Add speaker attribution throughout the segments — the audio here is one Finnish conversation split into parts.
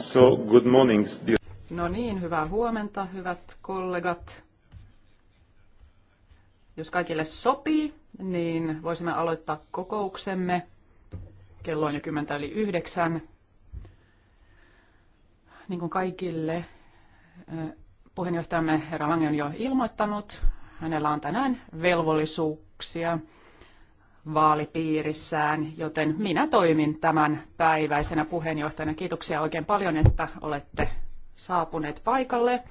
Speaker 1: So, good morning.
Speaker 2: No niin, hyvää huomenta, hyvät kollegat. Jos kaikille sopii, niin voisimme aloittaa kokouksemme. Kello on jo kymmentä yli yhdeksän. Niin kuin kaikille, puheenjohtajamme herra Lange on jo ilmoittanut, hänellä on tänään velvollisuuksia vaalipiirissään, joten minä toimin tämän päiväisenä puheenjohtajana. Kiitoksia oikein paljon, että olette saapuneet paikalle,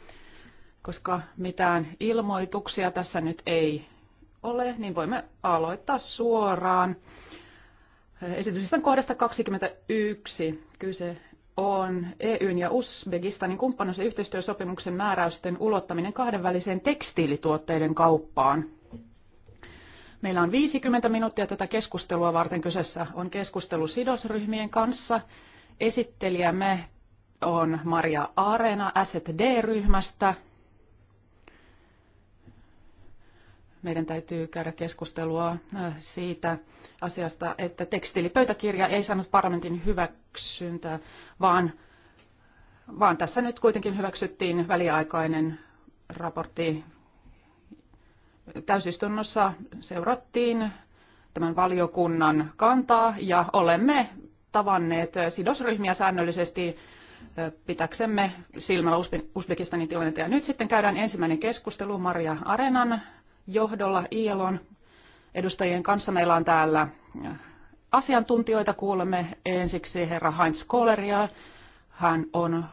Speaker 2: koska mitään ilmoituksia tässä nyt ei ole, niin voimme aloittaa suoraan. Esityslistan kohdasta 21 kyse on EUn ja Uzbekistanin kumppanuus- ja yhteistyösopimuksen määräysten ulottaminen kahdenväliseen tekstiilituotteiden kauppaan. Meillä on 50 minuuttia tätä keskustelua varten. Kyseessä on keskustelu sidosryhmien kanssa. Esittelijämme on Maria Areena SD-ryhmästä. Meidän täytyy käydä keskustelua siitä asiasta, että tekstiilipöytäkirja ei saanut parlamentin hyväksyntää, vaan, vaan tässä nyt kuitenkin hyväksyttiin väliaikainen raportti täysistunnossa seurattiin tämän valiokunnan kantaa ja olemme tavanneet sidosryhmiä säännöllisesti pitäksemme silmällä Uzbekistanin tilannetta. Ja nyt sitten käydään ensimmäinen keskustelu Maria Arenan johdolla ILOn edustajien kanssa. Meillä on täällä asiantuntijoita. Kuulemme ensiksi herra Heinz Kohleria. Hän on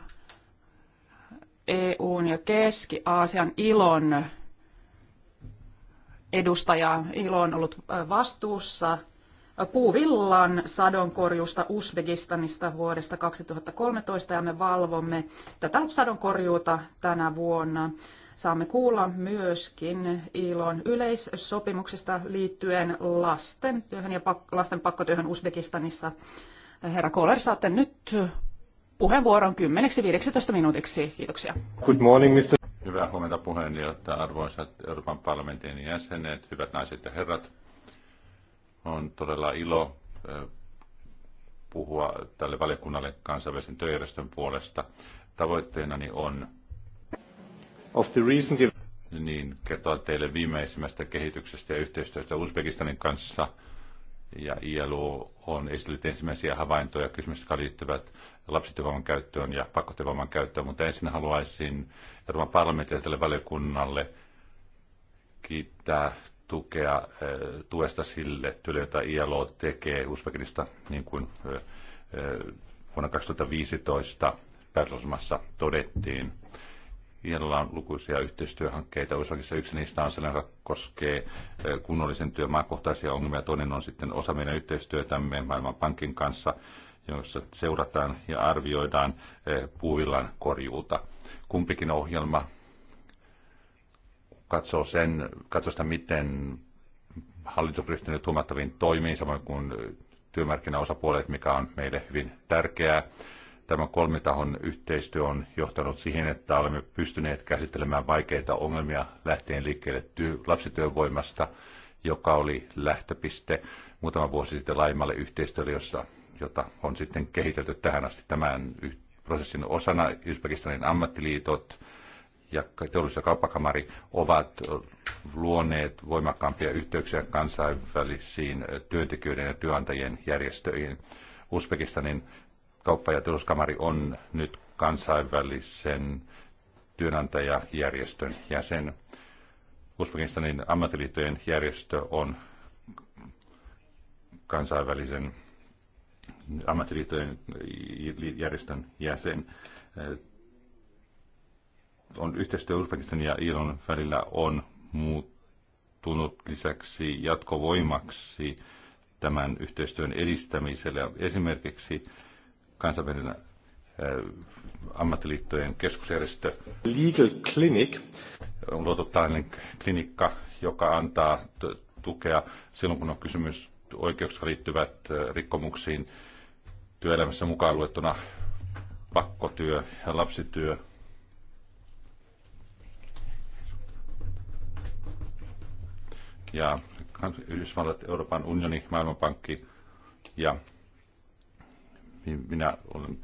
Speaker 2: EUn ja Keski-Aasian ilon edustaja Ilo on ollut vastuussa puuvillan sadonkorjuusta Uzbekistanista vuodesta 2013 ja me valvomme tätä sadonkorjuuta tänä vuonna. Saamme kuulla myöskin ilon yleissopimuksesta liittyen lasten työhön ja pak- lasten pakkotyöhön Uzbekistanissa. Herra Kohler, saatte nyt puheenvuoron 10-15 minuutiksi. Kiitoksia.
Speaker 3: Good morning, Mr. Hyvää huomenta puheenjohtaja, arvoisat Euroopan parlamentin jäsenet, hyvät naiset ja herrat. On todella ilo puhua tälle valiokunnalle kansainvälisen työjärjestön puolesta. Tavoitteenani on of the recent... niin kertoa teille viimeisimmästä kehityksestä ja yhteistyöstä Uzbekistanin kanssa – ja ILO on esitellyt ensimmäisiä havaintoja kysymyksiä, jotka liittyvät lapsityövoiman käyttöön ja pakkotyövoiman käyttöön, mutta ensin haluaisin Euroopan parlamentille tälle valiokunnalle kiittää tukea, eh, tuesta sille työlle, jota ILO tekee Uzbekinista, niin kuin eh, eh, vuonna 2015 päätöslauselmassa todettiin. Hienolla on lukuisia yhteistyöhankkeita. Osakissa yksi niistä on sellainen, joka koskee kunnollisen työmaakohtaisia ongelmia. Toinen on sitten osa meidän yhteistyötämme Maailmanpankin kanssa, jossa seurataan ja arvioidaan puuvillan korjuuta. Kumpikin ohjelma katsoo, sen, katsoo sitä, miten hallitus on ryhtynyt huomattaviin toimiin, samoin kuin työmarkkinaosapuolet, mikä on meille hyvin tärkeää. Tämä kolmitahon yhteistyö on johtanut siihen, että olemme pystyneet käsittelemään vaikeita ongelmia lähtien liikkeelle työ, lapsityövoimasta, joka oli lähtöpiste muutama vuosi sitten laajemmalle yhteistyölle, jossa, jota on sitten kehitelty tähän asti tämän prosessin osana. Uzbekistanin ammattiliitot ja teollisuus- ja kauppakamari ovat luoneet voimakkaampia yhteyksiä kansainvälisiin työntekijöiden ja työnantajien järjestöihin. Uzbekistanin kauppa- ja teollisuuskamari on nyt kansainvälisen työnantajajärjestön jäsen. Uzbekistanin ammattiliittojen järjestö on kansainvälisen ammattiliittojen järjestön jäsen. Äh, on yhteistyö Uzbekistanin ja Iilon välillä on muuttunut lisäksi jatkovoimaksi tämän yhteistyön edistämiselle. Esimerkiksi kansainvälinen äh, ammattiliittojen keskusjärjestö Legal Clinic on luotu tällainen klinikka, joka antaa tukea silloin, kun on kysymys oikeuksia liittyvät äh, rikkomuksiin työelämässä mukaan luettuna pakkotyö ja lapsityö. Ja Yhdysvallat, Euroopan unioni, Maailmanpankki ja niin minä mm,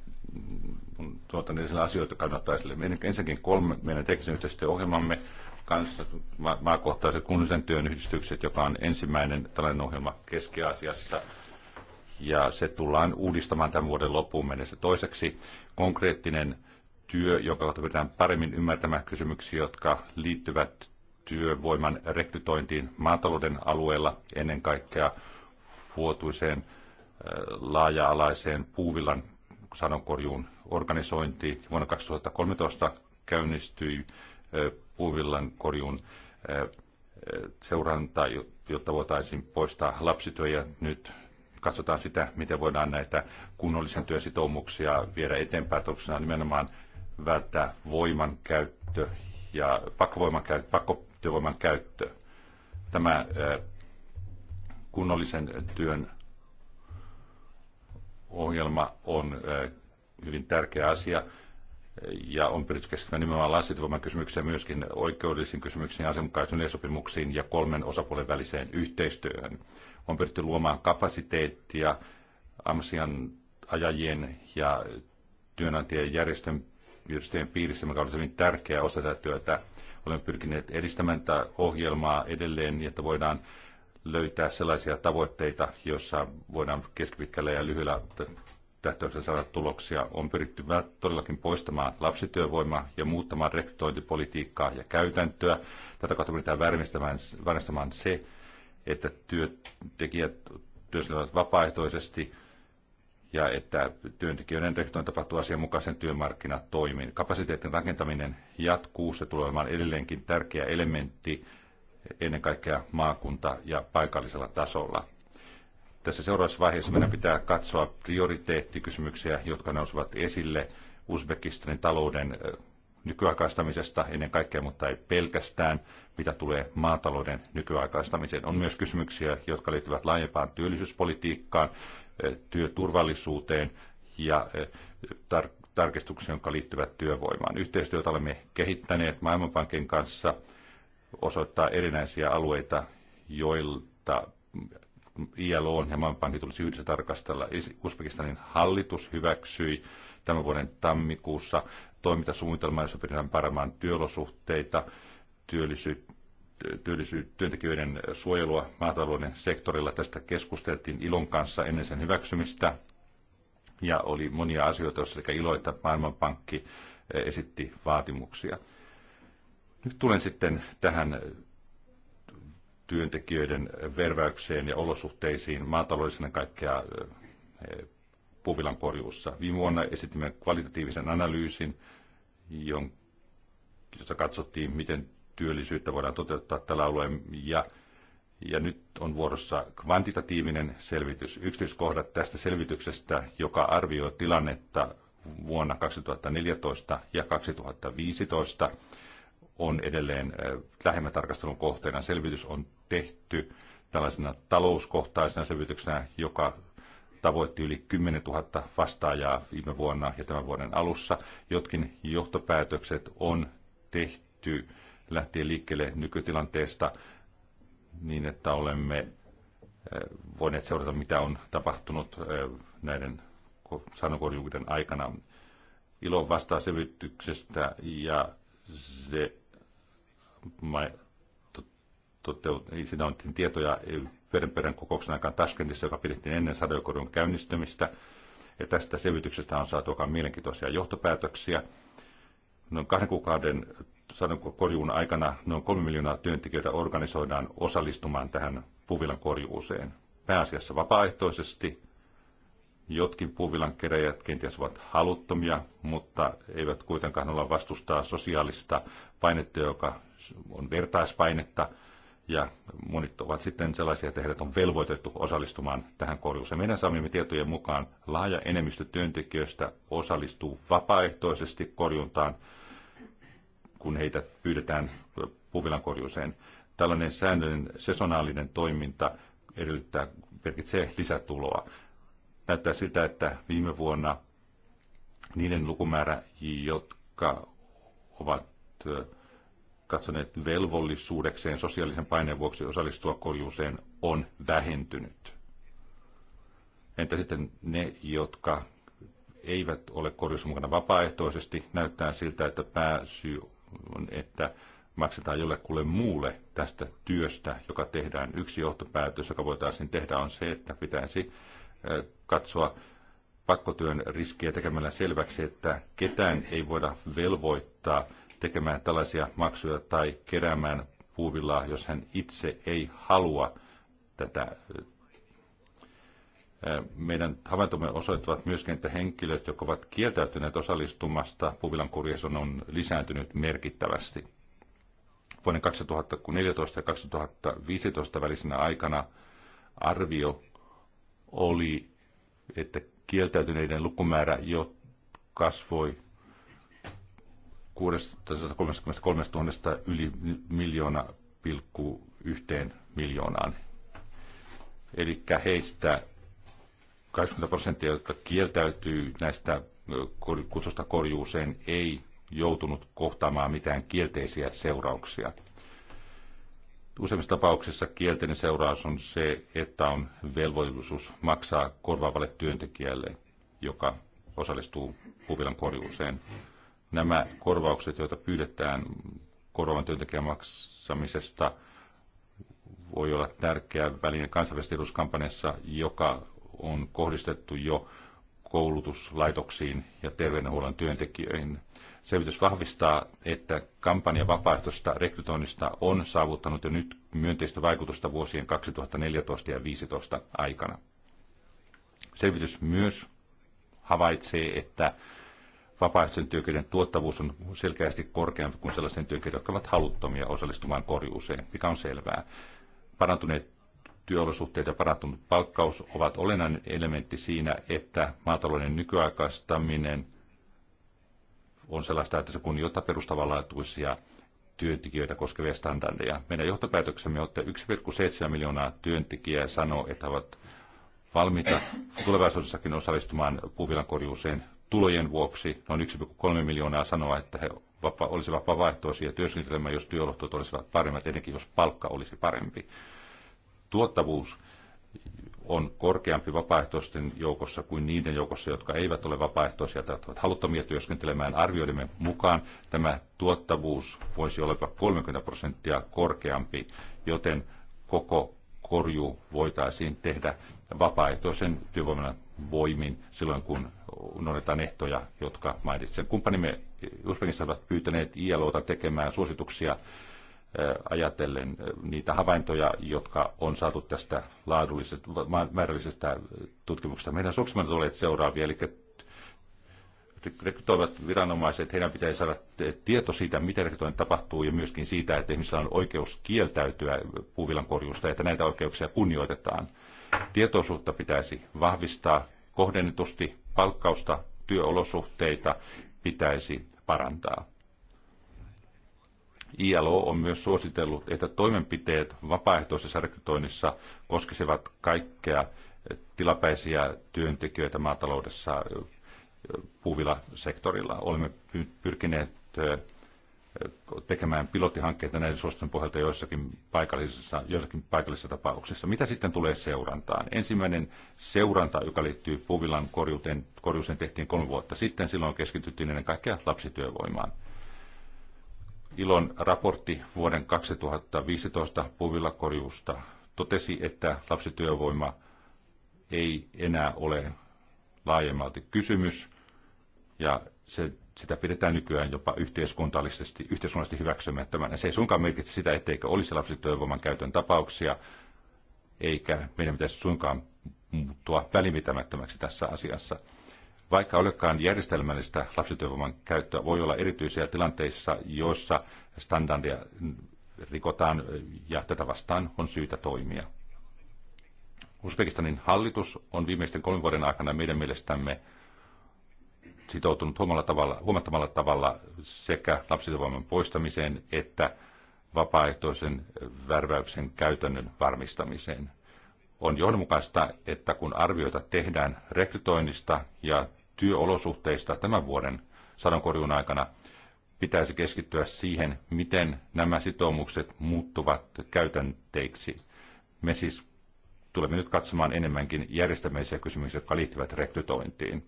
Speaker 3: olen tuotan esille asioita kannattaa esille. Ensinnäkin kolme meidän teknisen yhteistyöohjelmamme kanssa, ma- maakohtaiset kunnallisen työn yhdistykset, joka on ensimmäinen tällainen ohjelma Keski-Aasiassa. Ja se tullaan uudistamaan tämän vuoden loppuun mennessä. Toiseksi konkreettinen työ, jonka kautta pyritään paremmin ymmärtämään kysymyksiä, jotka liittyvät työvoiman rekrytointiin maatalouden alueella, ennen kaikkea vuotuiseen laaja-alaiseen puuvillan sadonkorjuun organisointi. Vuonna 2013 käynnistyi puuvillan korjuun seuranta, jotta voitaisiin poistaa lapsityö ja nyt katsotaan sitä, miten voidaan näitä kunnollisen työsitoumuksia viedä eteenpäin. Tarkoituksena nimenomaan välttää voiman käyttö ja pakkovoiman käyttö, pakkotyövoiman käyttö. Tämä kunnollisen työn ohjelma on äh, hyvin tärkeä asia äh, ja on pyritty keskittymään nimenomaan lastitoiman kysymykseen myöskin oikeudellisiin kysymyksiin, asianmukaisuuden sopimuksiin ja kolmen osapuolen väliseen yhteistyöhön. On pyritty luomaan kapasiteettia ajajien ja työnantajien järjestön järjestöjen piirissä, mikä on hyvin tärkeä osa tätä työtä. Olemme pyrkineet edistämään tätä ohjelmaa edelleen, että voidaan löytää sellaisia tavoitteita, joissa voidaan keskipitkällä ja lyhyellä tähtäyksellä saada tuloksia. On pyritty todellakin poistamaan lapsityövoimaa ja muuttamaan rekrytointipolitiikkaa ja käytäntöä. Tätä kautta pyritään varmistamaan, varmistamaan se, että työntekijät työskentelevät vapaaehtoisesti ja että työntekijöiden rekrytointi tapahtuu asianmukaisen työmarkkinatoimin. Kapasiteetin rakentaminen jatkuu, se tulee olemaan edelleenkin tärkeä elementti ennen kaikkea maakunta- ja paikallisella tasolla. Tässä seuraavassa vaiheessa meidän pitää katsoa prioriteettikysymyksiä, jotka nousevat esille Uzbekistanin talouden nykyaikaistamisesta ennen kaikkea, mutta ei pelkästään, mitä tulee maatalouden nykyaikaistamiseen. On myös kysymyksiä, jotka liittyvät laajempaan työllisyyspolitiikkaan, työturvallisuuteen ja tar- tarkistuksia, jotka liittyvät työvoimaan. Yhteistyötä olemme kehittäneet Maailmanpankin kanssa – osoittaa erinäisiä alueita, joilta ILO ja Maailmanpankki tulisi yhdessä tarkastella. Uzbekistanin hallitus hyväksyi tämän vuoden tammikuussa toimintasuunnitelma, jossa pyritään parantamaan työolosuhteita, työllisyyttä, työntekijöiden suojelua maatalouden sektorilla. Tästä keskusteltiin Ilon kanssa ennen sen hyväksymistä. Ja oli monia asioita, joissa sekä Ilo että Maailmanpankki eh, esitti vaatimuksia. Nyt tulen sitten tähän työntekijöiden verväykseen ja olosuhteisiin maataloudellisena kaikkea eh, puvilan korjuussa. Viime vuonna esitimme kvalitatiivisen analyysin, jossa katsottiin, miten työllisyyttä voidaan toteuttaa tällä alueella. Ja, ja nyt on vuorossa kvantitatiivinen selvitys. Yksityiskohdat tästä selvityksestä, joka arvioi tilannetta vuonna 2014 ja 2015 on edelleen lähemmän tarkastelun kohteena. Selvitys on tehty tällaisena talouskohtaisena selvityksenä, joka tavoitti yli 10 000 vastaajaa viime vuonna ja tämän vuoden alussa. Jotkin johtopäätökset on tehty lähtien liikkeelle nykytilanteesta niin, että olemme voineet seurata, mitä on tapahtunut näiden sanokorjuuden aikana. Ilo vastaa selvityksestä ja se toteut- siinä on tietoja verenperän kokouksen aikaan Taskentissa, joka pidettiin ennen sadojokodun käynnistymistä. Ja tästä selvityksestä on saatu aika mielenkiintoisia johtopäätöksiä. Noin kahden kuukauden sadonkorjuun aikana noin kolme miljoonaa työntekijöitä organisoidaan osallistumaan tähän puvilan korjuuseen. Pääasiassa vapaaehtoisesti Jotkin puuvilan keräjät kenties ovat haluttomia, mutta eivät kuitenkaan olla vastustaa sosiaalista painetta, joka on vertaispainetta. Ja monet ovat sitten sellaisia, että heidät on velvoitettu osallistumaan tähän korjuuseen. Meidän saamimme tietojen mukaan laaja enemmistö työntekijöistä osallistuu vapaaehtoisesti korjuntaan, kun heitä pyydetään puuvilan korjuuseen. Tällainen säännöllinen sesonaalinen toiminta edellyttää, merkitsee lisätuloa näyttää siltä, että viime vuonna niiden lukumäärä, jotka ovat katsoneet velvollisuudekseen sosiaalisen paineen vuoksi osallistua korjuuseen, on vähentynyt. Entä sitten ne, jotka eivät ole korjuussa mukana vapaaehtoisesti, näyttää siltä, että pääsy on, että maksetaan jollekulle muulle tästä työstä, joka tehdään. Yksi johtopäätös, joka voitaisiin tehdä, on se, että pitäisi katsoa pakkotyön riskiä tekemällä selväksi, että ketään ei voida velvoittaa tekemään tällaisia maksuja tai keräämään puuvillaa, jos hän itse ei halua tätä. Meidän havaintomme osoittavat myöskin, että henkilöt, jotka ovat kieltäytyneet osallistumasta puuvillan kurjeson, on lisääntynyt merkittävästi. Vuoden 2014 ja 2015 välisenä aikana arvio oli, että kieltäytyneiden lukumäärä jo kasvoi 633 000 yli miljoona pilkku yhteen miljoonaan. Eli heistä 80 prosenttia, jotka kieltäytyy näistä kutsusta korjuuseen, ei joutunut kohtaamaan mitään kielteisiä seurauksia. Useimmissa tapauksissa kielteinen seuraus on se, että on velvollisuus maksaa korvaavalle työntekijälle, joka osallistuu puuvilan korjuuseen. Nämä korvaukset, joita pyydetään korvaavan työntekijän maksamisesta, voi olla tärkeä väline kansainvälisessä eduskampanjassa, joka on kohdistettu jo koulutuslaitoksiin ja terveydenhuollon työntekijöihin. Selvitys vahvistaa, että kampanja vapaaehtoista rekrytoinnista on saavuttanut jo nyt myönteistä vaikutusta vuosien 2014 ja 2015 aikana. Selvitys myös havaitsee, että vapaaehtoisen työkirjan tuottavuus on selkeästi korkeampi kuin sellaisten työkirjojen, jotka ovat haluttomia osallistumaan korjuuseen, mikä on selvää. Parantuneet työolosuhteet ja parantunut palkkaus ovat olennainen elementti siinä, että maatalouden nykyaikaistaminen – on sellaista, että se kunnioittaa perustavanlaatuisia työntekijöitä koskevia standardeja. Meidän johtopäätöksemme on, että 1,7 miljoonaa työntekijää sanoo, että ovat valmiita tulevaisuudessakin osallistumaan puuvilankorjuuseen tulojen vuoksi. Noin 1,3 miljoonaa sanoa, että he vapa- olisi vapaaehtoisia työskentelemään, jos työolot olisivat paremmat, etenkin jos palkka olisi parempi. Tuottavuus, on korkeampi vapaaehtoisten joukossa kuin niiden joukossa, jotka eivät ole vapaaehtoisia tai ovat haluttomia työskentelemään arvioidemme mukaan. Tämä tuottavuus voisi olla jopa 30 prosenttia korkeampi, joten koko korju voitaisiin tehdä vapaaehtoisen työvoiman voimin silloin, kun noudatetaan ehtoja, jotka mainitsen. Kumppanimme Uzbekistan ovat pyytäneet ILOta tekemään suosituksia ajatellen niitä havaintoja, jotka on saatu tästä laadullisesta, määrällisestä tutkimuksesta. Meidän suksimme tulee seuraavia, eli rekrytoivat viranomaiset, heidän pitäisi saada tieto siitä, mitä rekrytointi tapahtuu, ja myöskin siitä, että ihmisillä on oikeus kieltäytyä puuvilan korjusta, että näitä oikeuksia kunnioitetaan. Tietoisuutta pitäisi vahvistaa kohdennetusti, palkkausta, työolosuhteita pitäisi parantaa. ILO on myös suositellut, että toimenpiteet vapaaehtoisessa rekrytoinnissa koskisivat kaikkea tilapäisiä työntekijöitä maataloudessa puuvilla sektorilla. Olemme pyrkineet tekemään pilottihankkeita näiden suositusten pohjalta joissakin paikallisissa, joissakin paikallisissa tapauksissa. Mitä sitten tulee seurantaan? Ensimmäinen seuranta, joka liittyy puuvilan korjuuteen, korjuuseen, tehtiin kolme vuotta sitten. Silloin keskityttiin ennen kaikkea lapsityövoimaan. Ilon raportti vuoden 2015 puvillakorjuusta totesi, että lapsityövoima ei enää ole laajemmalti kysymys ja se, sitä pidetään nykyään jopa yhteiskunnallisesti, yhteiskunnallisesti hyväksymättömänä. Se ei suinkaan merkitse sitä, etteikö olisi lapsityövoiman käytön tapauksia, eikä meidän pitäisi suinkaan muuttua välimitämättömäksi tässä asiassa. Vaikka olekaan järjestelmällistä lapsityövoiman käyttöä, voi olla erityisiä tilanteissa, joissa standardia rikotaan eh, ja tätä vastaan on syytä toimia. Uzbekistanin hallitus on viimeisten kolmen vuoden aikana meidän mielestämme sitoutunut tavalla, huomattavalla tavalla sekä lapsityövoiman poistamiseen että vapaaehtoisen värväyksen käytännön varmistamiseen. On johdonmukaista, että kun arvioita tehdään rekrytoinnista ja työolosuhteista tämän vuoden sadonkorjun aikana pitäisi keskittyä siihen, miten nämä sitoumukset muuttuvat käytänteiksi. Me siis tulemme nyt katsomaan enemmänkin järjestämisiä kysymyksiä, jotka liittyvät rekrytointiin.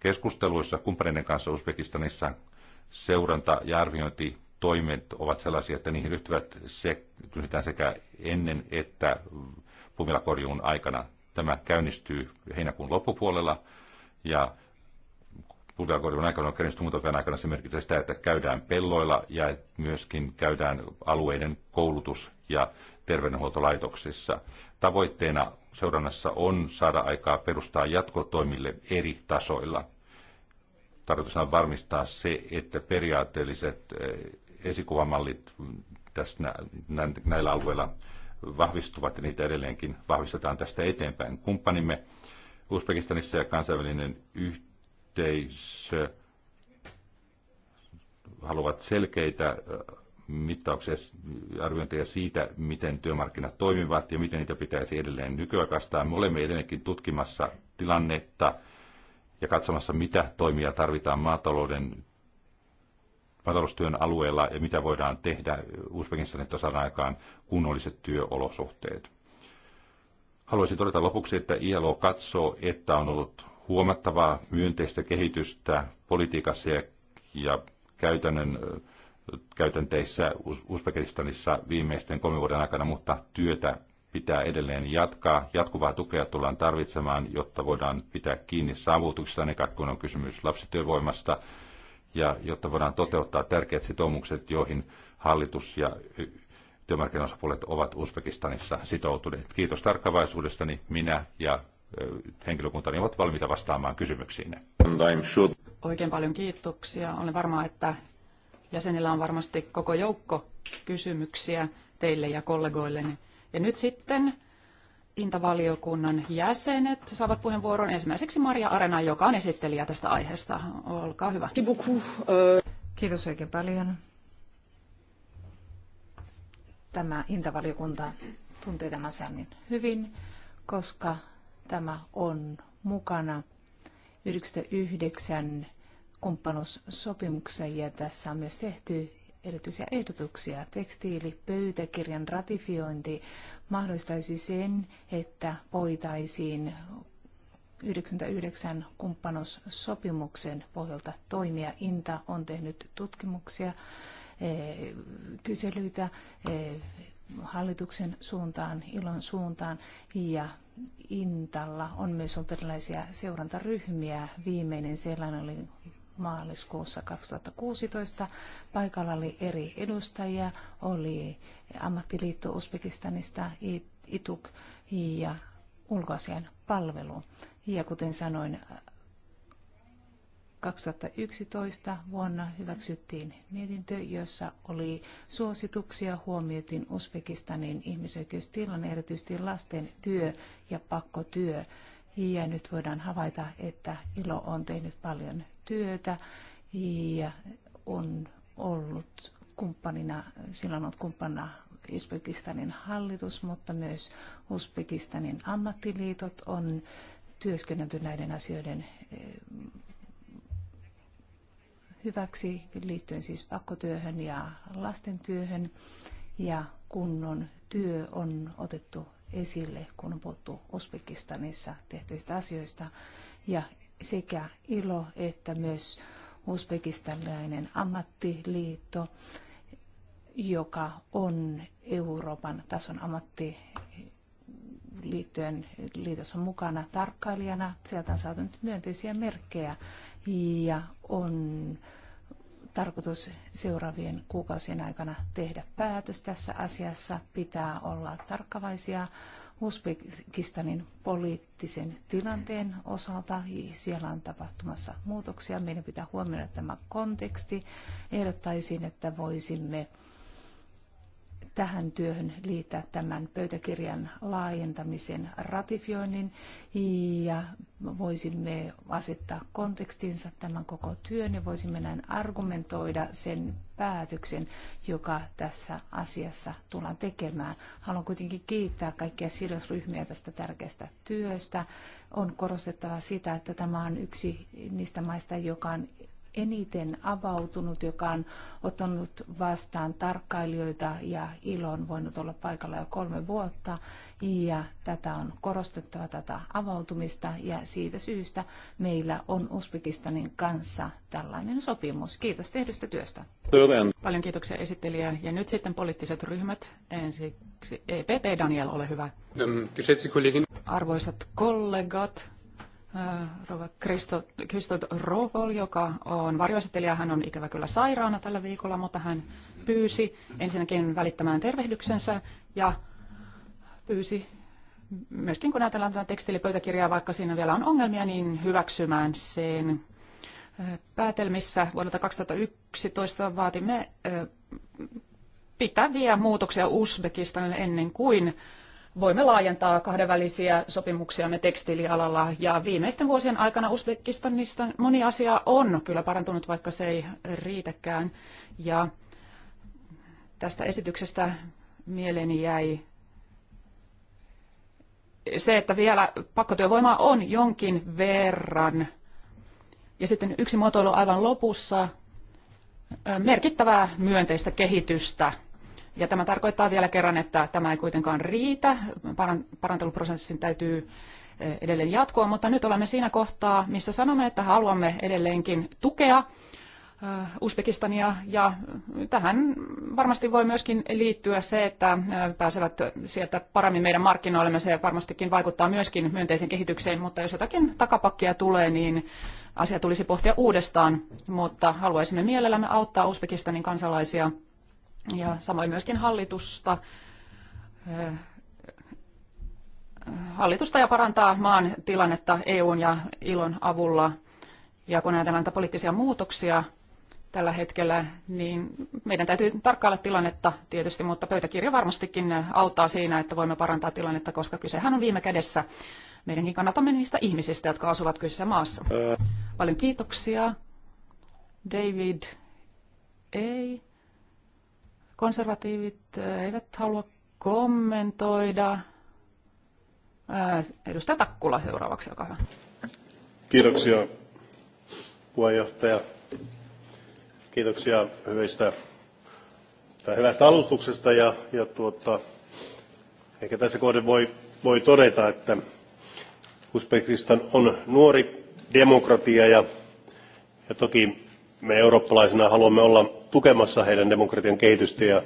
Speaker 3: Keskusteluissa kumppaneiden kanssa Uzbekistanissa seuranta- ja arviointitoimet ovat sellaisia, että niihin ryhtyvät se, sekä ennen että pumilakorjuun aikana. Tämä käynnistyy heinäkuun loppupuolella ja Bulgarian aikana on käynnistymuutoksen aikana se merkitsee sitä, että käydään pelloilla ja myöskin käydään alueiden koulutus- ja terveydenhuoltolaitoksissa. Tavoitteena seurannassa on saada aikaa perustaa jatkotoimille eri tasoilla. Tarkoitus on varmistaa se, että periaatteelliset eh, esikuvamallit tässä, näillä alueilla vahvistuvat ja niitä edelleenkin vahvistetaan tästä eteenpäin. Kumppanimme Uzbekistanissa ja kansainvälinen yhteistyö yhteisö haluavat selkeitä mittauksia ja arviointeja siitä, miten työmarkkinat toimivat ja miten niitä pitäisi edelleen nykyaikaistaa. Me olemme edelleenkin tutkimassa tilannetta ja katsomassa, mitä toimia tarvitaan maatalouden maataloustyön alueella ja mitä voidaan tehdä Uzbekistanin, että saadaan aikaan kunnolliset työolosuhteet. Haluaisin todeta lopuksi, että ILO katsoo, että on ollut huomattavaa myönteistä kehitystä politiikassa ja, ja käytännön käytänteissä Uzbekistanissa viimeisten kolmen vuoden aikana, mutta työtä pitää edelleen jatkaa. Jatkuvaa tukea tullaan tarvitsemaan, jotta voidaan pitää kiinni saavutuksista, ennen kaikkea kun on kysymys lapsityövoimasta, ja jotta voidaan toteuttaa tärkeät sitoumukset, joihin hallitus ja työmarkkinaosapuolet ovat Uzbekistanissa sitoutuneet. Kiitos tarkkavaisuudestani. Minä ja henkilökunta niin ovat valmiita vastaamaan kysymyksiin.
Speaker 2: Oikein paljon kiitoksia. Olen varma, että jäsenillä on varmasti koko joukko kysymyksiä teille ja kollegoilleni. Ja nyt sitten Intavaliokunnan jäsenet saavat puheenvuoron ensimmäiseksi Maria Arena, joka on esittelijä tästä aiheesta.
Speaker 4: Olkaa hyvä. Kiitos oikein paljon. Tämä Intavaliokunta tuntee tämän asian niin hyvin, koska tämä on mukana 99 kumppanuussopimuksen ja tässä on myös tehty erityisiä ehdotuksia. Tekstiilipöytäkirjan ratifiointi mahdollistaisi sen, että voitaisiin 99 kumppanuussopimuksen pohjalta toimia. Inta on tehnyt tutkimuksia, eh, kyselyitä, eh, hallituksen suuntaan, ilon suuntaan ja Intalla on myös ollut erilaisia seurantaryhmiä. Viimeinen sellainen oli maaliskuussa 2016. Paikalla oli eri edustajia, oli ammattiliitto Uzbekistanista, ITUK ja ulkoasian palvelu. Ja kuten sanoin, 2011 vuonna hyväksyttiin mietintö, jossa oli suosituksia, huomioitiin Uzbekistanin ihmisoikeustilanne, erityisesti lasten työ ja pakkotyö. Ja nyt voidaan havaita, että ILO on tehnyt paljon työtä ja on ollut kumppanina, silloin on kumppanina Uzbekistanin hallitus, mutta myös Uzbekistanin ammattiliitot on työskennelty näiden asioiden eh, hyväksi liittyen siis pakkotyöhön ja lastentyöhön. Ja kunnon työ on otettu esille, kun on puhuttu Uzbekistanissa tehtävistä asioista. Ja sekä ILO että myös Uzbekistanilainen ammattiliitto, joka on Euroopan tason ammatti liittyen liitossa mukana tarkkailijana. Sieltä on saatu nyt myönteisiä merkkejä ja on tarkoitus seuraavien kuukausien aikana tehdä päätös tässä asiassa. Pitää olla tarkkavaisia Uzbekistanin poliittisen tilanteen osalta. Siellä on tapahtumassa muutoksia. Meidän pitää huomioida tämä konteksti. Ehdottaisin, että voisimme tähän työhön liittää tämän pöytäkirjan laajentamisen ratifioinnin ja voisimme asettaa kontekstinsa tämän koko työn ja voisimme näin argumentoida sen päätöksen, joka tässä asiassa tullaan tekemään. Haluan kuitenkin kiittää kaikkia sidosryhmiä tästä tärkeästä työstä. On korostettava sitä, että tämä on yksi niistä maista, joka on eniten avautunut, joka on ottanut vastaan tarkkailijoita ja ILO on voinut olla paikalla jo kolme vuotta ja tätä on korostettava tätä avautumista ja siitä syystä meillä on Uzbekistanin kanssa tällainen sopimus. Kiitos tehdystä työstä. Paljon kiitoksia esittelijä. Ja nyt sitten poliittiset
Speaker 2: ryhmät. Ensiksi EPP Daniel, ole hyvä. Arvoisat kollegat, Rova Kristo, Kristo Rohol, joka on varjoesittelijä. Hän on ikävä kyllä sairaana tällä viikolla, mutta hän pyysi ensinnäkin välittämään tervehdyksensä ja pyysi myöskin kun ajatellaan tätä tekstiilipöytäkirjaa, vaikka siinä vielä on ongelmia, niin hyväksymään sen. Päätelmissä vuodelta 2011 vaatimme pitäviä muutoksia Uzbekistanille ennen kuin voimme laajentaa kahdenvälisiä sopimuksiamme tekstiilialalla. Ja viimeisten vuosien aikana Uzbekistanista moni asia on kyllä parantunut, vaikka se ei riitäkään. Ja tästä esityksestä mieleeni jäi se, että vielä pakkotyövoimaa on jonkin verran. Ja sitten yksi muotoilu aivan lopussa, merkittävää myönteistä kehitystä – ja tämä tarkoittaa vielä kerran, että tämä ei kuitenkaan riitä. Paranteluprosessin täytyy eh, edelleen jatkua, mutta nyt olemme siinä kohtaa, missä sanomme, että haluamme edelleenkin tukea eh, Uzbekistania ja tähän varmasti voi myöskin liittyä se, että eh, pääsevät sieltä paremmin meidän markkinoillemme. Se varmastikin vaikuttaa myöskin myönteiseen kehitykseen, mutta jos jotakin takapakkia tulee, niin asia tulisi pohtia uudestaan, mutta haluaisimme mielellämme auttaa Uzbekistanin kansalaisia – ja samoin myöskin hallitusta, eh, hallitusta ja parantaa maan tilannetta EUn ja ilon avulla. Ja kun ajatellaan näitä poliittisia muutoksia tällä hetkellä, niin meidän täytyy tarkkailla tilannetta tietysti, mutta pöytäkirja varmastikin auttaa siinä, että voimme parantaa tilannetta, koska kysehän on viime kädessä meidänkin kannatamme niistä ihmisistä, jotka asuvat kyseisessä maassa. Paljon kiitoksia. David ei Konservatiivit äh, eivät halua kommentoida. Äh, edustaja Takkula seuraavaksi, olkaa hyvä.
Speaker 1: Kiitoksia puheenjohtaja. Kiitoksia hyvistä, tai hyvästä alustuksesta ja, ja tuota, ehkä tässä kohden voi, voi todeta, että Uzbekistan on nuori demokratia ja, ja toki me eurooppalaisina haluamme olla tukemassa heidän demokratian kehitystä ja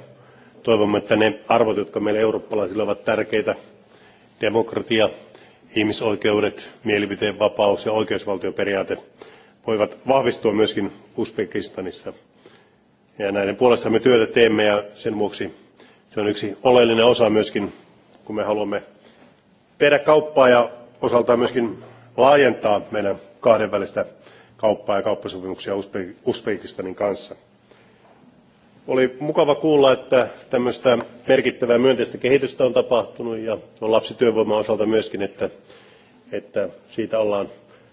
Speaker 1: toivomme, että ne arvot, jotka meille eurooppalaisille ovat tärkeitä, demokratia, ihmisoikeudet, mielipiteenvapaus ja oikeusvaltioperiaate voivat vahvistua myöskin Uzbekistanissa. Ja näiden puolesta me työtä teemme ja sen vuoksi se on yksi oleellinen osa myöskin, kun me haluamme tehdä kauppaa ja osaltaan myöskin laajentaa meidän kahdenvälistä kauppaa ja kauppasopimuksia Uzbekistanin kanssa. Oli mukava kuulla, että tämmöistä merkittävää myönteistä kehitystä on tapahtunut ja on lapsityövoiman osalta myöskin, että, että siitä ollaan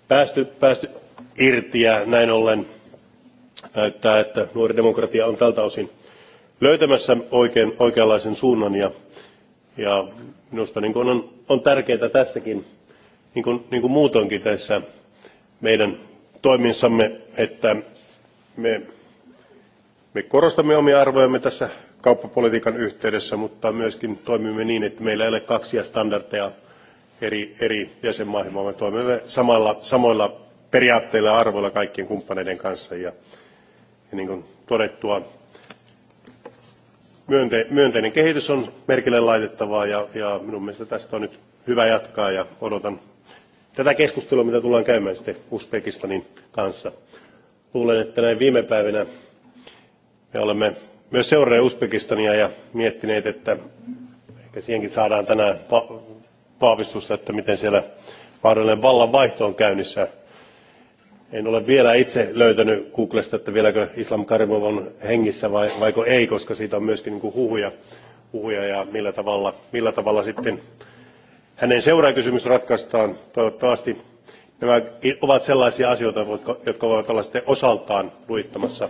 Speaker 1: päästy, päästy irti ja näin ollen näyttää, että nuori demokratia on tältä osin löytämässä oikein, oikeanlaisen suunnan ja, ja minusta niin on, on tärkeää tässäkin, niin kuin, niin kuin muutoinkin tässä meidän toiminnassamme, että me me korostamme omia arvojamme tässä kauppapolitiikan yhteydessä, mutta myöskin toimimme niin, että meillä ei ole kaksia standardeja eri, eri jäsenmaihin, vaan me toimimme samalla, samoilla periaatteilla ja arvoilla kaikkien kumppaneiden kanssa. Ja, ja niin kuin todettua, myönte, myönteinen kehitys on merkille laitettavaa ja, ja minun mielestä tästä on nyt hyvä jatkaa ja odotan tätä keskustelua, mitä tullaan käymään sitten Uzbekistanin kanssa. Luulen, että näin viime päivinä me olemme myös seuranneet Uzbekistania ja miettineet, että ehkä siihenkin saadaan tänään vahvistusta, että miten siellä mahdollinen vallanvaihto on käynnissä. En ole vielä itse löytänyt Googlesta, että vieläkö Islam Karimov on hengissä vai, vaiko ei, koska siitä on myöskin niin kuin huhuja, huhuja ja millä tavalla, millä tavalla sitten hänen seuraajakysymys ratkaistaan. Toivottavasti nämä ovat sellaisia asioita, jotka voivat olla sitten osaltaan luittamassa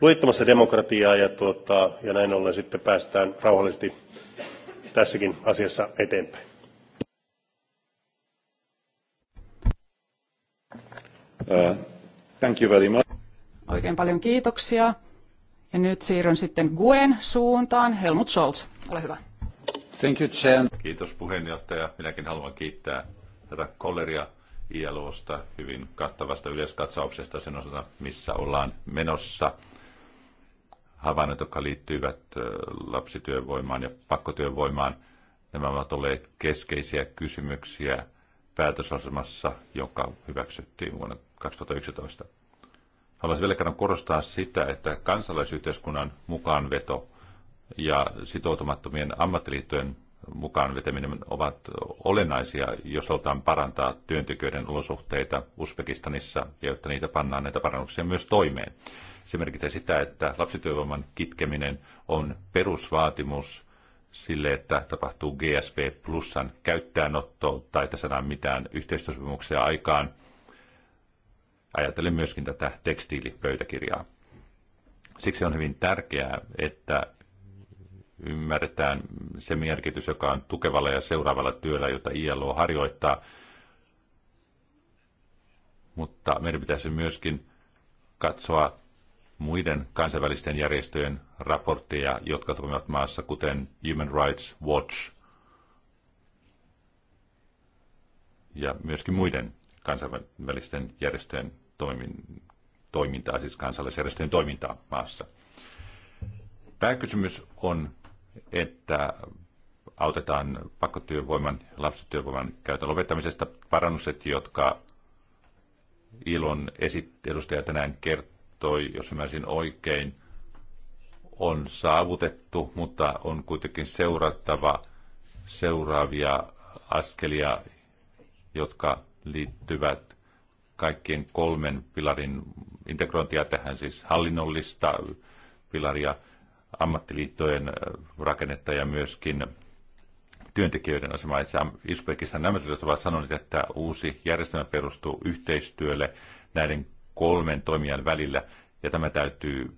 Speaker 1: lujittamassa demokratiaa ja, tuota, ja näin ollen sitten päästään rauhallisesti tässäkin asiassa eteenpäin.
Speaker 3: Uh, thank you very much.
Speaker 2: Oikein paljon kiitoksia. Ja nyt siirryn sitten Guen suuntaan. Helmut Scholz, ole hyvä.
Speaker 3: Thank you, Chen. Kiitos puheenjohtaja. Minäkin haluan kiittää tätä kolleria ILOsta hyvin kattavasta yleiskatsauksesta sen osalta, missä ollaan menossa havainnot, jotka liittyvät lapsityövoimaan ja pakkotyövoimaan. Nämä ovat olleet keskeisiä kysymyksiä päätösasemassa, joka hyväksyttiin vuonna 2011. Haluaisin vielä kerran korostaa sitä, että kansalaisyhteiskunnan mukaanveto ja sitoutumattomien ammattiliittojen mukaan vetäminen ovat olennaisia, jos halutaan parantaa työntekijöiden olosuhteita Uzbekistanissa ja jotta niitä pannaan näitä parannuksia myös toimeen. Se merkitsee sitä, että lapsityövoiman kitkeminen on perusvaatimus sille, että tapahtuu GSP plussan käyttäänotto tai että saadaan mitään yhteistyösopimuksia aikaan. Ajattelen myöskin tätä tekstiilipöytäkirjaa. Siksi on hyvin tärkeää, että ymmärretään se merkitys, joka on tukevalla ja seuraavalla työllä, jota ILO harjoittaa. Mutta meidän pitäisi myöskin katsoa muiden kansainvälisten järjestöjen raportteja, jotka toimivat maassa, kuten Human Rights Watch ja myöskin muiden kansainvälisten järjestöjen toimin, toimintaa, siis kansalaisjärjestöjen toimintaa maassa. Pääkysymys on, että autetaan pakkotyövoiman ja lapsityövoiman käytön lopettamisesta parannukset, jotka Ilon esit- edustaja tänään kertoo toi, jos ymmärsin oikein, on saavutettu, mutta on kuitenkin seurattava seuraavia askelia, jotka liittyvät kaikkien kolmen pilarin integrointia tähän, siis hallinnollista pilaria, ammattiliittojen rakennetta ja myöskin työntekijöiden asemaa. Itse Isbekissa nämä ovat sanoneet, että uusi järjestelmä perustuu yhteistyölle näiden kolmen toimijan välillä, ja tämä täytyy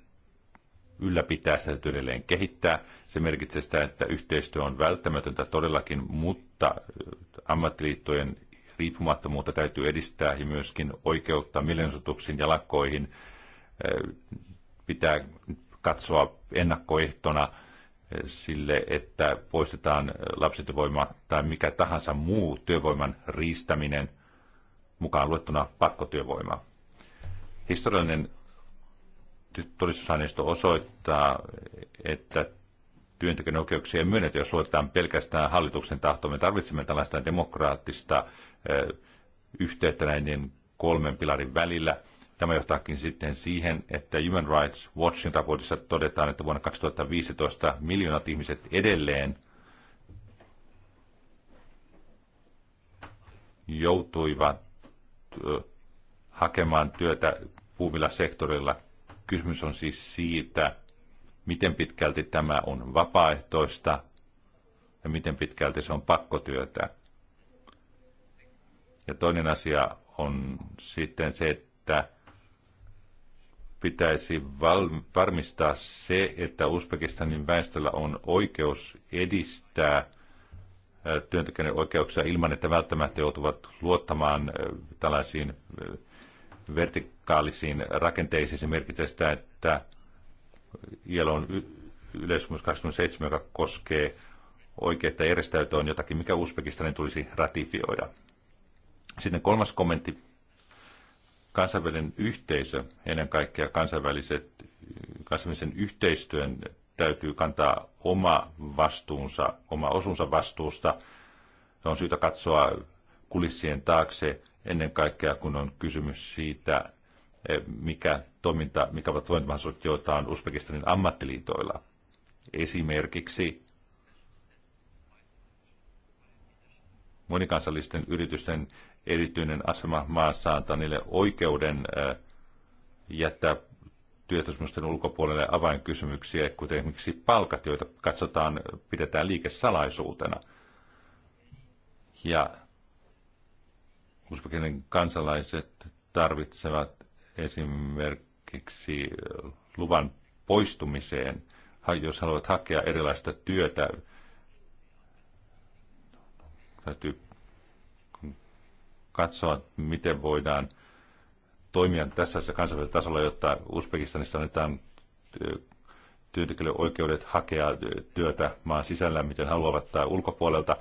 Speaker 3: ylläpitää, sitä täytyy edelleen kehittää. Se merkitsee sitä, että yhteistyö on välttämätöntä todellakin, mutta äh, ammattiliittojen riippumattomuutta täytyy edistää ja myöskin oikeutta mielenosoituksiin ja lakkoihin äh, pitää katsoa ennakkoehtona äh, sille, että poistetaan lapsityövoima tai mikä tahansa muu työvoiman riistäminen, mukaan luettuna pakkotyövoimaa. Historiallinen todistusaineisto osoittaa, että työntekijän oikeuksia ei myönnetä, jos luotetaan pelkästään hallituksen tahtoon. Me tarvitsemme tällaista demokraattista yhteyttä näiden kolmen pilarin välillä. Tämä johtaakin sitten siihen, että Human Rights Watchin raportissa todetaan, että vuonna 2015 miljoonat ihmiset edelleen joutuivat hakemaan työtä puhuvilla sektorilla. Kysymys on siis siitä, miten pitkälti tämä on vapaaehtoista ja miten pitkälti se on pakkotyötä. Ja toinen asia on sitten se, että pitäisi varmistaa se, että Uzbekistanin väestöllä on oikeus edistää äh, työntekijöiden oikeuksia ilman, että välttämättä joutuvat luottamaan äh, tällaisiin äh, vertikaalisiin rakenteisiin. Se merkitsee sitä, että ILOn yleiskunnassa 27, joka koskee oikeutta järjestäytyä, on jotakin, mikä Uzbekistanin tulisi ratifioida. Sitten kolmas kommentti. Kansainvälinen yhteisö, ennen kaikkea kansainväliset, kansainvälisen yhteistyön täytyy kantaa oma vastuunsa, oma osunsa vastuusta. Se on syytä katsoa kulissien taakse ennen kaikkea kun on kysymys siitä, eh, mikä toiminta, mikä ovat toimintamahdollisuudet, joita on Uzbekistanin ammattiliitoilla. Esimerkiksi monikansallisten yritysten erityinen asema maassa antaa niille oikeuden eh, jättää työehtosopimusten ulkopuolelle avainkysymyksiä, kuten esimerkiksi palkat, joita katsotaan, pidetään liikesalaisuutena. Ja Uzbekinin kansalaiset tarvitsevat esimerkiksi äh, luvan poistumiseen, jos haluat hakea erilaista työtä. Täytyy katsoa, miten voidaan toimia tässä kansainvälisellä tasolla, jotta Uzbekistanissa annetaan äh, työntekijöille oikeudet hakea äh, työtä maan sisällä, miten haluavat tai ulkopuolelta.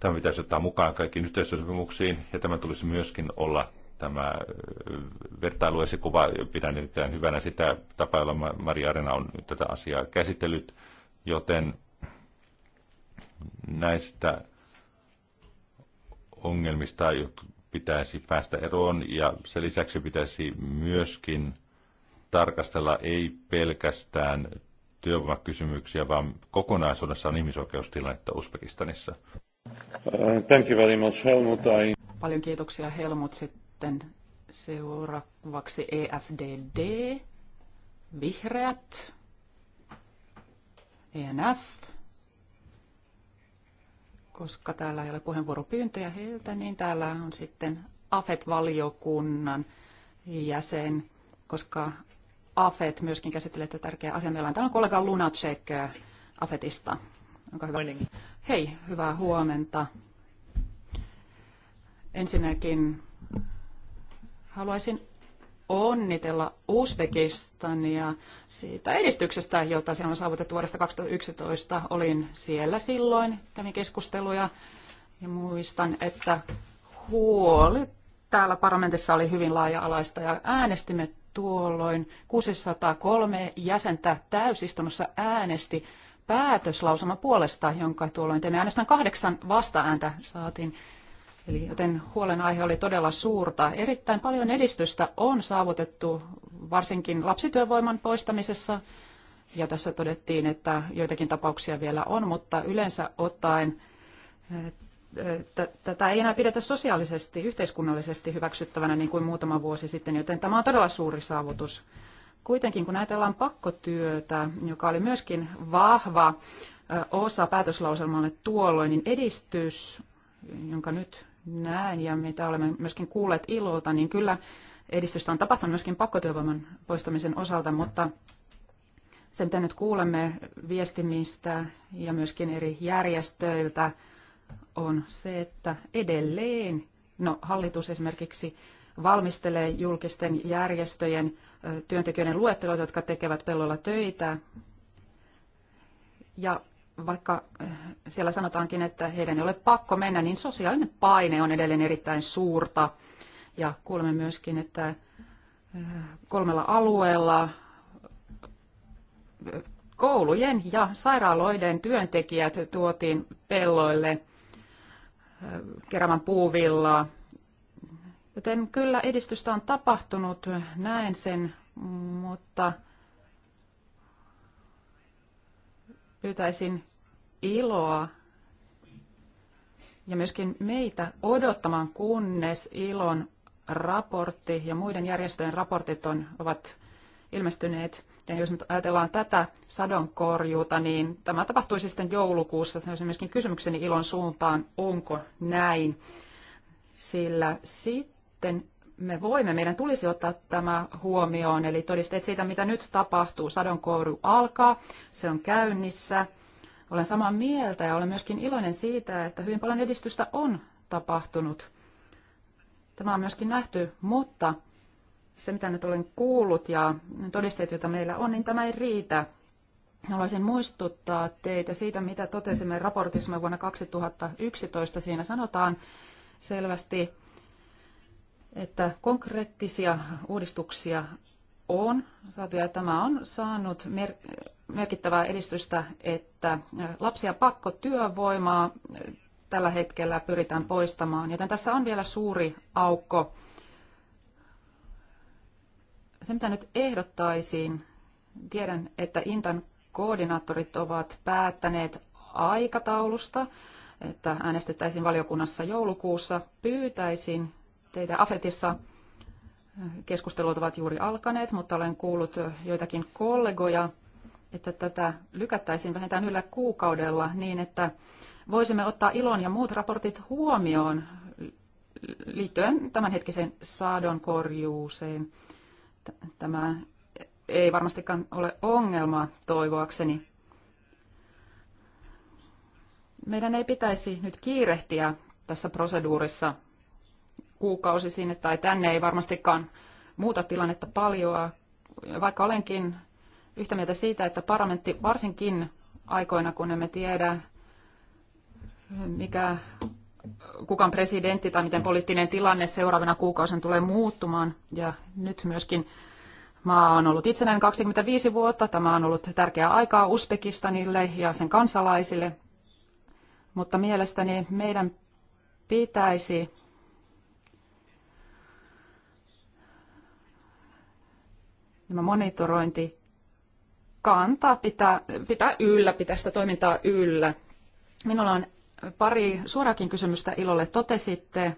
Speaker 3: Tämä pitäisi ottaa mukaan kaikkiin yhteistyösopimuksiin ja tämä tulisi myöskin olla tämä vertailuesikuva. Pidän erittäin hyvänä sitä tapaa, jolla Maria Arena on nyt tätä asiaa käsitellyt, joten näistä ongelmista pitäisi päästä eroon ja sen lisäksi pitäisi myöskin tarkastella ei pelkästään työvoimakysymyksiä, vaan kokonaisuudessaan ihmisoikeustilannetta Uzbekistanissa. Uh, thank you very much, Helmut. I...
Speaker 2: Paljon kiitoksia Helmut. Sitten seuraavaksi EFDD, Vihreät, ENF. Koska täällä ei ole puheenvuoropyyntöjä heiltä, niin täällä on sitten AFET-valiokunnan jäsen, koska AFET myöskin käsittelee tätä tärkeää asiaa. Meillä on täällä kollega Lunacek äh, AFETista. Onko hyvä? Hei, hyvää huomenta. Ensinnäkin haluaisin onnitella Uzbekistania siitä edistyksestä, jota siellä on saavutettu vuodesta 2011. Olin siellä silloin, kävin keskusteluja ja muistan, että huoli täällä parlamentissa oli hyvin laaja-alaista ja äänestimme tuolloin 603 jäsentä täysistunnossa äänesti päätöslausuma puolesta, jonka tuolloin teimme. Ainoastaan kahdeksan vastaääntä saatiin. Eli joten huolenaihe oli todella suurta. Erittäin paljon edistystä on saavutettu varsinkin lapsityövoiman poistamisessa. Ja tässä todettiin, että joitakin tapauksia vielä on, mutta yleensä ottaen tätä ei enää pidetä sosiaalisesti, yhteiskunnallisesti hyväksyttävänä niin kuin muutama vuosi sitten, joten tämä on todella suuri saavutus. Kuitenkin kun ajatellaan pakkotyötä, joka oli myöskin vahva osa päätöslauselmalle tuolloin, niin edistys, jonka nyt näen ja mitä olemme myöskin kuulleet ilolta, niin kyllä edistystä on tapahtunut myöskin pakkotyövoiman poistamisen osalta, mutta se, mitä nyt kuulemme viestimistä ja myöskin eri järjestöiltä, on se, että edelleen, no hallitus esimerkiksi valmistelee julkisten järjestöjen työntekijöiden luettelot, jotka tekevät pellolla töitä. Ja vaikka eh, siellä sanotaankin, että heidän ei ole pakko mennä, niin sosiaalinen paine on edelleen erittäin suurta. Ja kuulemme myöskin, että eh, kolmella alueella eh, koulujen ja sairaaloiden työntekijät tuotiin pelloille keräämään puuvillaa Joten kyllä edistystä on tapahtunut, näen sen, mutta pyytäisin iloa ja myöskin meitä odottamaan, kunnes ilon raportti ja muiden järjestöjen raportit on, ovat ilmestyneet. Ja jos nyt ajatellaan tätä sadonkorjuuta, niin tämä tapahtuisi sitten joulukuussa. Se myöskin kysymykseni ilon suuntaan, onko näin. Sillä sitten sitten me voimme, meidän tulisi ottaa tämä huomioon, eli todisteet siitä, mitä nyt tapahtuu. Sadonkouru alkaa, se on käynnissä. Olen samaa mieltä ja olen myöskin iloinen siitä, että hyvin paljon edistystä on tapahtunut. Tämä on myöskin nähty, mutta se, mitä nyt olen kuullut ja todisteet, joita meillä on, niin tämä ei riitä. Haluaisin muistuttaa teitä siitä, mitä totesimme raportissamme vuonna 2011. Siinä sanotaan selvästi, että konkreettisia uudistuksia on saatu ja tämä on saanut mer- merkittävää edistystä, että lapsia pakkotyövoimaa tällä hetkellä pyritään poistamaan, joten tässä on vielä suuri aukko. Se, mitä nyt ehdottaisin, tiedän, että Intan koordinaattorit ovat päättäneet aikataulusta, että äänestettäisiin valiokunnassa joulukuussa. Pyytäisin teitä Afetissa. Keskustelut ovat juuri alkaneet, mutta olen kuullut joitakin kollegoja, että tätä lykättäisiin vähintään yllä kuukaudella niin, että voisimme ottaa ilon ja muut raportit huomioon liittyen tämänhetkiseen saadonkorjuuseen. Tämä ei varmastikaan ole ongelma toivoakseni. Meidän ei pitäisi nyt kiirehtiä tässä proseduurissa kuukausi sinne tai tänne ei varmastikaan muuta tilannetta paljoa vaikka olenkin yhtä mieltä siitä, että parlamentti varsinkin aikoina, kun emme tiedä, mikä kukan presidentti tai miten poliittinen tilanne seuraavina kuukausina tulee muuttumaan. Ja nyt myöskin maa on ollut itsenäinen 25 vuotta. Tämä on ollut tärkeää aikaa Uzbekistanille ja sen kansalaisille. Mutta mielestäni meidän pitäisi Tämä monitorointi kantaa pitää, pitää yllä, pitää sitä toimintaa yllä. Minulla on pari suorakin kysymystä Ilolle. Totesitte,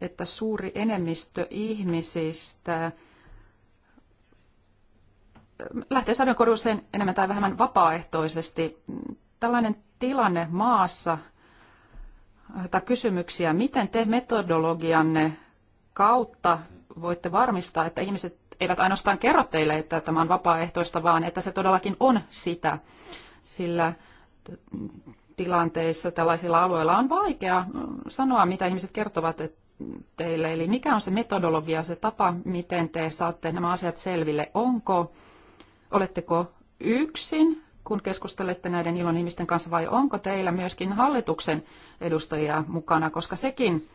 Speaker 2: että suuri enemmistö ihmisistä lähtee sadonkorjuuseen enemmän tai vähemmän vapaaehtoisesti. Tällainen tilanne maassa tai kysymyksiä, miten te metodologianne kautta voitte varmistaa, että ihmiset eivät ainoastaan kerro teille, että tämä on vapaaehtoista, vaan että se todellakin on sitä. Sillä tilanteissa tällaisilla alueilla on vaikea sanoa, mitä ihmiset kertovat teille. Eli mikä on se metodologia, se tapa, miten te saatte nämä asiat selville? Onko, oletteko yksin, kun keskustelette näiden ilon ihmisten kanssa, vai onko teillä myöskin hallituksen edustajia mukana, koska sekin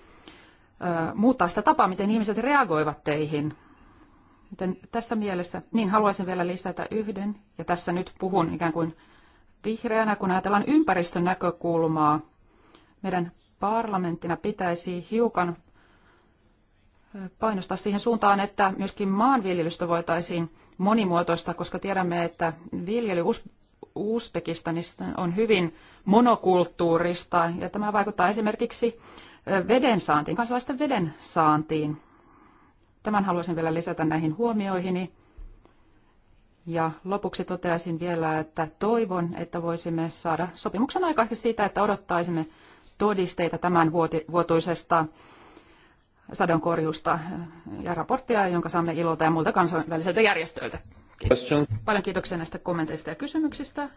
Speaker 2: muuttaa sitä tapaa, miten ihmiset reagoivat teihin. Joten tässä mielessä, niin haluaisin vielä lisätä yhden, ja tässä nyt puhun ikään kuin vihreänä, kun ajatellaan ympäristön näkökulmaa. Meidän parlamenttina pitäisi hiukan painostaa siihen suuntaan, että myöskin maanviljelystä voitaisiin monimuotoista, koska tiedämme, että viljely Uzbekistanista on hyvin monokulttuurista ja tämä vaikuttaa esimerkiksi veden saantiin, kansalaisten veden saantiin. Tämän haluaisin vielä lisätä näihin huomioihini. Ja lopuksi toteaisin vielä, että toivon, että voisimme saada sopimuksen aikaisesti siitä, että odottaisimme todisteita tämän vuotuisesta sadonkorjusta ja raporttia, jonka saamme ilolta ja muilta kansainväliseltä järjestöiltä. Paljon kiitoksia näistä kommenteista ja kysymyksistä.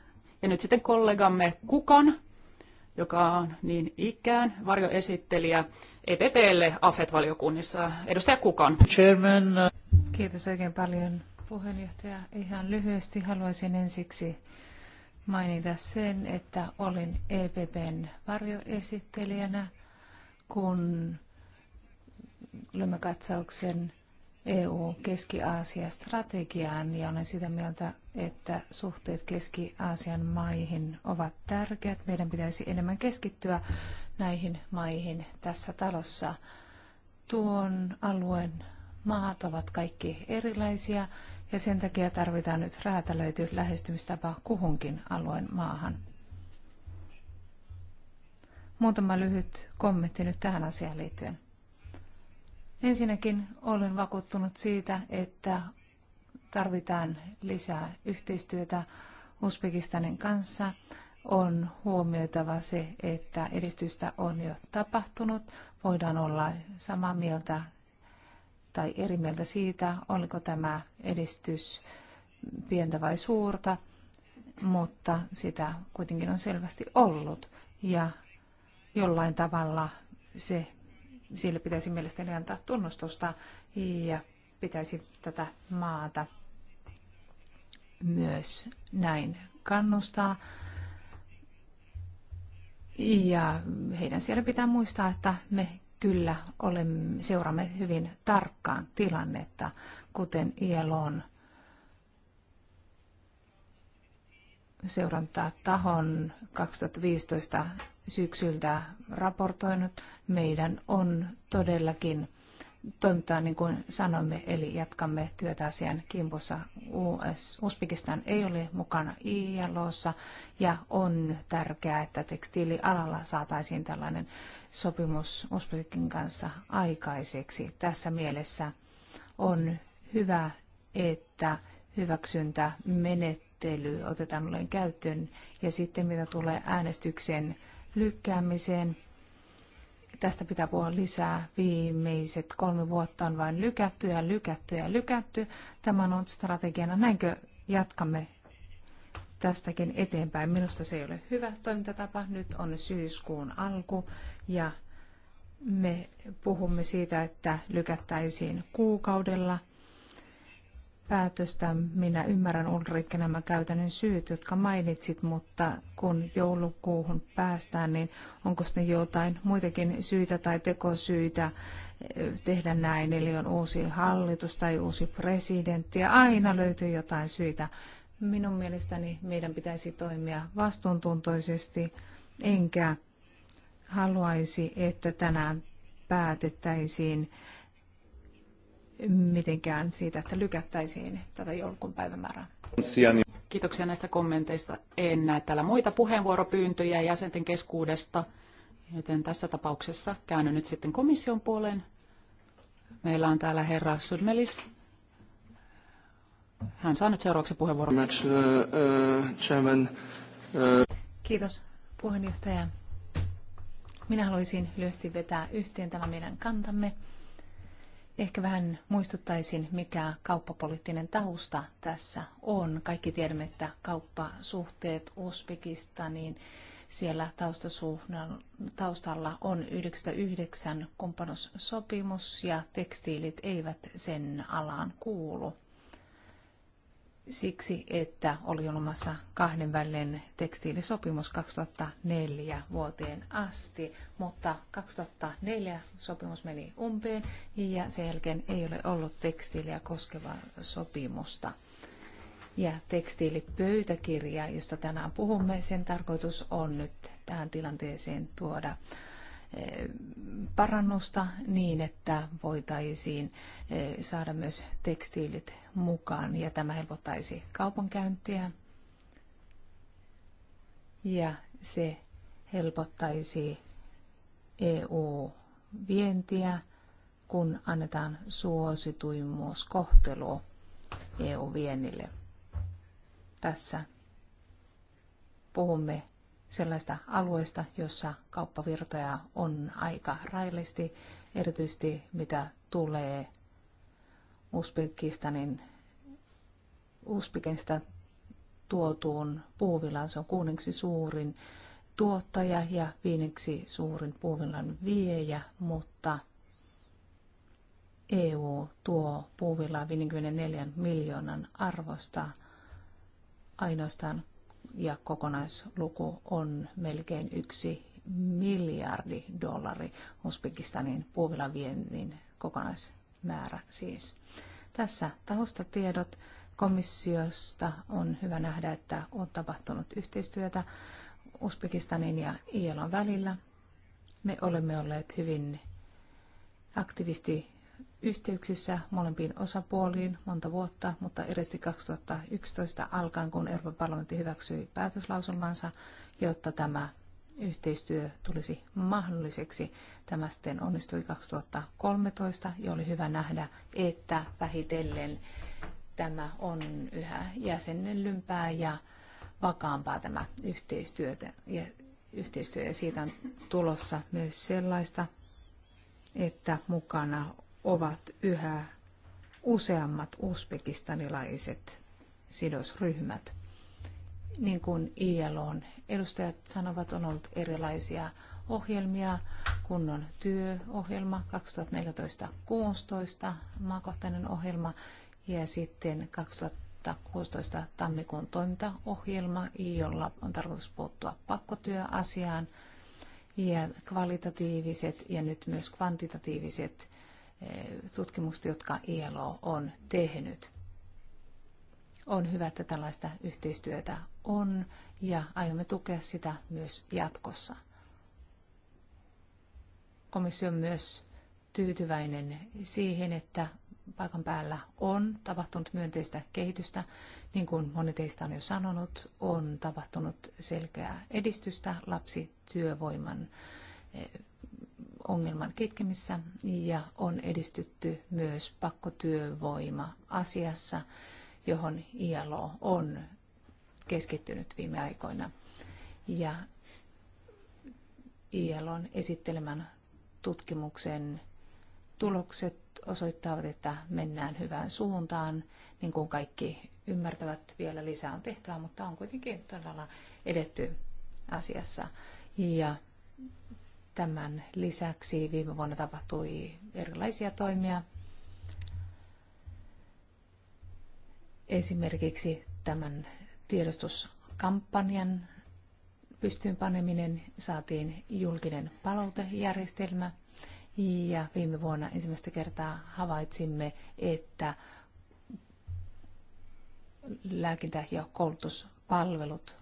Speaker 2: Ja nyt sitten kollegamme Kukan, joka on niin ikään varjoesittelijä EPPlle AFET-valiokunnissa. Edustaja Kukan. Chairman. Uh,
Speaker 4: Kiitos oikein paljon puheenjohtaja. Ihan lyhyesti haluaisin ensiksi mainita sen, että olin EPPn varjoesittelijänä, kun lymmäkatsauksen. katsauksen EU-Keski-Aasia-strategiaan ja olen sitä mieltä, että suhteet Keski-Aasian maihin ovat tärkeät. Meidän pitäisi enemmän keskittyä näihin maihin tässä talossa. Tuon alueen maat ovat kaikki erilaisia ja sen takia tarvitaan nyt räätälöity lähestymistapa kuhunkin alueen maahan. Muutama lyhyt kommentti nyt tähän asiaan liittyen. Ensinnäkin olen vakuuttunut siitä, että tarvitaan lisää yhteistyötä Uzbekistanin kanssa. On huomioitava se, että edistystä on jo tapahtunut. Voidaan olla samaa mieltä tai eri mieltä siitä, oliko tämä edistys pientä vai suurta, mutta sitä kuitenkin on selvästi ollut. Ja jollain tavalla se sille pitäisi mielestäni antaa tunnustusta ja pitäisi tätä maata myös näin kannustaa. Ja heidän siellä pitää muistaa, että me kyllä olemme, seuraamme hyvin tarkkaan tilannetta, kuten ILOn seurantatahon 2015 syksyltä raportoinut. Meidän on todellakin toimittaa niin kuin sanomme, eli jatkamme työtä asian kimpussa. US, Uzbekistan ei ole mukana ILOssa ja on tärkeää, että tekstiilialalla saataisiin tällainen sopimus Uzbekin kanssa aikaiseksi. Tässä mielessä on hyvä, että hyväksyntämenettely otetaan ollen käyttöön ja sitten mitä tulee äänestyksen lykkäämiseen. Tästä pitää puhua lisää. Viimeiset kolme vuotta on vain lykätty ja lykätty ja lykätty. Tämä on strategiana. Näinkö jatkamme tästäkin eteenpäin? Minusta se ei ole hyvä toimintatapa. Nyt on syyskuun alku ja me puhumme siitä, että lykättäisiin kuukaudella – päätöstä. Minä ymmärrän Ulrikki nämä käytännön syyt, jotka mainitsit, mutta kun joulukuuhun päästään, niin onko ne jotain muitakin syitä tai tekosyitä eh, tehdä näin? Eli on uusi hallitus tai uusi presidentti ja aina löytyy jotain syitä. Minun mielestäni meidän pitäisi toimia vastuuntuntoisesti, enkä haluaisi, että tänään päätettäisiin mitenkään siitä, että lykättäisiin tätä joulukuun päivämäärää.
Speaker 2: Kiitoksia näistä kommenteista. En näe täällä muita puheenvuoropyyntöjä jäsenten keskuudesta, joten tässä tapauksessa käännyn nyt sitten komission puoleen. Meillä on täällä herra Sudmelis. Hän saa nyt seuraavaksi
Speaker 4: puheenvuoron. Uh, uh, uh, Kiitos puheenjohtaja. Minä haluaisin lyhyesti vetää yhteen tämän meidän kantamme. Ehkä vähän muistuttaisin, mikä kauppapoliittinen tausta tässä on. Kaikki tiedämme, että kauppasuhteet Uzbekistaniin siellä taustalla on 99 kumppanussopimus ja tekstiilit eivät sen alaan kuulu siksi, että oli olemassa kahdenvälinen tekstiilisopimus 2004 vuoteen asti, mutta 2004 sopimus meni umpeen ja sen jälkeen ei ole ollut tekstiiliä koskevaa sopimusta. Ja tekstiilipöytäkirja, josta tänään puhumme, sen tarkoitus on nyt tähän tilanteeseen tuoda Eh, parannusta niin, että voitaisiin eh, saada myös tekstiilit mukaan ja tämä helpottaisi kaupankäyntiä ja se helpottaisi EU-vientiä, kun annetaan suosituimmuuskohtelu EU-viennille. Tässä puhumme sellaista alueista, jossa kauppavirtoja on aika raillisesti, erityisesti mitä tulee Uzbekistanin Uzbekista tuotuun puuvilaan. Se on kuuneksi suurin tuottaja ja viineksi suurin puuvillan viejä, mutta EU tuo puuvillaa 54 miljoonan arvosta ainoastaan ja kokonaisluku on melkein yksi miljardi dollari Uzbekistanin puuvilaviennin kokonaismäärä siis. Tässä tiedot komissiosta on hyvä nähdä, että on tapahtunut yhteistyötä Uzbekistanin ja ILOn välillä. Me olemme olleet hyvin aktivisti yhteyksissä molempiin osapuoliin monta vuotta, mutta erityisesti 2011 alkaen, kun Euroopan parlamentti hyväksyi päätöslauselmansa, jotta tämä yhteistyö tulisi mahdolliseksi. Tämä sitten onnistui 2013 ja oli hyvä nähdä, että vähitellen tämä on yhä jäsennellympää ja vakaampaa tämä yhteistyötä, ja, yhteistyö. Ja siitä on tulossa myös sellaista, että mukana ovat yhä useammat uzbekistanilaiset sidosryhmät. Niin kuin ILOn edustajat sanovat, on ollut erilaisia ohjelmia, kunnon työohjelma 2014-16, maakohtainen ohjelma ja sitten 2016 tammikuun toimintaohjelma, jolla on tarkoitus puuttua pakkotyöasiaan ja kvalitatiiviset ja nyt myös kvantitatiiviset tutkimusta, jotka ILO on tehnyt. On hyvä, että tällaista yhteistyötä on ja aiomme tukea sitä myös jatkossa. Komissio on myös tyytyväinen siihen, että paikan päällä on tapahtunut myönteistä kehitystä. Niin kuin moni teistä on jo sanonut, on tapahtunut selkeää edistystä lapsityövoiman eh, ongelman kitkemissä ja on edistytty myös pakkotyövoima-asiassa, johon ILO on keskittynyt viime aikoina. Ja ILOn esittelemän tutkimuksen tulokset osoittavat, että mennään hyvään suuntaan, niin kuin kaikki ymmärtävät vielä lisää on tehtävä, mutta on kuitenkin todella edetty asiassa. Ja Tämän lisäksi viime vuonna tapahtui erilaisia toimia. Esimerkiksi tämän tiedostuskampanjan pystyynpaneminen saatiin julkinen palautejärjestelmä ja viime vuonna ensimmäistä kertaa havaitsimme, että lääkintä- ja koulutuspalvelut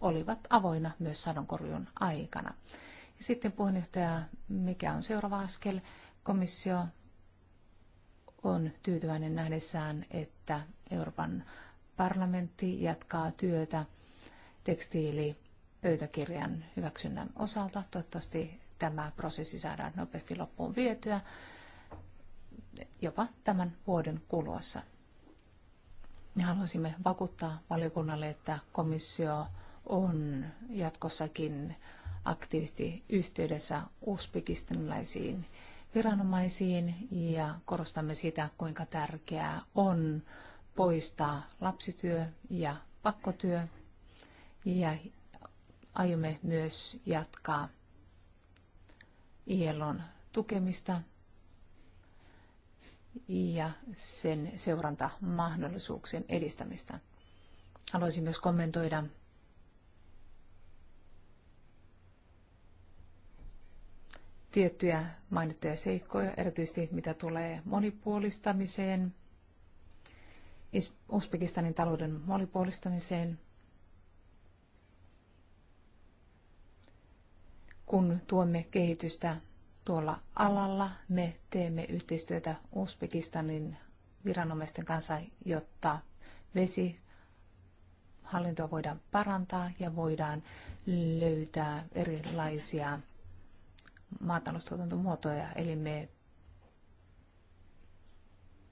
Speaker 4: olivat avoina myös sadonkorjun aikana. Ja sitten puheenjohtaja, mikä on seuraava askel? Komissio on tyytyväinen nähdessään, että Euroopan parlamentti jatkaa työtä tekstiilipöytäkirjan hyväksynnän osalta. Toivottavasti tämä prosessi saadaan nopeasti loppuun vietyä jopa tämän vuoden kuluessa. Haluaisimme vakuuttaa valiokunnalle, että komissio on jatkossakin aktiivisesti yhteydessä uzbekistanilaisiin viranomaisiin ja korostamme sitä, kuinka tärkeää on poistaa lapsityö ja pakkotyö. Ja aiomme myös jatkaa ILOn tukemista ja sen seurantamahdollisuuksien edistämistä. Haluaisin myös kommentoida tiettyjä mainittuja seikkoja, erityisesti mitä tulee monipuolistamiseen, Uzbekistanin talouden monipuolistamiseen, kun tuomme kehitystä tuolla alalla, me teemme yhteistyötä Uzbekistanin viranomaisten kanssa, jotta vesi hallintoa voidaan parantaa ja voidaan löytää erilaisia maataloustuotantomuotoja, eli me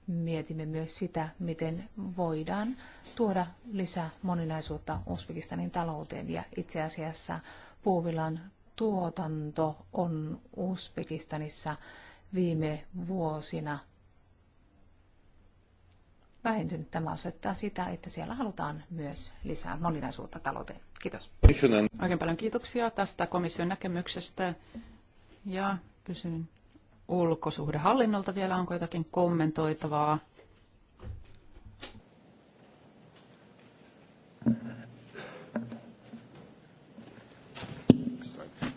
Speaker 4: mietimme myös sitä, miten voidaan tuoda lisää moninaisuutta Uzbekistanin talouteen. Ja itse asiassa puuvilan tuotanto on Uzbekistanissa viime vuosina vähentynyt. Tämä osoittaa sitä, että siellä halutaan myös lisää moninaisuutta talouteen. Kiitos. Oikein paljon kiitoksia tästä komission
Speaker 2: näkemyksestä. Ja kysyn ulkosuhdehallinnolta vielä, onko jotakin kommentoitavaa?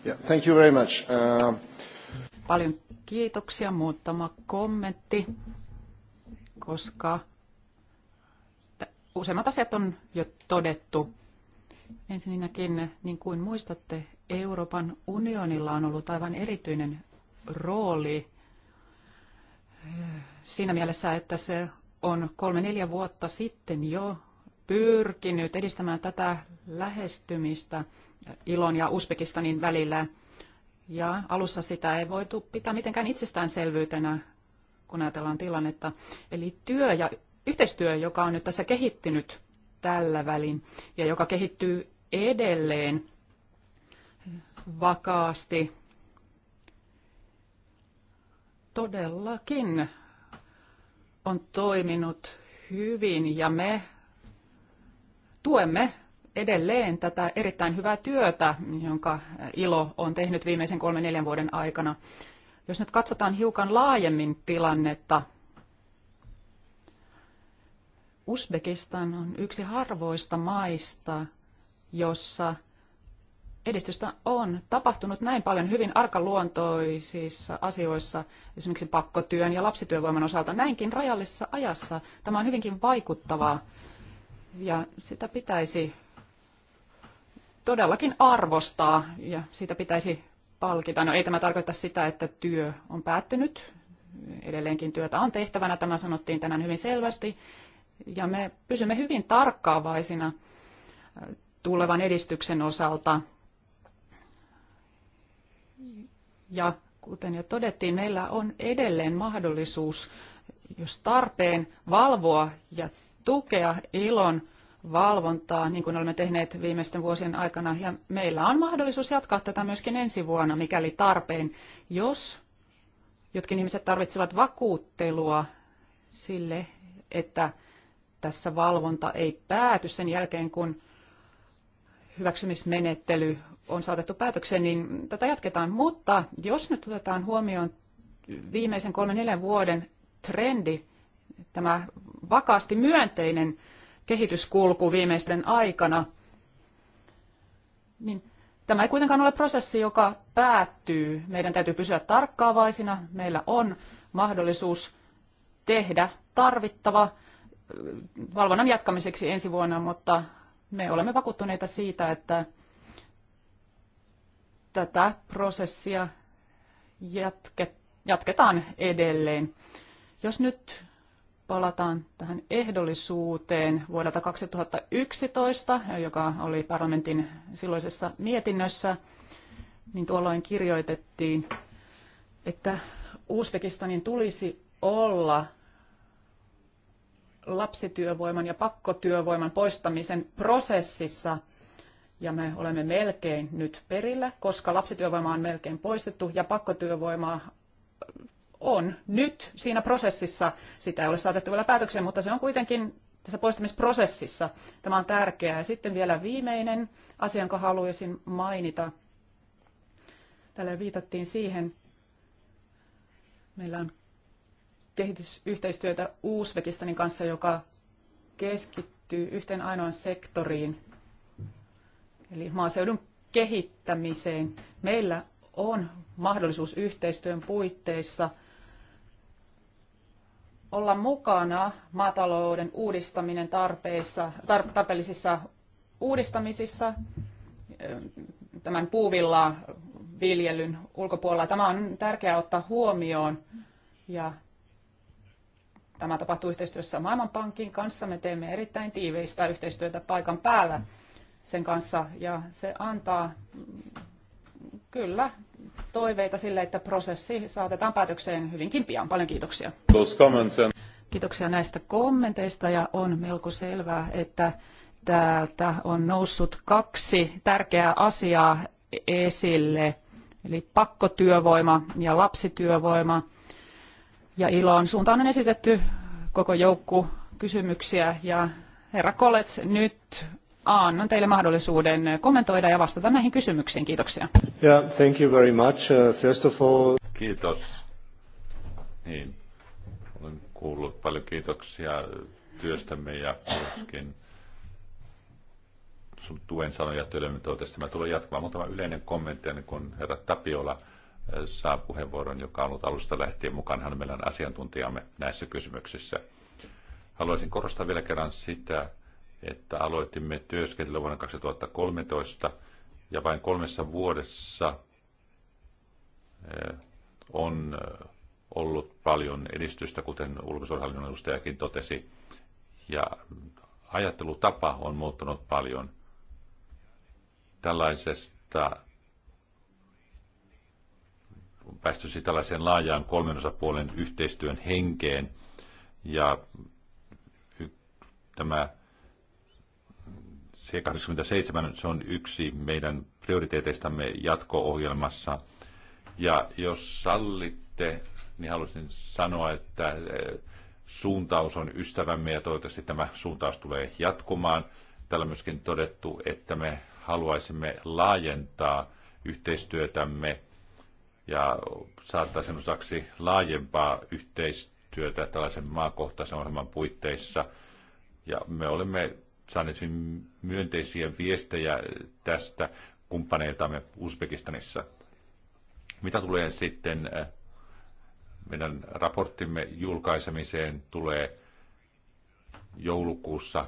Speaker 1: Yeah, thank you very much. Uh...
Speaker 2: Paljon kiitoksia. Muutama kommentti, koska useimmat asiat on jo todettu. Ensinnäkin, niin kuin muistatte, Euroopan unionilla on ollut aivan erityinen rooli eh, siinä mielessä, että se on kolme-neljä vuotta sitten jo pyrkinyt edistämään tätä lähestymistä Ilon ja Uzbekistanin välillä. Ja alussa sitä ei voitu pitää mitenkään itsestäänselvyytenä, kun ajatellaan tilannetta. Eli työ ja yhteistyö, joka on nyt tässä kehittynyt tällä välin ja joka kehittyy edelleen, vakaasti. Todellakin on toiminut hyvin ja me tuemme edelleen tätä erittäin hyvää työtä, jonka ILO on tehnyt viimeisen kolmen neljän vuoden aikana. Jos nyt katsotaan hiukan laajemmin tilannetta, Uzbekistan on yksi harvoista maista, jossa edistystä on tapahtunut näin paljon hyvin arkaluontoisissa asioissa, esimerkiksi pakkotyön ja lapsityövoiman osalta, näinkin rajallisessa ajassa. Tämä on hyvinkin vaikuttavaa ja sitä pitäisi todellakin arvostaa ja siitä pitäisi palkita. No ei tämä tarkoita sitä, että työ on päättynyt. Edelleenkin työtä on tehtävänä, tämä sanottiin tänään hyvin selvästi. Ja me pysymme hyvin tarkkaavaisina tulevan edistyksen osalta Ja kuten jo todettiin, meillä on edelleen mahdollisuus, jos tarpeen, valvoa ja tukea ilon valvontaa, niin kuin olemme tehneet viimeisten vuosien aikana. Ja meillä on mahdollisuus jatkaa tätä myöskin ensi vuonna, mikäli tarpeen, jos jotkin ihmiset tarvitsevat vakuuttelua sille, että tässä valvonta ei pääty sen jälkeen, kun hyväksymismenettely on saatettu päätökseen, niin tätä jatketaan. Mutta jos nyt otetaan huomioon viimeisen kolmen neljän vuoden trendi, tämä vakaasti myönteinen kehityskulku viimeisten aikana, niin tämä ei kuitenkaan ole prosessi, joka päättyy. Meidän täytyy pysyä tarkkaavaisina. Meillä on mahdollisuus tehdä tarvittava valvonnan jatkamiseksi ensi vuonna, mutta me olemme vakuuttuneita siitä, että tätä prosessia jatke, jatketaan edelleen. Jos nyt palataan tähän ehdollisuuteen vuodelta 2011, joka oli parlamentin silloisessa mietinnössä, niin tuolloin kirjoitettiin, että Uzbekistanin tulisi olla lapsityövoiman ja pakkotyövoiman poistamisen prosessissa – ja me olemme melkein nyt perillä, koska lapsityövoima on melkein poistettu ja pakkotyövoimaa on nyt siinä prosessissa. Sitä ei ole saatettu vielä päätökseen, mutta se on kuitenkin tässä poistamisprosessissa. Tämä on tärkeää. Ja sitten vielä viimeinen asia, jonka haluaisin mainita. Tällä viitattiin siihen, meillä on kehitysyhteistyötä Uusvekistanin kanssa, joka keskittyy yhteen ainoan sektoriin, eli maaseudun kehittämiseen. Meillä on mahdollisuus yhteistyön puitteissa olla mukana maatalouden uudistaminen tarpeissa, tar, tarpeellisissa uudistamisissa tämän puuvilla viljelyn ulkopuolella. Tämä on tärkeää ottaa huomioon ja tämä tapahtuu yhteistyössä Maailmanpankin kanssa. Me teemme erittäin tiiveistä yhteistyötä paikan päällä sen kanssa ja se antaa mm, kyllä toiveita sille, että prosessi saatetaan päätökseen hyvinkin pian. Paljon kiitoksia. Kiitoksia näistä kommenteista ja on melko selvää, että täältä on noussut kaksi tärkeää asiaa esille, eli pakkotyövoima ja lapsityövoima. Ja Ilon suuntaan on esitetty koko joukku kysymyksiä ja herra Kolets, nyt annan teille mahdollisuuden kommentoida ja vastata näihin kysymyksiin. Kiitoksia.
Speaker 3: Yeah, thank you very much. Uh, first of all... Kiitos. Niin. Olen kuullut paljon kiitoksia työstämme ja myöskin sun tuen sanoja työelämätoitesta. Mä tulen jatkamaan muutama yleinen kommentti, ennen kuin herra Tapiola äh, saa puheenvuoron, joka on ollut alusta lähtien mukana. Hän meillä on asiantuntijamme näissä kysymyksissä. Haluaisin korostaa vielä kerran sitä, että aloitimme työskentelyä vuonna 2013 ja vain kolmessa vuodessa eh, on eh, ollut paljon edistystä, kuten ulkosuojelun edustajakin totesi. Ja ajattelutapa on muuttunut paljon tällaisesta päästy siis tällaiseen laajaan kolmen osapuolen yhteistyön henkeen. Ja tämä c 27 se on yksi meidän prioriteeteistamme jatko-ohjelmassa. Ja jos sallitte, niin haluaisin sanoa, että eh, suuntaus on ystävämme ja toivottavasti tämä suuntaus tulee jatkumaan. Täällä on myöskin todettu, että me haluaisimme laajentaa yhteistyötämme ja saattaa sen osaksi laajempaa yhteistyötä tällaisen maakohtaisen ohjelman puitteissa. Ja me olemme saaneet myönteisiä viestejä tästä kumppaneiltamme Uzbekistanissa. Mitä tulee sitten äh, meidän raporttimme julkaisemiseen tulee joulukuussa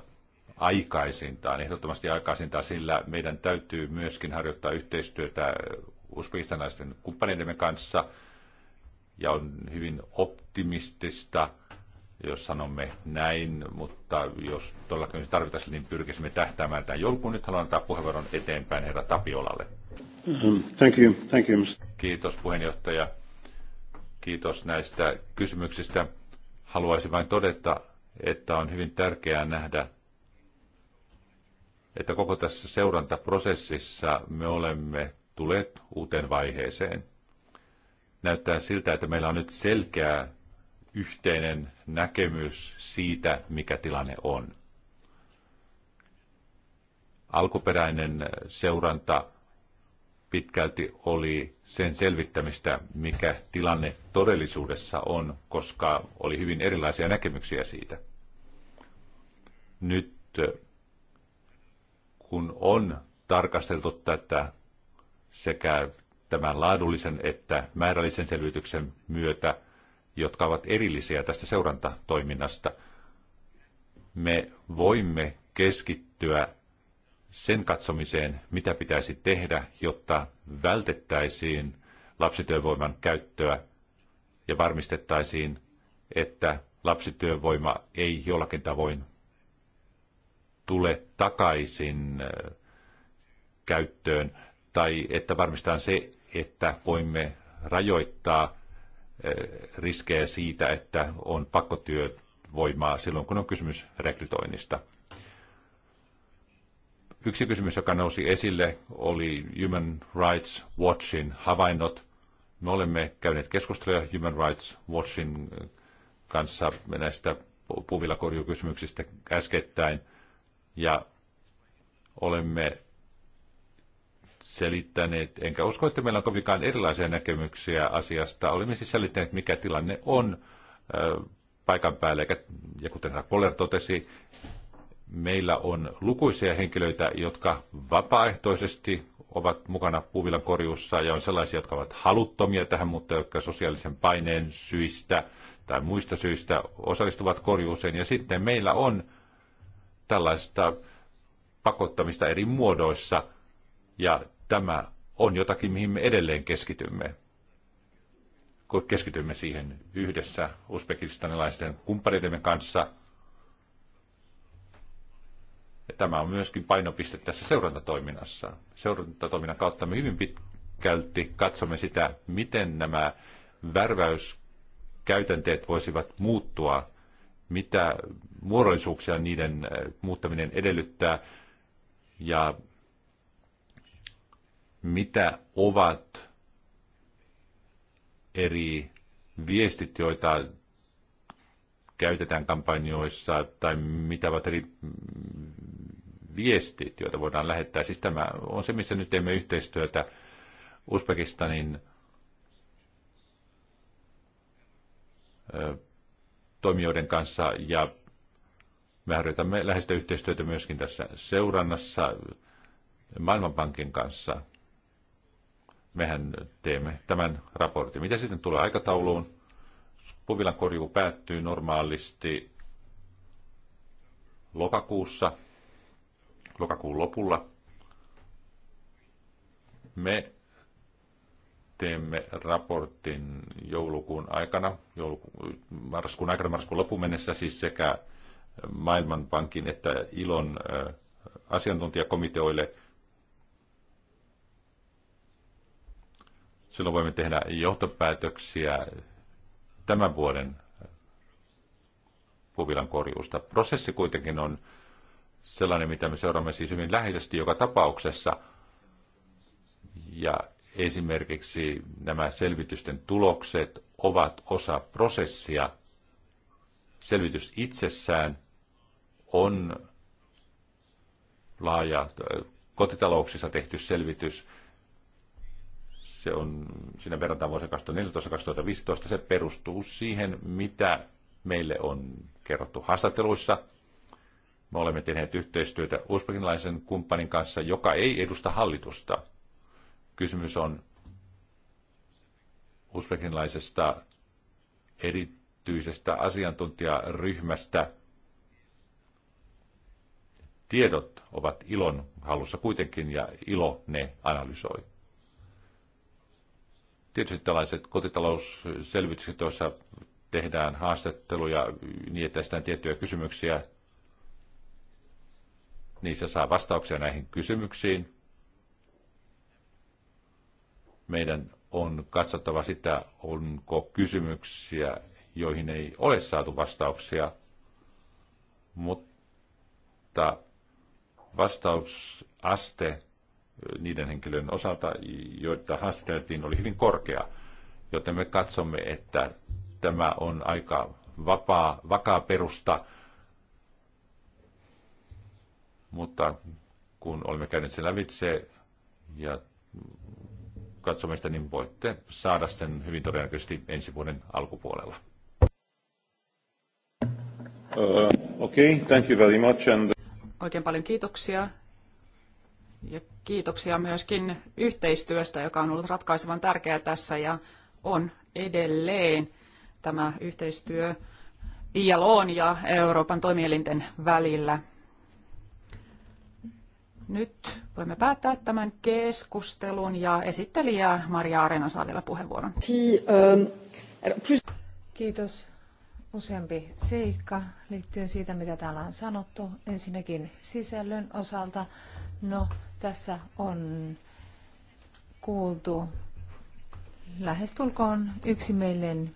Speaker 3: aikaisintaan, ehdottomasti aikaisintaan, sillä meidän täytyy myöskin harjoittaa yhteistyötä uzbekistanaisten kumppaneidemme kanssa, ja on hyvin optimistista jos sanomme näin, mutta jos todellakin tarvitaan, niin pyrkisimme tähtäämään tämän joulukuun. Nyt haluan antaa puheenvuoron eteenpäin herra Tapiolalle.
Speaker 1: Mm-hmm. Thank you.
Speaker 3: Thank you. Kiitos puheenjohtaja. Kiitos näistä kysymyksistä. Haluaisin vain todeta, että on hyvin tärkeää nähdä, että koko tässä seurantaprosessissa me olemme tulleet uuteen vaiheeseen. Näyttää siltä, että meillä on nyt selkeää yhteinen näkemys siitä, mikä tilanne on. Alkuperäinen seuranta pitkälti oli sen selvittämistä, mikä tilanne todellisuudessa on, koska oli hyvin erilaisia näkemyksiä siitä. Nyt kun on tarkasteltu tätä sekä tämän laadullisen että määrällisen selvityksen myötä, jotka ovat erillisiä tästä seurantatoiminnasta. Me voimme keskittyä sen katsomiseen, mitä pitäisi tehdä, jotta vältettäisiin lapsityövoiman käyttöä ja varmistettaisiin, että lapsityövoima ei jollakin tavoin tule takaisin äh, käyttöön, tai että varmistetaan se, että voimme rajoittaa Eh, riskejä siitä, että on pakkotyövoimaa silloin, kun on kysymys rekrytoinnista. Yksi kysymys, joka nousi esille, oli Human Rights Watchin havainnot. Me olemme käyneet keskusteluja Human Rights Watchin kanssa näistä puvillakorjukysymyksistä äskettäin, ja olemme selittäneet, enkä usko, että meillä on kovinkaan erilaisia näkemyksiä asiasta. Olemme siis selittäneet, mikä tilanne on paikan päällä, ja kuten Koller totesi, meillä on lukuisia henkilöitä, jotka vapaaehtoisesti ovat mukana puuvilan korjuussa ja on sellaisia, jotka ovat haluttomia tähän, mutta jotka sosiaalisen paineen syistä tai muista syistä osallistuvat korjuuseen. Ja sitten meillä on tällaista pakottamista eri muodoissa, ja tämä on jotakin, mihin me edelleen keskitymme. Kun keskitymme siihen yhdessä uzbekistanilaisten kumppaneidemme kanssa. Ja tämä on myöskin painopiste tässä seurantatoiminnassa. Seurantatoiminnan kautta me hyvin pitkälti katsomme sitä, miten nämä värväyskäytänteet voisivat muuttua, mitä muodollisuuksia niiden eh, muuttaminen edellyttää ja mitä ovat eri viestit, joita käytetään kampanjoissa, tai mitä ovat eri viestit, joita voidaan lähettää. Siis tämä on se, missä nyt teemme yhteistyötä Uzbekistanin toimijoiden kanssa, ja me harjoitamme läheistä yhteistyötä myöskin tässä seurannassa Maailmanpankin kanssa – mehän teemme tämän raportin. Mitä sitten tulee aikatauluun? Puvilan korjuu päättyy normaalisti lokakuussa, lokakuun lopulla. Me teemme raportin joulukuun aikana, jouluku, marraskuun aikana, marraskuun lopun mennessä, siis sekä Maailmanpankin että ILON asiantuntijakomiteoille – Silloin voimme tehdä johtopäätöksiä tämän vuoden puuvilan korjuusta. Prosessi kuitenkin on sellainen, mitä me seuraamme siis hyvin läheisesti joka tapauksessa. Ja esimerkiksi nämä selvitysten tulokset ovat osa prosessia. Selvitys itsessään on laaja kotitalouksissa tehty selvitys, se on, siinä verrataan vuosia 2014-2015, se perustuu siihen, mitä meille on kerrottu haastatteluissa. Me olemme tehneet yhteistyötä uzbekilaisen kumppanin kanssa, joka ei edusta hallitusta. Kysymys on uzbekilaisesta erityisestä asiantuntijaryhmästä. Tiedot ovat ilon halussa kuitenkin ja ilo ne analysoi. Tietysti tällaiset kotitalousselvitykset, joissa tehdään haastatteluja, niin että sitä tiettyjä kysymyksiä, niissä saa vastauksia näihin kysymyksiin. Meidän on katsottava sitä, onko kysymyksiä, joihin ei ole saatu vastauksia, mutta vastausaste niiden henkilöiden osalta, joita haastateltiin, oli hyvin korkea. Joten me katsomme, että tämä on aika vapaa, vakaa perusta. Mutta kun olemme käyneet sen lävitse ja katsomme sitä, niin voitte saada sen hyvin todennäköisesti ensi vuoden alkupuolella.
Speaker 1: Uh, okay, thank you very much and...
Speaker 2: Oikein paljon kiitoksia ja kiitoksia myöskin yhteistyöstä, joka on ollut ratkaisevan tärkeää tässä ja on edelleen tämä yhteistyö ILOn ja Euroopan toimielinten välillä. Nyt voimme päättää tämän keskustelun ja esittelijä Maria Arena saa vielä puheenvuoron.
Speaker 4: Ähm, er- Kiitos useampi seikka liittyen siitä, mitä täällä on sanottu. Ensinnäkin sisällön osalta. No, tässä on kuultu lähestulkoon yksimielinen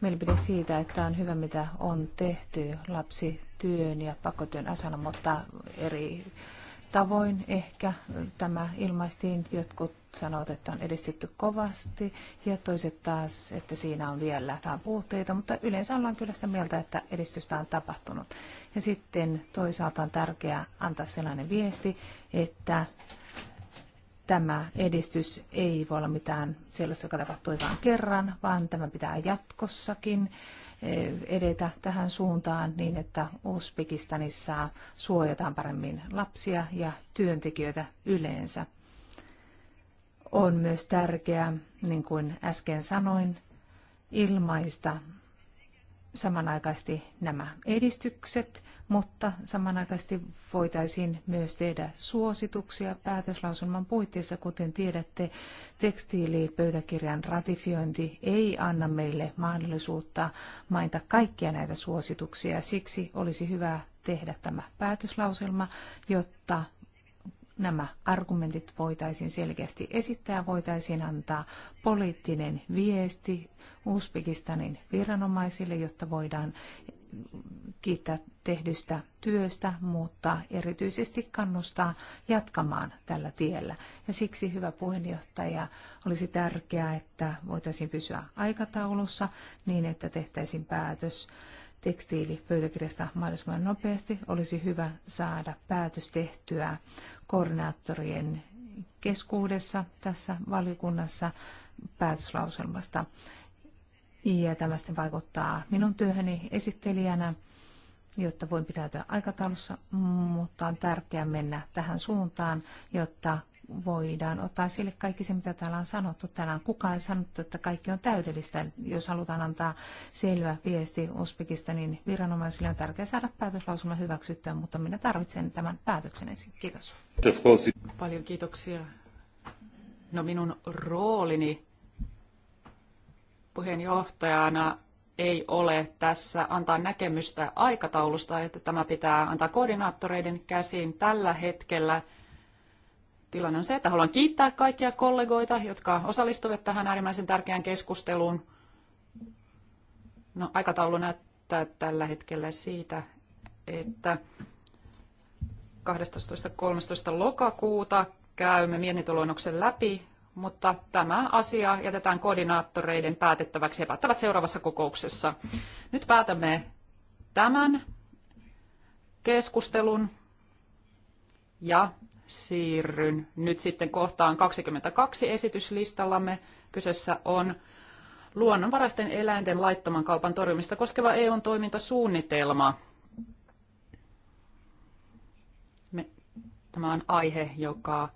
Speaker 4: mielipide siitä, että on hyvä, mitä on tehty lapsityön ja pakotyön asana, mutta eri tavoin ehkä tämä ilmaistiin jotkut sanovat, että on edistytty kovasti ja toiset taas, että siinä on vielä vähän puutteita, mutta yleensä ollaan kyllä sitä mieltä, että edistystä on tapahtunut. Ja sitten toisaalta on tärkeää antaa sellainen viesti, että tämä edistys ei voi olla mitään sellaista, joka tapahtui vain kerran, vaan tämä pitää jatkossakin e, edetä tähän suuntaan niin, että Uzbekistanissa suojataan paremmin lapsia ja työntekijöitä yleensä on myös tärkeää, niin kuin äsken sanoin, ilmaista samanaikaisesti nämä edistykset, mutta samanaikaisesti voitaisiin myös tehdä suosituksia päätöslauselman puitteissa. Kuten tiedätte, tekstiilipöytäkirjan ratifiointi ei anna meille mahdollisuutta mainita kaikkia näitä suosituksia. Siksi olisi hyvä tehdä tämä päätöslauselma, jotta nämä argumentit voitaisiin selkeästi esittää, voitaisiin antaa poliittinen viesti Uzbekistanin viranomaisille, jotta voidaan kiittää tehdystä työstä, mutta erityisesti kannustaa jatkamaan tällä tiellä. Ja siksi, hyvä puheenjohtaja, olisi tärkeää, että voitaisiin pysyä aikataulussa niin, että tehtäisiin päätös tekstiilipöytäkirjasta mahdollisimman nopeasti. Olisi hyvä saada päätös tehtyä koordinaattorien keskuudessa tässä valiokunnassa päätöslauselmasta. Ja tämä sitten vaikuttaa minun työhöni esittelijänä, jotta voin pitäytyä aikataulussa, mutta on tärkeää mennä tähän suuntaan, jotta voidaan ottaa sille kaikki se, mitä täällä on sanottu. Täällä on kukaan sanottu, että kaikki on täydellistä. Jos halutaan antaa selvä viesti niin viranomaisille, on tärkeää saada päätöslausuma hyväksyttyä, mutta minä tarvitsen tämän päätöksen ensin. Kiitos. Paljon kiitoksia. No minun roolini
Speaker 2: puheenjohtajana ei ole tässä antaa näkemystä aikataulusta, että tämä pitää antaa koordinaattoreiden käsiin tällä hetkellä – tilanne on se, että haluan kiittää kaikkia kollegoita, jotka osallistuivat tähän äärimmäisen tärkeään keskusteluun. No, aikataulu näyttää tällä hetkellä siitä, että 12.13. lokakuuta käymme mietintöluonnoksen läpi, mutta tämä asia jätetään koordinaattoreiden päätettäväksi. ja päättävät seuraavassa kokouksessa. Nyt päätämme tämän keskustelun ja siirryn nyt sitten kohtaan 22 esityslistallamme. Kyseessä on luonnonvaraisten eläinten laittoman kaupan torjumista koskeva EUn toimintasuunnitelma. Me, tämä on aihe, joka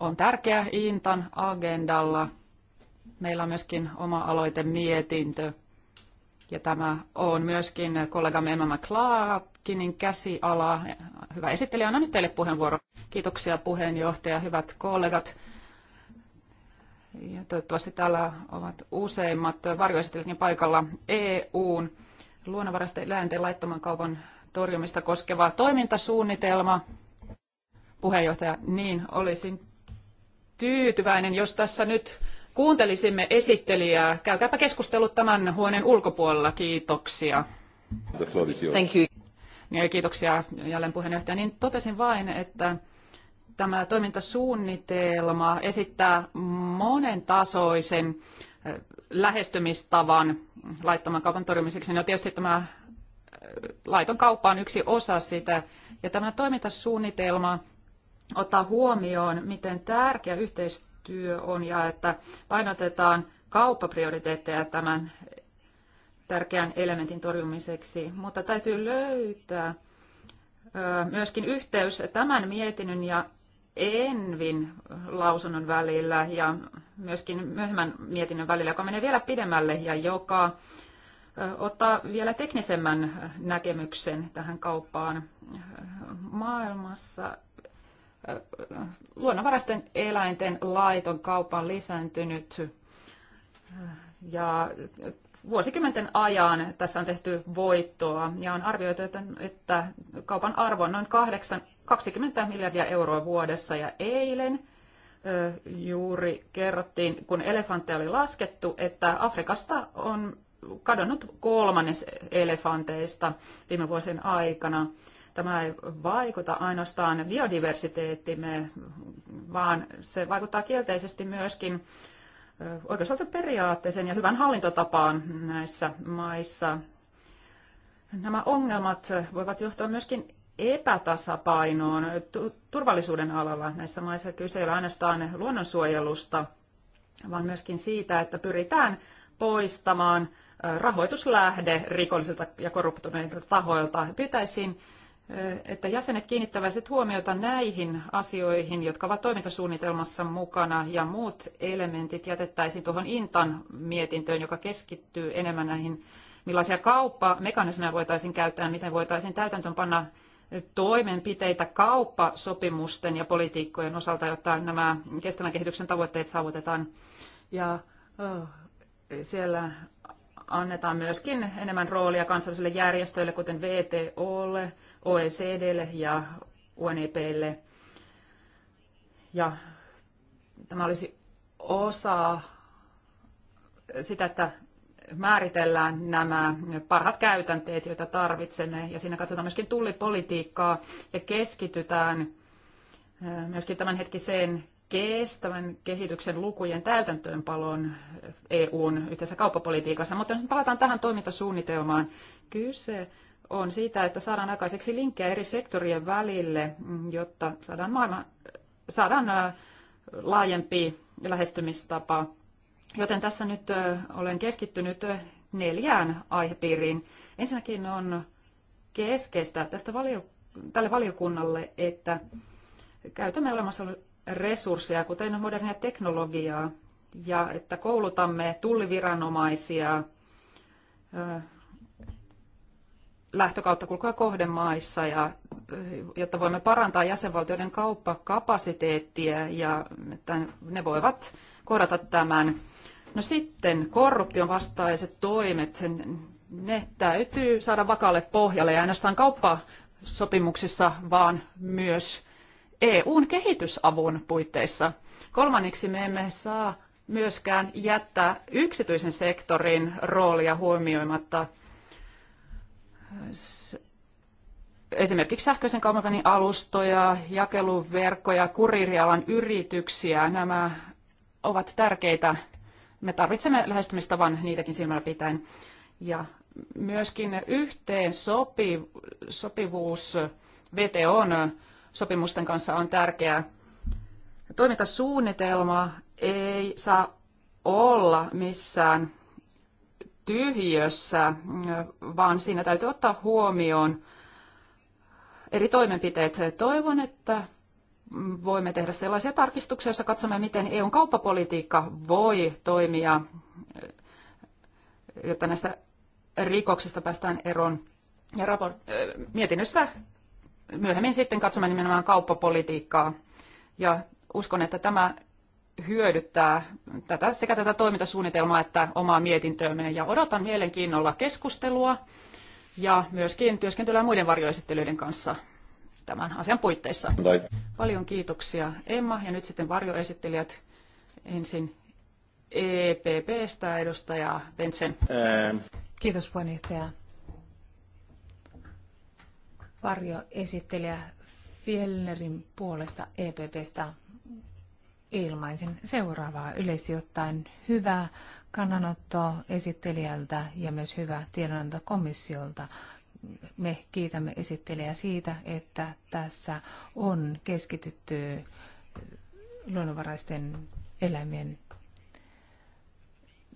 Speaker 2: on tärkeä Intan agendalla. Meillä on myöskin oma aloite mietintö. Ja tämä on myöskin kollegamme Emma McLeod Kinin käsiala. Hyvä esittelijä, annan nyt teille puheenvuoro. Kiitoksia puheenjohtaja, hyvät kollegat. Ja toivottavasti täällä ovat useimmat varjoesittelijätkin paikalla EUn luonnonvaraisten eläinten laittoman kaupan torjumista koskeva toimintasuunnitelma. Puheenjohtaja, niin olisin tyytyväinen, jos tässä nyt kuuntelisimme esittelijää. Käykääpä keskustelut tämän huoneen ulkopuolella. Kiitoksia. Thank you. Kiitoksia jälleen puheenjohtaja. Niin totesin vain, että tämä toimintasuunnitelma esittää monen tasoisen eh, lähestymistavan laittoman kaupan torjumiseksi. No tietysti tämä eh, laiton kauppa on yksi osa sitä. Ja tämä toimintasuunnitelma ottaa huomioon, miten tärkeä yhteistyö on ja että painotetaan kauppaprioriteetteja tämän tärkeän elementin torjumiseksi, mutta täytyy löytää myöskin yhteys tämän mietinnön ja Envin lausunnon välillä ja myöskin myöhemmän mietinnön välillä, joka menee vielä pidemmälle ja joka ottaa vielä teknisemmän näkemyksen tähän kauppaan maailmassa. Luonnonvaraisten eläinten laiton kauppa on lisääntynyt ja vuosikymmenten ajan tässä on tehty voittoa ja on arvioitu, että, että kaupan arvo on noin 8, 20 miljardia euroa vuodessa ja eilen juuri kerrottiin, kun elefantteja oli laskettu, että Afrikasta on kadonnut kolmannes elefanteista viime vuosien aikana. Tämä ei vaikuta ainoastaan biodiversiteettimme, vaan se vaikuttaa kielteisesti myöskin oikeusvaltioperiaatteeseen ja hyvän hallintotapaan näissä maissa. Nämä ongelmat voivat johtaa myöskin epätasapainoon turvallisuuden alalla. Näissä maissa kyse ei ole ainoastaan luonnonsuojelusta, vaan myöskin siitä, että pyritään poistamaan rahoituslähde rikollisilta ja korruptoituneilta tahoilta. Pyytäisin että jäsenet kiinnittävät huomiota näihin asioihin, jotka ovat toimintasuunnitelmassa mukana, ja muut elementit jätettäisiin tuohon Intan mietintöön, joka keskittyy enemmän näihin, millaisia kauppamekanismeja voitaisiin käyttää, miten voitaisiin täytäntöönpanna toimenpiteitä kauppasopimusten ja politiikkojen osalta, jotta nämä kestävän kehityksen tavoitteet saavutetaan. Ja siellä annetaan myöskin enemmän roolia kansallisille järjestöille, kuten VTOlle, OECDlle ja UNEPlle. Ja tämä olisi osa sitä, että määritellään nämä parhaat käytänteet, joita tarvitsemme, ja siinä katsotaan myöskin tullipolitiikkaa ja keskitytään myöskin tämänhetkiseen kestävän kehityksen lukujen täytäntöönpalon EUn yhteisessä kauppapolitiikassa. Mutta nyt palataan tähän toimintasuunnitelmaan. Kyse on siitä, että saadaan aikaiseksi linkkejä eri sektorien välille, jotta saadaan, maailma, saadaan laajempi lähestymistapa. Joten tässä nyt olen keskittynyt neljään aihepiiriin. Ensinnäkin on keskeistä tästä valio, tälle valiokunnalle, että käytämme olemassa resursseja, kuten modernia teknologiaa, ja että koulutamme tulliviranomaisia lähtökautta kulkua kohdemaissa, ja, jotta voimme parantaa jäsenvaltioiden kauppakapasiteettia, ja että ne voivat kohdata tämän. No sitten korruption vastaiset toimet, ne täytyy saada vakaalle pohjalle, ja ainoastaan kauppasopimuksissa, vaan myös EUn kehitysavun puitteissa. Kolmanneksi me emme saa myöskään jättää yksityisen sektorin roolia huomioimatta esimerkiksi sähköisen kaupankäynnin alustoja, jakeluverkkoja, kuriirialan yrityksiä. Nämä ovat tärkeitä. Me tarvitsemme lähestymistavan niitäkin silmällä pitäen. Ja myöskin yhteen sopivuus VTOn sopimusten kanssa on tärkeää. Toimintasuunnitelma ei saa olla missään tyhjössä, vaan siinä täytyy ottaa huomioon eri toimenpiteet. Toivon, että voimme tehdä sellaisia tarkistuksia, joissa katsomme, miten EUn kauppapolitiikka voi toimia, jotta näistä rikoksista päästään eroon. Ja raport- mietinnössä myöhemmin sitten katsomme nimenomaan kauppapolitiikkaa. Ja uskon, että tämä hyödyttää tätä, sekä tätä toimintasuunnitelmaa että omaa mietintöömme. Ja odotan mielenkiinnolla keskustelua ja myöskin työskentelyä muiden varjoesittelyiden kanssa tämän asian puitteissa. Noin. Paljon kiitoksia Emma ja nyt sitten varjoesittelijät ensin
Speaker 4: EPPstä edustaja Bentsen. Ää... Kiitos puheenjohtaja esittelijä Fjellnerin puolesta EPPstä ilmaisin seuraavaa. Yleisesti ottaen hyvää kannanottoa esittelijältä ja myös hyvää tiedonanto komissiolta. Me kiitämme esittelijää siitä, että tässä on keskitytty luonnonvaraisten eläimien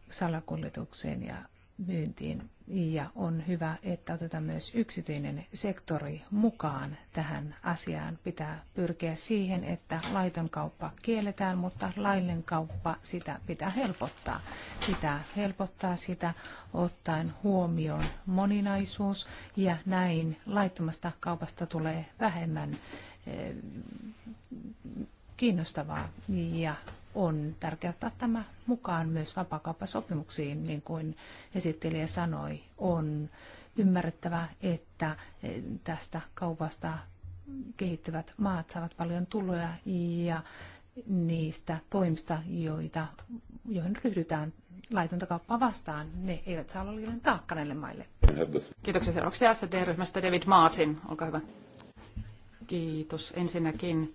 Speaker 4: salakuljetukseen ja myyntiin. Ja on hyvä, että otetaan myös yksityinen sektori mukaan tähän asiaan. Pitää pyrkiä siihen, että laiton kauppa kielletään, mutta laillinen kauppa sitä pitää helpottaa. Pitää helpottaa sitä ottaen huomioon moninaisuus ja näin laittomasta kaupasta tulee vähemmän eh, kiinnostavaa ja on tärkeää ottaa tämä mukaan myös vapaakauppasopimuksiin, niin kuin esittelijä sanoi, on ymmärrettävä, että eh, tästä kaupasta kehittyvät maat saavat paljon tuloja ja niistä toimista, joita, joihin ryhdytään laitonta kauppaa vastaan, ne eivät saa olla liian taakka näille maille.
Speaker 2: Kiitoksia seuraavaksi SD-ryhmästä David Martin, olkaa hyvä. Kiitos ensinnäkin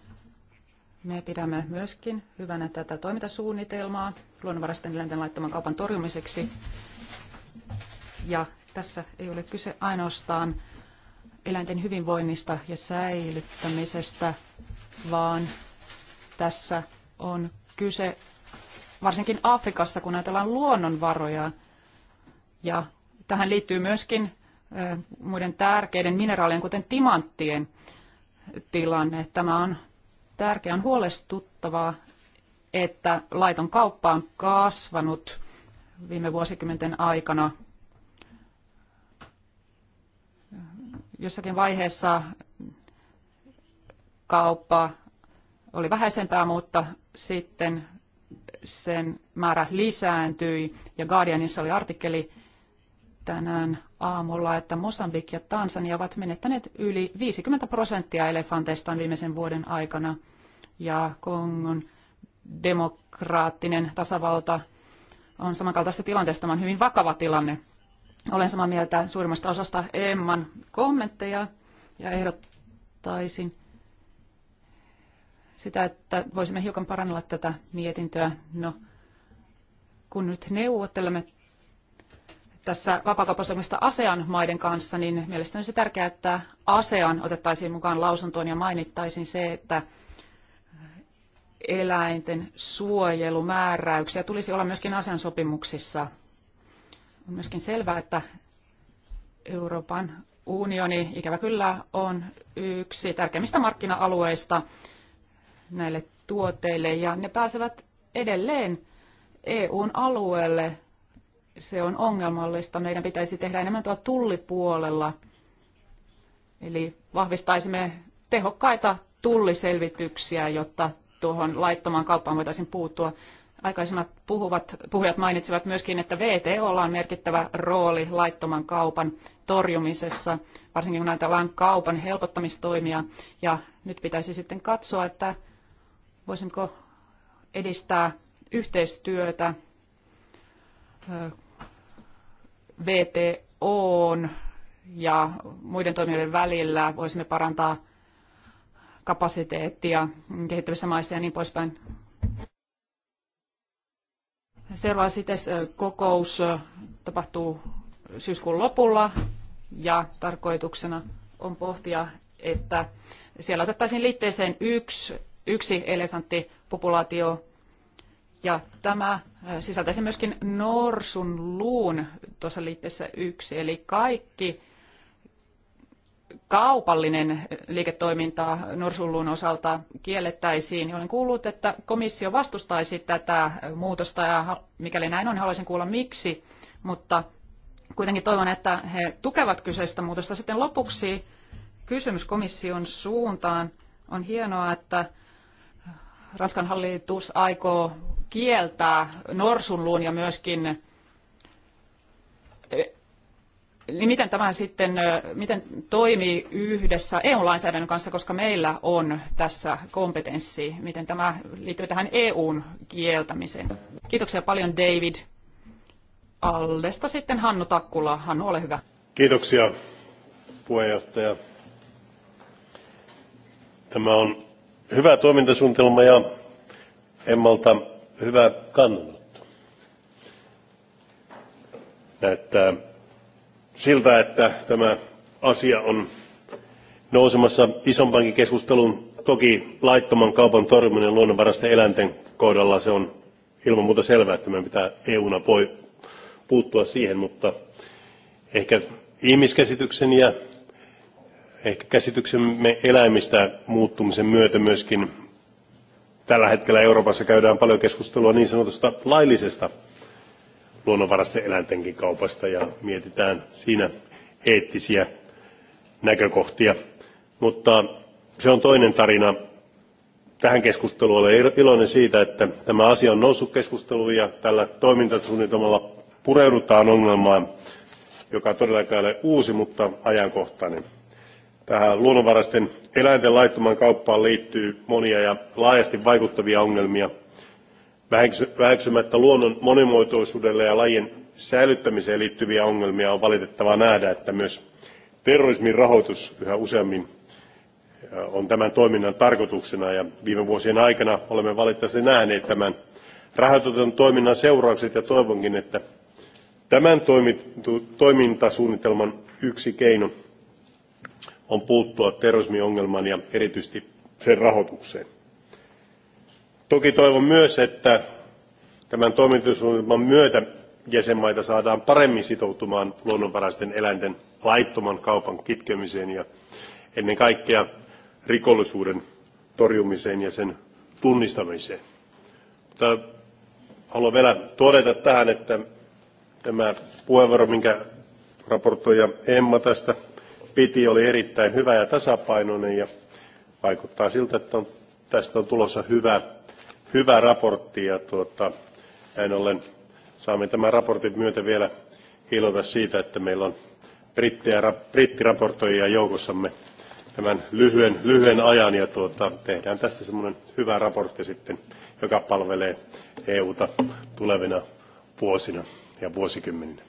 Speaker 2: me pidämme myöskin hyvänä tätä toimintasuunnitelmaa luonnonvaraisten eläinten laittoman kaupan torjumiseksi. Ja tässä ei ole kyse ainoastaan eläinten hyvinvoinnista ja säilyttämisestä, vaan tässä on kyse varsinkin Afrikassa, kun ajatellaan luonnonvaroja. Ja tähän liittyy myöskin muiden tärkeiden mineraalien, kuten timanttien tilanne. Tämä on tärkeää. On huolestuttavaa, että laiton kauppa on kasvanut viime vuosikymmenten aikana. Jossakin vaiheessa kauppa oli vähäisempää, mutta sitten sen määrä lisääntyi. Ja Guardianissa oli artikkeli tänään aamulla, että Mosambik ja Tansania ovat menettäneet yli 50 prosenttia elefanteistaan viimeisen vuoden aikana – ja Kongon demokraattinen tasavalta on samankaltaisessa tilanteessa. Tämä on hyvin vakava tilanne. Olen samaa mieltä suurimmasta osasta Emman kommentteja ja ehdottaisin sitä, että voisimme hiukan parannella tätä mietintöä. No, kun nyt neuvottelemme tässä vapaakauppasopimuksesta ASEAN maiden kanssa, niin mielestäni se tärkeää, että ASEAN otettaisiin mukaan lausuntoon ja mainittaisiin se, että eläinten suojelumääräyksiä tulisi olla myöskin sopimuksissa. On myöskin selvää, että Euroopan unioni ikävä kyllä on yksi tärkeimmistä markkina-alueista näille tuotteille ja ne pääsevät edelleen EUn alueelle. Se on ongelmallista. Meidän pitäisi tehdä enemmän tuolla tullipuolella. Eli vahvistaisimme tehokkaita tulliselvityksiä, jotta tuohon laittomaan kauppaan voitaisiin puuttua. Aikaisemmat puhuvat, puhujat mainitsivat myöskin, että VTO on merkittävä rooli laittoman kaupan torjumisessa, varsinkin kun ajatellaan kaupan helpottamistoimia. Ja nyt pitäisi sitten katsoa, että voisimmeko edistää yhteistyötä VTOn ja muiden toimijoiden välillä. Voisimme parantaa kapasiteettia kehittyvissä maissa ja niin poispäin. Seuraava kokous tapahtuu syyskuun lopulla ja tarkoituksena on pohtia, että siellä otettaisiin liitteeseen yksi, yksi elefanttipopulaatio ja tämä sisältäisi myöskin norsun luun tuossa liitteessä yksi, eli kaikki kaupallinen liiketoiminta norsullun osalta kiellettäisiin. Olen kuullut, että komissio vastustaisi tätä muutosta ja mikäli näin on, niin haluaisin kuulla miksi, mutta kuitenkin toivon, että he tukevat kyseistä muutosta. Sitten lopuksi kysymys komission suuntaan. On hienoa, että Ranskan hallitus aikoo kieltää norsunluun ja myöskin niin miten tämä sitten miten toimii yhdessä EU-lainsäädännön kanssa, koska meillä on tässä kompetenssi, miten tämä liittyy tähän EUn kieltämiseen. Kiitoksia paljon David. Allesta sitten Hannu Takkula. Hannu, ole hyvä.
Speaker 1: Kiitoksia puheenjohtaja. Tämä on hyvä toimintasuunnitelma ja Emmalta hyvä kannanotto. Näyttää siltä, että tämä asia on nousemassa isompankin keskustelun. Toki laittoman kaupan torjuminen luonnonvaraisten eläinten kohdalla se on ilman muuta selvää, että meidän pitää EU-na voi puuttua siihen, mutta ehkä ihmiskäsityksen ja ehkä käsityksemme eläimistä muuttumisen myötä myöskin tällä hetkellä Euroopassa käydään paljon keskustelua niin sanotusta laillisesta luonnonvarasten eläintenkin kaupasta ja mietitään siinä eettisiä näkökohtia. Mutta se on toinen tarina. Tähän keskusteluun olen iloinen siitä, että tämä asia on noussut keskusteluun ja tällä toimintasuunnitelmalla pureudutaan ongelmaan, joka todellakaan ei ole uusi, mutta ajankohtainen. Tähän luonnonvaraisten eläinten laittoman kauppaan liittyy monia ja laajasti vaikuttavia ongelmia – Väheksymättä luonnon monimuotoisuudelle ja lajien säilyttämiseen liittyviä ongelmia on valitettavaa nähdä, että myös terrorismin rahoitus yhä useammin on tämän toiminnan tarkoituksena ja viime vuosien aikana olemme valitettavasti nähneet tämän rahoitetun toiminnan seuraukset ja toivonkin, että tämän toimintasuunnitelman yksi keino on puuttua terrorismiongelmaan ja erityisesti sen rahoitukseen. Toki toivon myös, että tämän toimintasuunnitelman myötä jäsenmaita saadaan paremmin sitoutumaan luonnonvaraisten eläinten laittoman kaupan kitkemiseen ja ennen kaikkea rikollisuuden torjumiseen ja sen tunnistamiseen. Mutta haluan vielä todeta tähän, että tämä puheenvuoro, minkä raportoija Emma tästä piti, oli erittäin hyvä ja tasapainoinen ja vaikuttaa siltä, että on, tästä on tulossa hyvä hyvä raportti ja tuota, näin ollen saamme tämän raportin myötä vielä iloita siitä, että meillä on brittejä, brittiraportoijia joukossamme tämän lyhyen, lyhyen ajan ja tuota, tehdään tästä semmoinen hyvä raportti sitten, joka palvelee EUta tulevina vuosina ja vuosikymmeninä.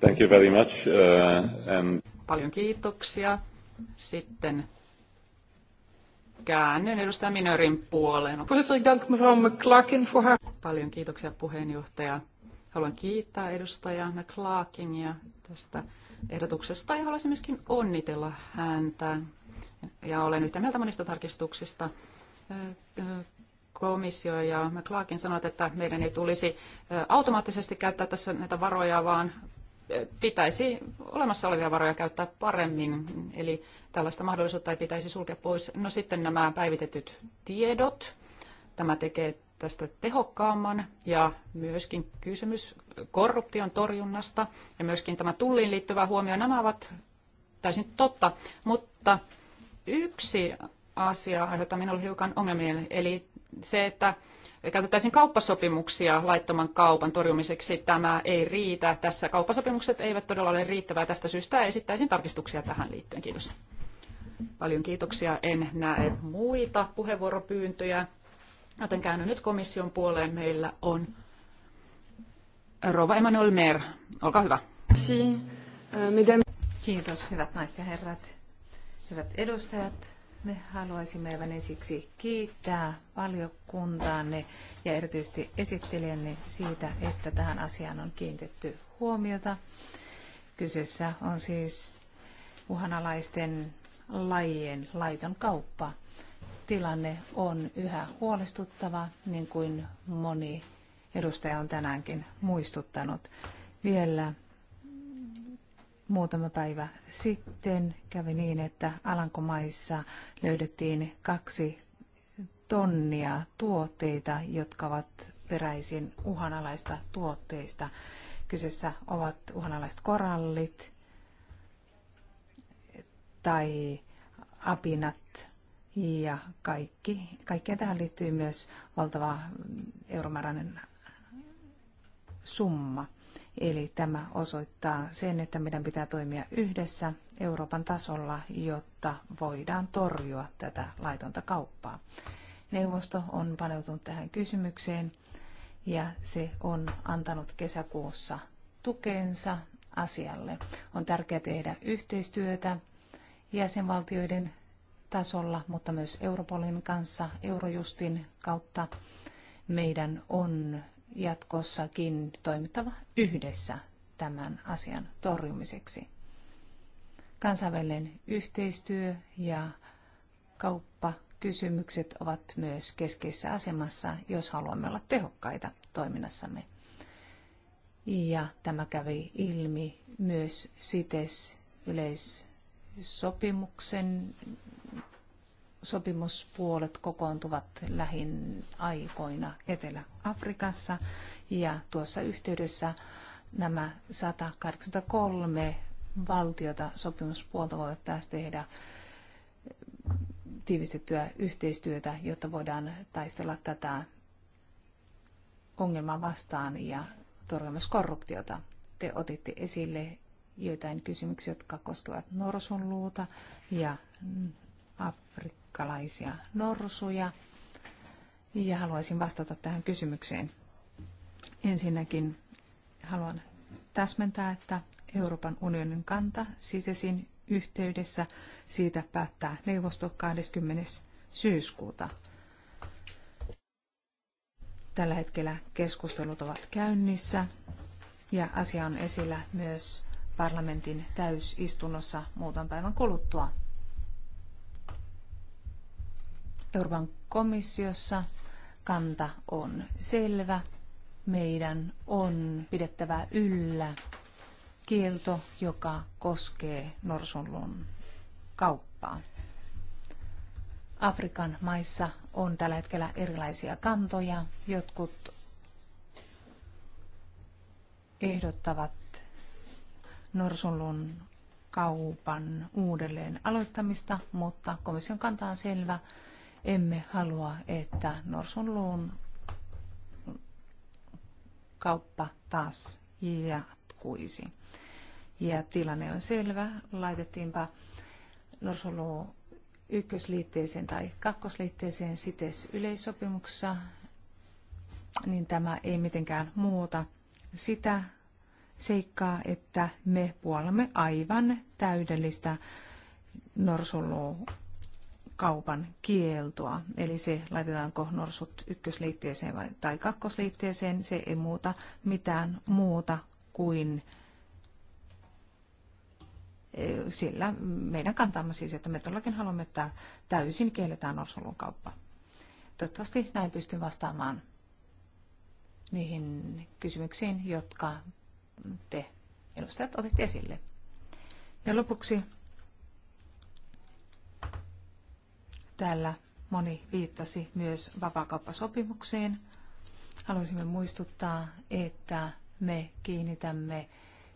Speaker 1: Thank you very much. Uh, and...
Speaker 2: Paljon kiitoksia. Sitten käännyn edustaja Minörin puoleen. Paljon kiitoksia puheenjohtaja. Haluan kiittää edustaja McClarkinia tästä ehdotuksesta ja haluaisin myöskin onnitella häntä. Ja olen yhtä mieltä monista tarkistuksista. Komissio ja McClarkin sanoivat, että meidän ei tulisi automaattisesti käyttää tässä näitä varoja, vaan pitäisi olemassa olevia varoja käyttää paremmin, eli tällaista mahdollisuutta ei pitäisi sulkea pois. No sitten nämä päivitetyt tiedot, tämä tekee tästä tehokkaamman ja myöskin kysymys korruption torjunnasta ja myöskin tämä tulliin liittyvä huomio, nämä ovat täysin totta, mutta yksi asia aiheuttaa minulle hiukan ongelmia, eli se, että käytettäisiin kauppasopimuksia laittoman kaupan torjumiseksi. Tämä ei riitä. Tässä kauppasopimukset eivät todella ole riittävää. Tästä syystä esittäisin tarkistuksia tähän liittyen. Kiitos. Paljon kiitoksia. En näe muita puheenvuoropyyntöjä. Joten käännyn nyt komission puoleen. Meillä on Rova Emmanuel Mer. Olkaa hyvä.
Speaker 4: Euh, Kiitos, hyvät naiset ja herrat, hyvät edustajat. Me haluaisimme aivan ensiksi kiittää valiokuntaanne ja erityisesti esittelijänne siitä, että tähän asiaan on kiinnitetty huomiota. Kyseessä on siis uhanalaisten lajien laiton kauppa. Tilanne on yhä huolestuttava, niin kuin moni edustaja on tänäänkin muistuttanut. Vielä muutama päivä sitten kävi niin, että Alankomaissa löydettiin kaksi tonnia tuotteita, jotka ovat peräisin uhanalaista tuotteista. Kyseessä ovat uhanalaiset korallit tai apinat ja kaikki. Kaikkeen tähän liittyy myös valtava euromääräinen summa. Eli tämä osoittaa sen, että meidän pitää toimia yhdessä Euroopan tasolla, jotta voidaan torjua tätä laitonta kauppaa. Neuvosto on paneutunut tähän kysymykseen ja se on antanut kesäkuussa tukeensa asialle. On tärkeää tehdä yhteistyötä jäsenvaltioiden tasolla, mutta myös Europolin kanssa, Eurojustin kautta. Meidän on jatkossakin toimittava yhdessä tämän asian torjumiseksi. Kansainvälinen yhteistyö ja kauppakysymykset ovat myös keskeisessä asemassa, jos haluamme olla tehokkaita toiminnassamme. Ja tämä kävi ilmi myös sites yleissopimuksen sopimuspuolet kokoontuvat lähin aikoina Etelä-Afrikassa ja tuossa yhteydessä nämä 183 valtiota sopimuspuolta voivat taas tehdä tiivistettyä yhteistyötä, jotta voidaan taistella tätä ongelmaa vastaan ja torjua myös korruptiota. Te otitte esille joitain kysymyksiä, jotka koskevat norsunluuta ja Afrikkaa afrikkalaisia norsuja. Ja haluaisin vastata tähän kysymykseen. Ensinnäkin haluan täsmentää, että Euroopan unionin kanta sisäisin yhteydessä siitä päättää neuvosto 20. syyskuuta. Tällä hetkellä keskustelut ovat käynnissä ja asia on esillä myös parlamentin täysistunnossa muutaman päivän kuluttua. Euroopan komissiossa kanta on selvä. Meidän on pidettävä yllä kielto, joka koskee norsunluun kauppaa. Afrikan maissa on tällä hetkellä erilaisia kantoja. Jotkut ehdottavat norsunluun kaupan uudelleen aloittamista, mutta komission kanta on selvä. Emme halua, että norsunluun kauppa taas jatkuisi. Ja tilanne on selvä. Laitettiinpa norsunluu ykkösliitteeseen tai kakkosliitteeseen sites yleissopimuksessa, niin tämä ei mitenkään muuta sitä seikkaa, että me puolamme aivan täydellistä norsuluu kaupan kieltoa. Eli se laitetaanko norsut ykkösliitteeseen vai, tai kakkosliitteeseen, se ei muuta mitään muuta kuin e, sillä meidän kantamme siis, että me todellakin haluamme, että täysin kielletään norsulun kauppa. Toivottavasti näin pystyn vastaamaan niihin kysymyksiin, jotka te edustajat otitte esille. Ja lopuksi Täällä moni viittasi myös vapaakauppasopimukseen. Haluaisimme muistuttaa, että me kiinnitämme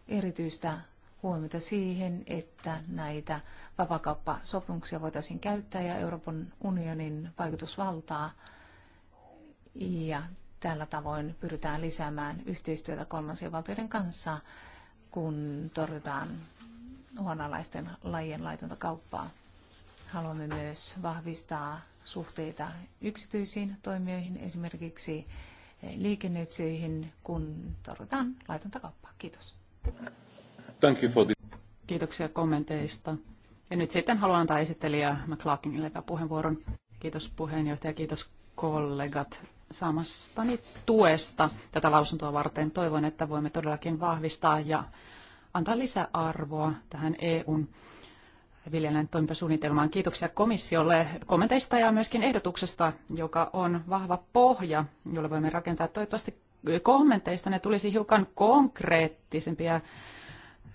Speaker 4: erityistä huomiota siihen, että näitä vapakauppasopimuksia voitaisiin käyttää ja Euroopan unionin vaikutusvaltaa. Ja tällä tavoin pyritään lisäämään yhteistyötä kolmansien valtioiden kanssa, kun torjutaan huonalaisten lajien laitonta kauppaa. Haluamme myös vahvistaa suhteita yksityisiin toimijoihin, esimerkiksi liikennöitsijöihin, kun tarvitaan laitonta kauppaa. Kiitos. Thank you for the... Kiitoksia kommenteista. Ja
Speaker 2: nyt sitten haluan antaa esittelijä McLaughlinille puheenvuoron. Kiitos puheenjohtaja, kiitos kollegat saamastani tuesta tätä lausuntoa varten. Toivon, että voimme todellakin vahvistaa ja antaa lisäarvoa tähän EUn viljelijän toimintasuunnitelmaan. Kiitoksia komissiolle kommenteista ja myöskin ehdotuksesta, joka on vahva pohja, jolle voimme rakentaa. Toivottavasti kommenteista ne tulisi hiukan konkreettisempia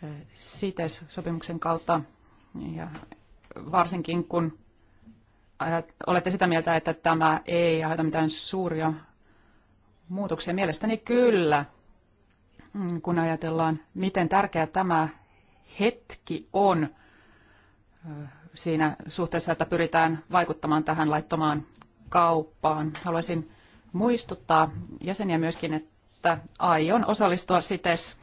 Speaker 2: eh, CITES-sopimuksen kautta, ja varsinkin kun olette sitä mieltä, että tämä ei aiheuta mitään suuria muutoksia. Mielestäni kyllä, mm, kun ajatellaan, miten tärkeä tämä hetki on siinä suhteessa, että pyritään vaikuttamaan tähän laittomaan kauppaan. Haluaisin muistuttaa jäseniä myöskin, että aion osallistua sites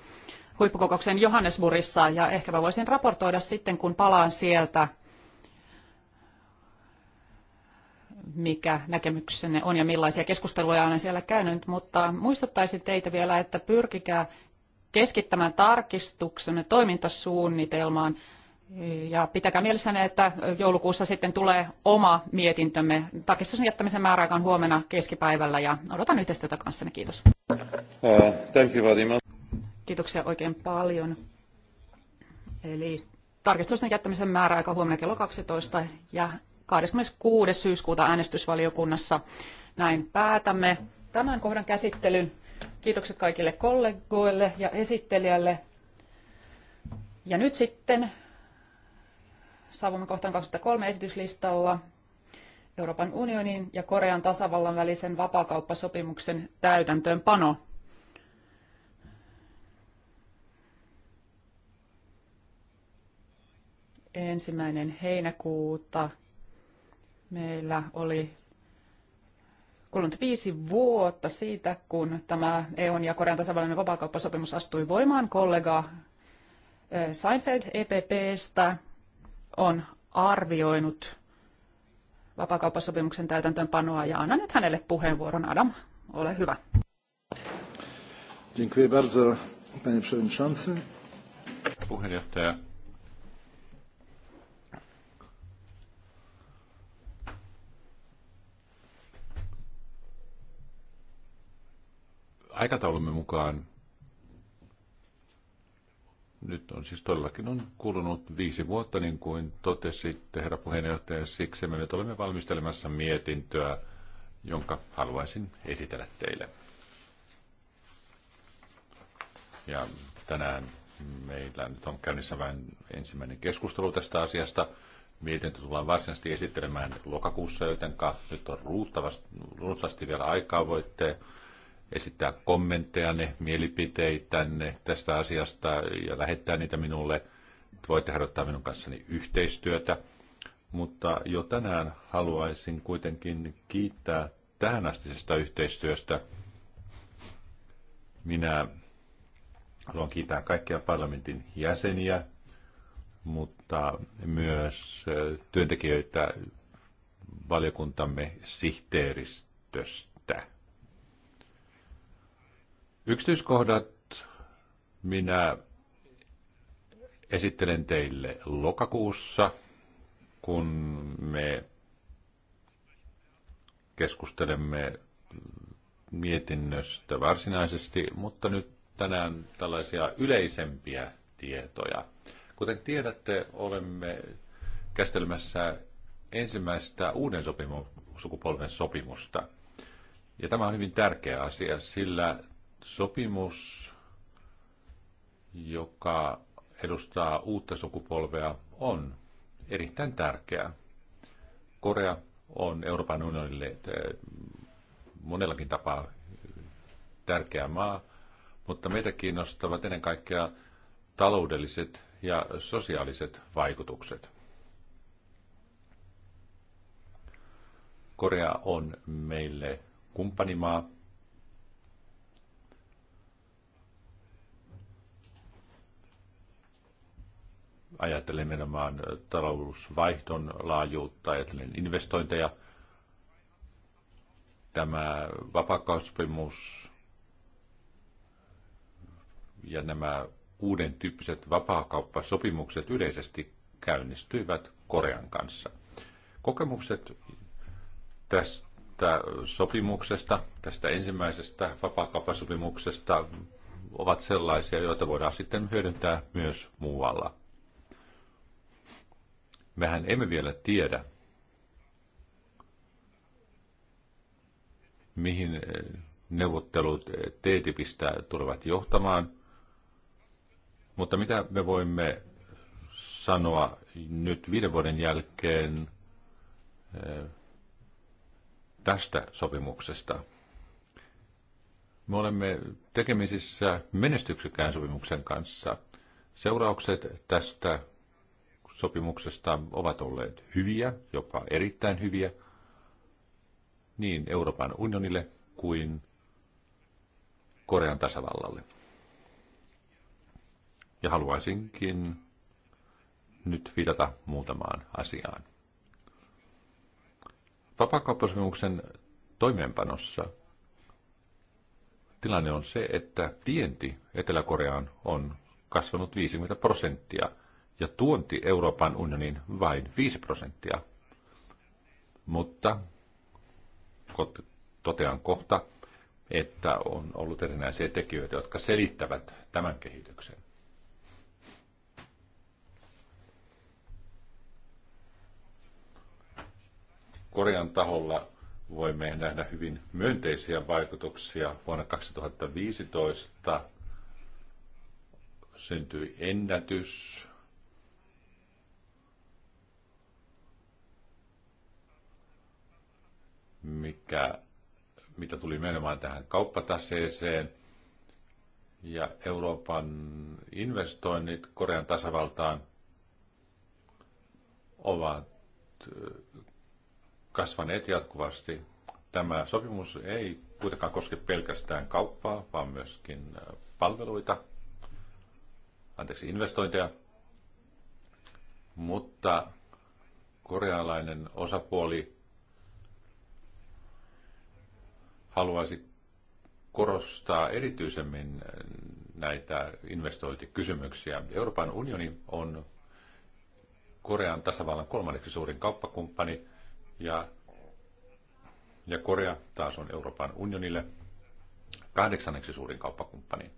Speaker 2: huippukokouksen Johannesburgissa ja mä voisin raportoida sitten, kun palaan sieltä, mikä näkemyksenne on ja millaisia keskusteluja olen siellä käynyt, mutta muistuttaisin teitä vielä, että pyrkikää keskittämään tarkistuksenne toimintasuunnitelmaan ja pitäkää mielessänne, että joulukuussa sitten tulee oma mietintömme. Tarkistuksen jättämisen määräaika on huomenna keskipäivällä ja odotan yhteistyötä kanssanne. Kiitos. Uh,
Speaker 3: thank you very
Speaker 2: Kiitoksia oikein paljon. Eli tarkistusten jättämisen määräaika huomenna kello 12 ja 26. syyskuuta äänestysvaliokunnassa. Näin päätämme tämän kohdan käsittelyn. Kiitokset kaikille kollegoille ja esittelijälle. Ja nyt sitten saavumme kohtaan 23 esityslistalla Euroopan unionin ja Korean tasavallan välisen vapaakauppasopimuksen täytäntöönpano. Ensimmäinen heinäkuuta meillä oli kulunut viisi vuotta siitä, kun tämä EUn ja Korean tasavallinen vapaakauppasopimus astui voimaan. Kollega eh, Seinfeld EPPstä on arvioinut vapakauppasopimuksen täytäntöönpanoa ja annan nyt hänelle puheenvuoron. Adam, ole hyvä.
Speaker 3: Dziękuję bardzo, panie przewodniczący. Puheenjohtaja. Aikataulumme mukaan nyt on siis todellakin on kulunut viisi vuotta, niin kuin totesitte, herra puheenjohtaja, siksi me nyt olemme valmistelemassa mietintöä, jonka haluaisin esitellä teille. Ja tänään meillä nyt on käynnissä vain ensimmäinen keskustelu tästä asiasta. Mietintö tullaan varsinaisesti esittelemään lokakuussa, joten nyt on ruuttavasti, ruuttavasti vielä aikaa. Voitte esittää kommenttejanne, mielipiteitä tästä asiasta ja lähettää niitä minulle. Voitte harjoittaa minun kanssani yhteistyötä. Mutta jo tänään haluaisin kuitenkin kiittää tähänastisesta yhteistyöstä. Minä haluan kiittää kaikkia parlamentin jäseniä, mutta myös työntekijöitä valiokuntamme sihteeristöstä Yksityiskohdat minä esittelen teille lokakuussa, kun me keskustelemme mietinnöstä varsinaisesti, mutta nyt tänään tällaisia yleisempiä tietoja. Kuten tiedätte, olemme käsittelemässä ensimmäistä uuden sopimu- sukupolven sopimusta. Ja tämä on hyvin tärkeä asia, sillä sopimus, joka edustaa uutta sukupolvea, on erittäin tärkeä. Korea on Euroopan unionille eh, monellakin tapaa tärkeä maa, mutta meitä kiinnostavat ennen kaikkea taloudelliset ja sosiaaliset vaikutukset. Korea on meille kumppanimaa, Ajattelen nimenomaan äh, talousvaihdon laajuutta, ajattelen investointeja. Tämä vapaakauppasopimus ja nämä uuden tyyppiset vapaakauppasopimukset yleisesti käynnistyivät Korean kanssa. Kokemukset tästä sopimuksesta, tästä ensimmäisestä vapaakauppasopimuksesta ovat sellaisia, joita voidaan sitten hyödyntää myös muualla. Mehän emme vielä tiedä, mihin eh, neuvottelut eh, TTIPistä tulevat johtamaan, mutta mitä me voimme sanoa nyt viiden vuoden jälkeen eh, tästä sopimuksesta? Me olemme tekemisissä menestyksekään sopimuksen kanssa. Seuraukset tästä sopimuksesta ovat olleet hyviä, jopa erittäin hyviä, niin Euroopan unionille kuin Korean tasavallalle. Ja haluaisinkin nyt viitata muutamaan asiaan. Vapaakauppasopimuksen toimeenpanossa tilanne on se, että vienti Etelä-Koreaan on kasvanut 50 prosenttia – ja tuonti Euroopan unionin vain 5 prosenttia. Mutta totean kohta, että on ollut erinäisiä tekijöitä, jotka selittävät tämän kehityksen. Korean taholla voimme nähdä hyvin myönteisiä vaikutuksia. Vuonna 2015 syntyi ennätys mikä, mitä tuli menemään tähän kauppataseeseen. Ja Euroopan investoinnit Korean tasavaltaan ovat kasvaneet jatkuvasti. Tämä sopimus ei kuitenkaan koske pelkästään kauppaa, vaan myöskin palveluita, anteeksi, investointeja. Mutta korealainen osapuoli haluaisi korostaa erityisemmin näitä investointikysymyksiä. Euroopan unioni on Korean tasavallan kolmanneksi suurin kauppakumppani ja, ja Korea taas on Euroopan unionille kahdeksanneksi suurin kauppakumppani.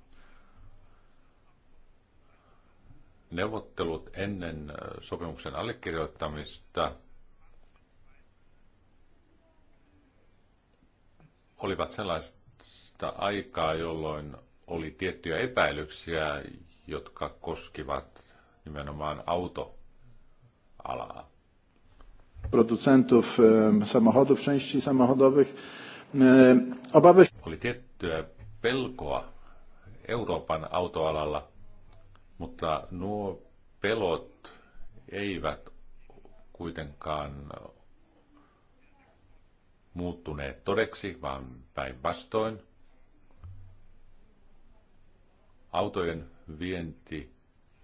Speaker 3: Neuvottelut ennen sopimuksen allekirjoittamista olivat sellaista aikaa, jolloin oli tiettyjä epäilyksiä, jotka koskivat nimenomaan autoalaa.
Speaker 1: Producentów samochodów, części samochodowych. Obawy...
Speaker 3: Oli tiettyä pelkoa Euroopan autoalalla, mutta nuo pelot eivät kuitenkaan muuttuneet todeksi, vaan päinvastoin. Autojen vienti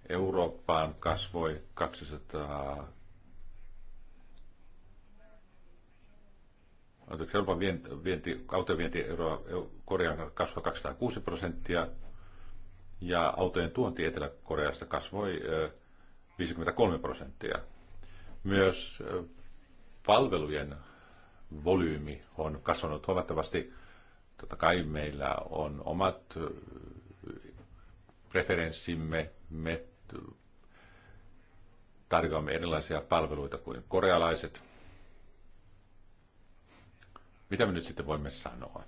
Speaker 3: Eurooppaan kasvoi 200 Anteeksi, Euroopan vienti, autojen vienti Euro, Koreaan kasvoi 206 prosenttia ja autojen tuonti Etelä-Koreasta kasvoi 53 prosenttia. Myös palvelujen volyymi on kasvanut huomattavasti. Totta kai meillä on omat preferenssimme, me tarjoamme erilaisia palveluita kuin korealaiset. Mitä me nyt sitten voimme sanoa?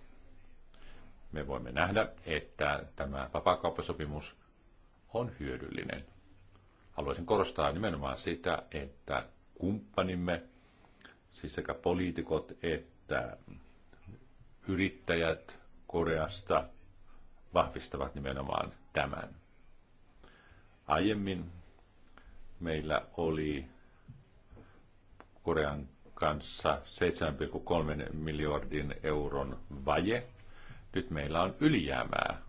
Speaker 3: Me voimme nähdä, että tämä vapaakauppasopimus on hyödyllinen. Haluaisin korostaa nimenomaan sitä, että kumppanimme siis sekä poliitikot että yrittäjät Koreasta vahvistavat nimenomaan tämän. Aiemmin meillä oli Korean kanssa 7,3 miljardin euron vaje. Nyt meillä on ylijäämää,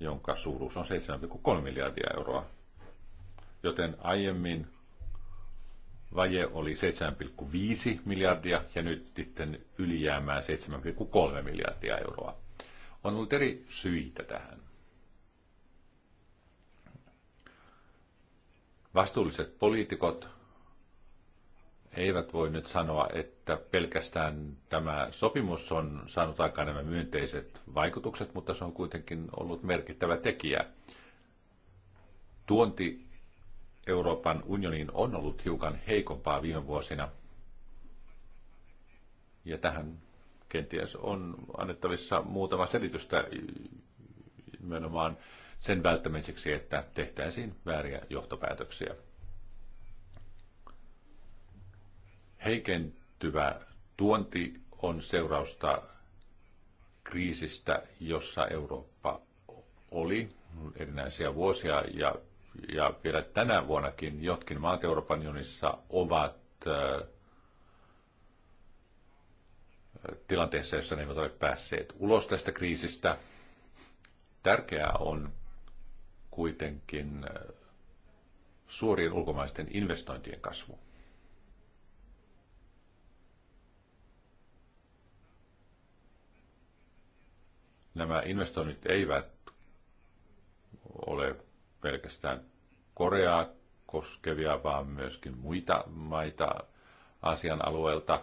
Speaker 3: jonka suuruus on 7,3 miljardia euroa. Joten aiemmin vaje oli 7,5 miljardia ja nyt sitten ylijäämää 7,3 miljardia euroa. On ollut eri syitä tähän. Vastuulliset poliitikot eivät voi nyt sanoa, että pelkästään tämä sopimus on saanut aikaan nämä myönteiset vaikutukset, mutta se on kuitenkin ollut merkittävä tekijä. Tuonti Euroopan unioniin on ollut hiukan heikompaa viime vuosina. Ja tähän kenties on annettavissa muutama selitystä nimenomaan sen välttämiseksi, että tehtäisiin vääriä johtopäätöksiä. Heikentyvä tuonti on seurausta kriisistä, jossa Eurooppa oli erinäisiä vuosia ja ja vielä tänä vuonnakin jotkin maat Euroopan unionissa ovat tilanteessa, jossa ne eivät ole päässeet ulos tästä kriisistä. Tärkeää on kuitenkin suorien ulkomaisten investointien kasvu. Nämä investoinnit eivät ole pelkästään Koreaa koskevia, vaan myöskin muita maita Aasian alueelta.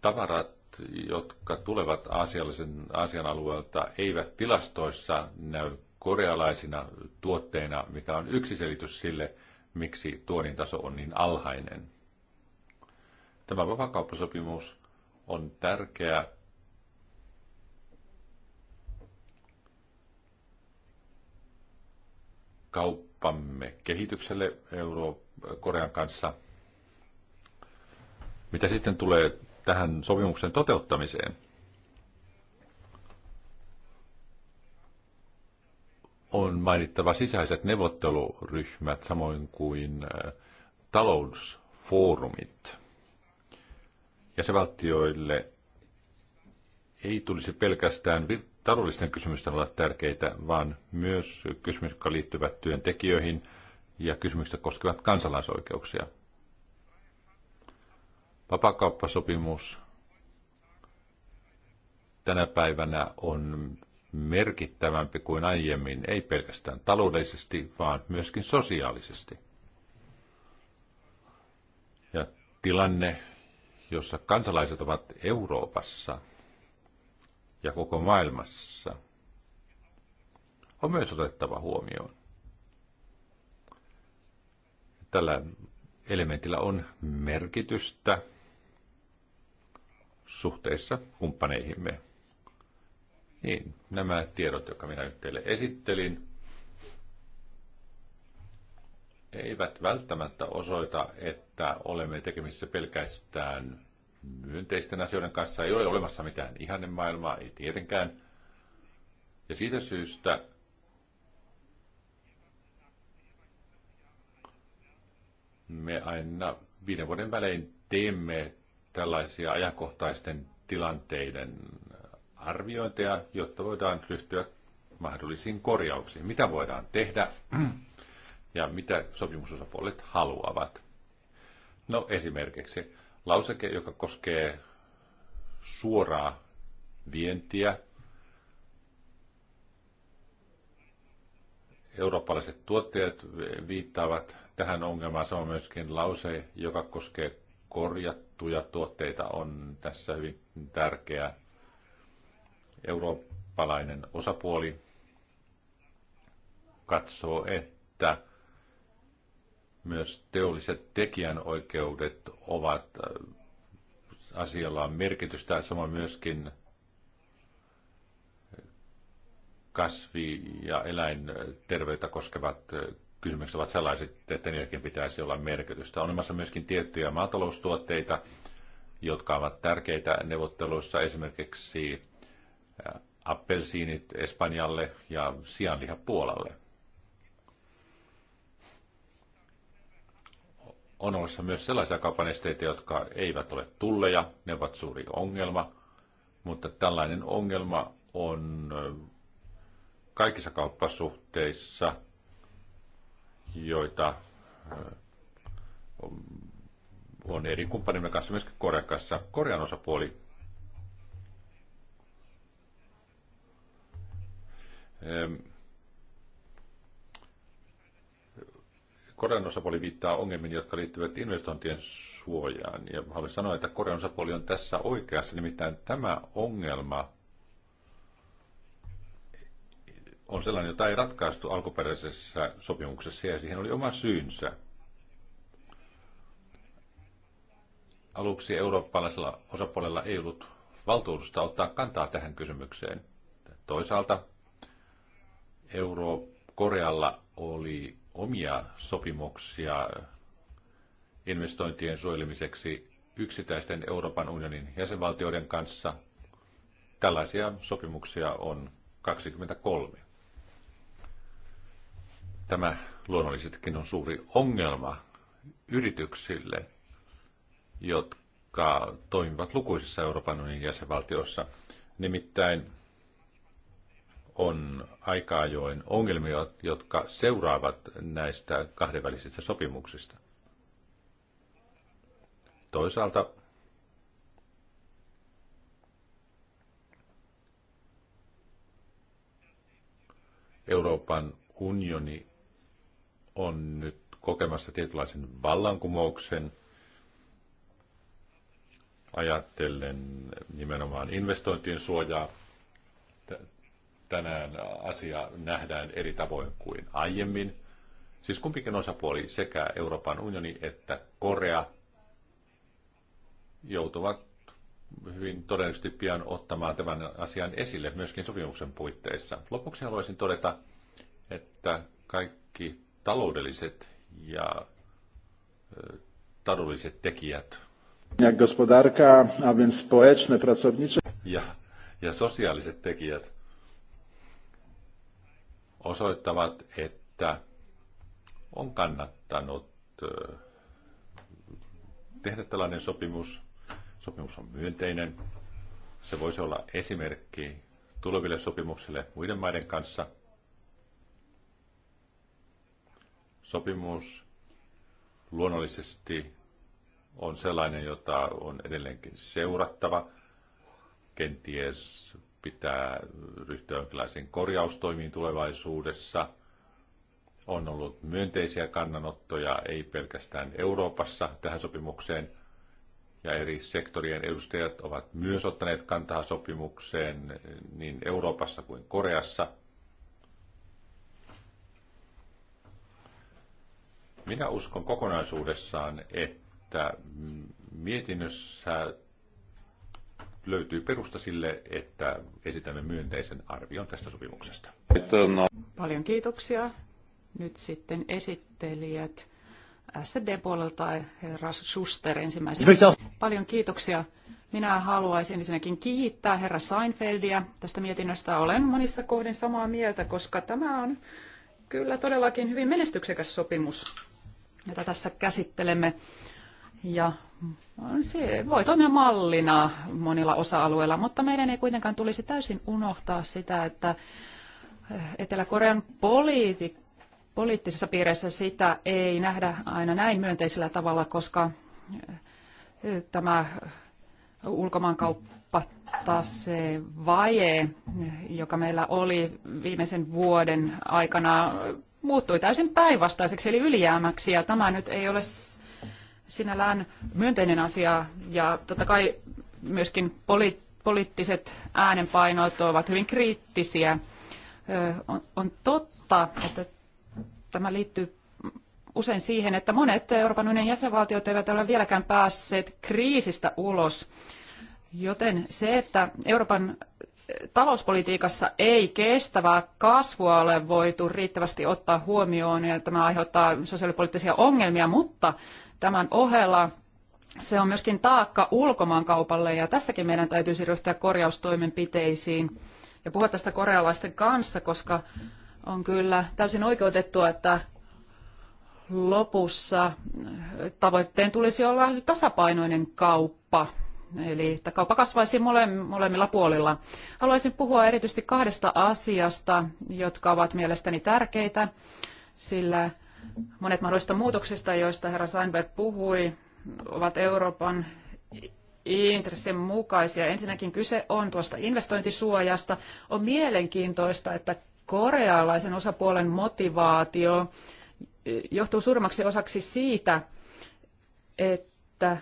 Speaker 3: Tavarat, jotka tulevat asiallisen Aasian alueelta, eivät tilastoissa näy korealaisina tuotteina, mikä on yksi selitys sille, miksi tuonin taso on niin alhainen. Tämä vapakauppasopimus on tärkeä kauppamme kehitykselle Euro-Korean kanssa. Mitä sitten tulee tähän sopimuksen toteuttamiseen? On mainittava sisäiset neuvotteluryhmät samoin kuin äh, talousfoorumit. Jäsenvaltioille ei tulisi pelkästään vir- taloudellisten kysymysten olla tärkeitä, vaan myös kysymykset, jotka liittyvät työntekijöihin ja kysymykset koskevat kansalaisoikeuksia. Vapakauppasopimus tänä päivänä on merkittävämpi kuin aiemmin, ei pelkästään taloudellisesti, vaan myöskin sosiaalisesti. Ja tilanne, jossa kansalaiset ovat Euroopassa – ja koko maailmassa on myös otettava huomioon. Tällä elementillä on merkitystä suhteessa kumppaneihimme. Niin, nämä tiedot, jotka minä nyt teille esittelin, eivät välttämättä osoita, että olemme tekemisissä pelkästään myönteisten asioiden kanssa. Ei ole olemassa mitään maailmaa, ei tietenkään. Ja siitä syystä me aina viiden vuoden välein teemme tällaisia ajankohtaisten tilanteiden arviointeja, jotta voidaan ryhtyä mahdollisiin korjauksiin. Mitä voidaan tehdä ja mitä sopimusosapuolet haluavat. No esimerkiksi lauseke, joka koskee suoraa vientiä. Eurooppalaiset tuottajat viittaavat tähän ongelmaan. Sama myöskin lause, joka koskee korjattuja tuotteita, on tässä hyvin tärkeä. Eurooppalainen osapuoli katsoo, että myös teolliset tekijänoikeudet ovat asialla merkitystä, samoin myöskin kasvi- ja eläinterveyttä koskevat kysymykset ovat sellaiset, että niilläkin pitäisi olla merkitystä. On olemassa myöskin tiettyjä maataloustuotteita, jotka ovat tärkeitä neuvotteluissa, esimerkiksi appelsiinit Espanjalle ja sianliha Puolalle. on olemassa myös sellaisia kaupanesteitä, jotka eivät ole tulleja, ne ovat suuri ongelma, mutta tällainen ongelma on kaikissa kauppasuhteissa, joita on eri kumppanimme kanssa, myöskin Korean kanssa. Korean osapuoli Korean osapuoli viittaa ongelmiin, jotka liittyvät investointien suojaan. Ja haluaisin sanoa, että Korean osapuoli on tässä oikeassa. Nimittäin tämä ongelma on sellainen, jota ei ratkaistu alkuperäisessä sopimuksessa ja siihen oli oma syynsä. Aluksi eurooppalaisella osapuolella ei ollut valtuutusta ottaa kantaa tähän kysymykseen. Toisaalta Euro-Korealla oli omia sopimuksia investointien suojelemiseksi yksittäisten Euroopan unionin jäsenvaltioiden kanssa. Tällaisia sopimuksia on 23. Tämä luonnollisestikin on suuri ongelma yrityksille, jotka toimivat lukuisissa Euroopan unionin jäsenvaltioissa. Nimittäin on aika ajoin ongelmia, jotka seuraavat näistä kahdenvälisistä sopimuksista. Toisaalta Euroopan unioni on nyt kokemassa tietynlaisen vallankumouksen, ajattelen nimenomaan investointien suojaa tänään asia nähdään eri tavoin kuin aiemmin. Siis kumpikin osapuoli, sekä Euroopan unioni että Korea, joutuvat hyvin todennäköisesti pian ottamaan tämän asian esille myöskin sopimuksen puitteissa. Lopuksi haluaisin todeta, että kaikki taloudelliset ja taloudelliset tekijät ja ja sosiaaliset tekijät osoittavat, että on kannattanut tehdä tällainen sopimus. Sopimus on myönteinen. Se voisi olla esimerkki tuleville sopimuksille muiden maiden kanssa. Sopimus luonnollisesti on sellainen, jota on edelleenkin seurattava, kenties pitää ryhtyä jonkinlaisiin korjaustoimiin tulevaisuudessa. On ollut myönteisiä kannanottoja, ei pelkästään Euroopassa tähän sopimukseen, ja eri sektorien edustajat ovat myös ottaneet kantaa sopimukseen niin Euroopassa kuin Koreassa. Minä uskon kokonaisuudessaan, että mietinnössä löytyy perusta sille, että esitämme myönteisen arvion tästä sopimuksesta.
Speaker 2: Paljon kiitoksia. Nyt sitten esittelijät SD-puolelta herra Schuster ensimmäisenä. Paljon kiitoksia. Minä haluaisin ensinnäkin kiittää herra Seinfeldia tästä mietinnöstä. Olen monissa kohdin samaa mieltä, koska tämä on kyllä todellakin hyvin menestyksekäs sopimus, jota tässä käsittelemme. Ja se voi toimia mallina monilla osa-alueilla, mutta meidän ei kuitenkaan tulisi täysin unohtaa sitä, että eh, Etelä-Korean poliiti, poliittisessa piirissä sitä ei nähdä aina näin myönteisellä tavalla, koska eh, tämä ulkomaankauppa taas se vaje, eh, joka meillä oli viimeisen vuoden aikana, muuttui täysin päinvastaiseksi eli ylijäämäksi ja tämä nyt ei ole sinällään myönteinen asia ja totta kai myöskin poli- poliittiset äänenpainot ovat hyvin kriittisiä. On, on totta, että tämä liittyy usein siihen, että monet Euroopan unionin jäsenvaltiot eivät ole vieläkään päässeet kriisistä ulos. Joten se, että Euroopan talouspolitiikassa ei kestävää kasvua ole voitu riittävästi ottaa huomioon ja tämä aiheuttaa sosiaalipoliittisia ongelmia, mutta tämän ohella se on myöskin taakka ulkomaankaupalle ja tässäkin meidän täytyisi siis ryhtyä korjaustoimenpiteisiin ja puhua tästä korealaisten kanssa, koska on kyllä täysin oikeutettua, että lopussa tavoitteen tulisi olla tasapainoinen kauppa eli että kauppa kasvaisi molemmilla puolilla. Haluaisin puhua erityisesti kahdesta asiasta, jotka ovat mielestäni tärkeitä, sillä monet mahdollisista muutoksista, joista herra Seinberg puhui, ovat Euroopan intressin mukaisia. Ensinnäkin kyse on tuosta investointisuojasta. On mielenkiintoista, että korealaisen osapuolen motivaatio eh, johtuu suurimmaksi osaksi siitä, että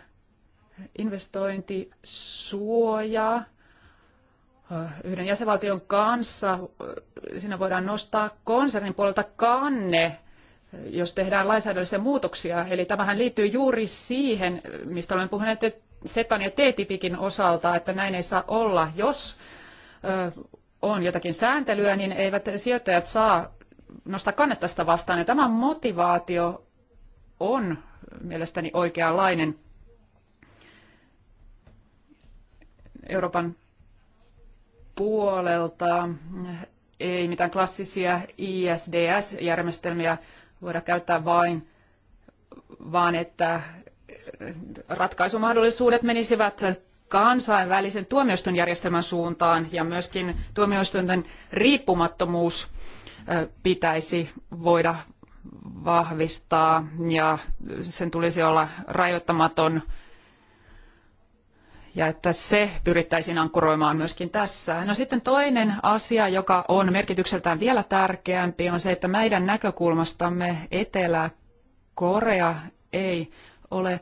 Speaker 2: investointisuojaa eh, yhden jäsenvaltion kanssa. Eh, siinä voidaan nostaa konsernin puolelta kanne, eh, jos tehdään lainsäädännöllisiä muutoksia. Eli tämähän liittyy juuri siihen, mistä olemme puhuneet SETAN ja TTIPikin osalta, että näin ei saa olla. Jos on jotakin sääntelyä, niin eivät sijoittajat saa nostaa kannetta sitä vastaan. Ja tämä motivaatio on mielestäni oikeanlainen. Euroopan puolelta ei mitään klassisia ISDS-järjestelmiä voida käyttää vain, vaan että ratkaisumahdollisuudet menisivät kansainvälisen tuomioistuinjärjestelmän suuntaan ja myöskin tuomioistuinten riippumattomuus pitäisi voida vahvistaa ja sen tulisi olla rajoittamaton ja että se pyrittäisiin ankkuroimaan myöskin tässä. No sitten toinen asia, joka on merkitykseltään vielä tärkeämpi, on se, että meidän näkökulmastamme Etelä-Korea ei ole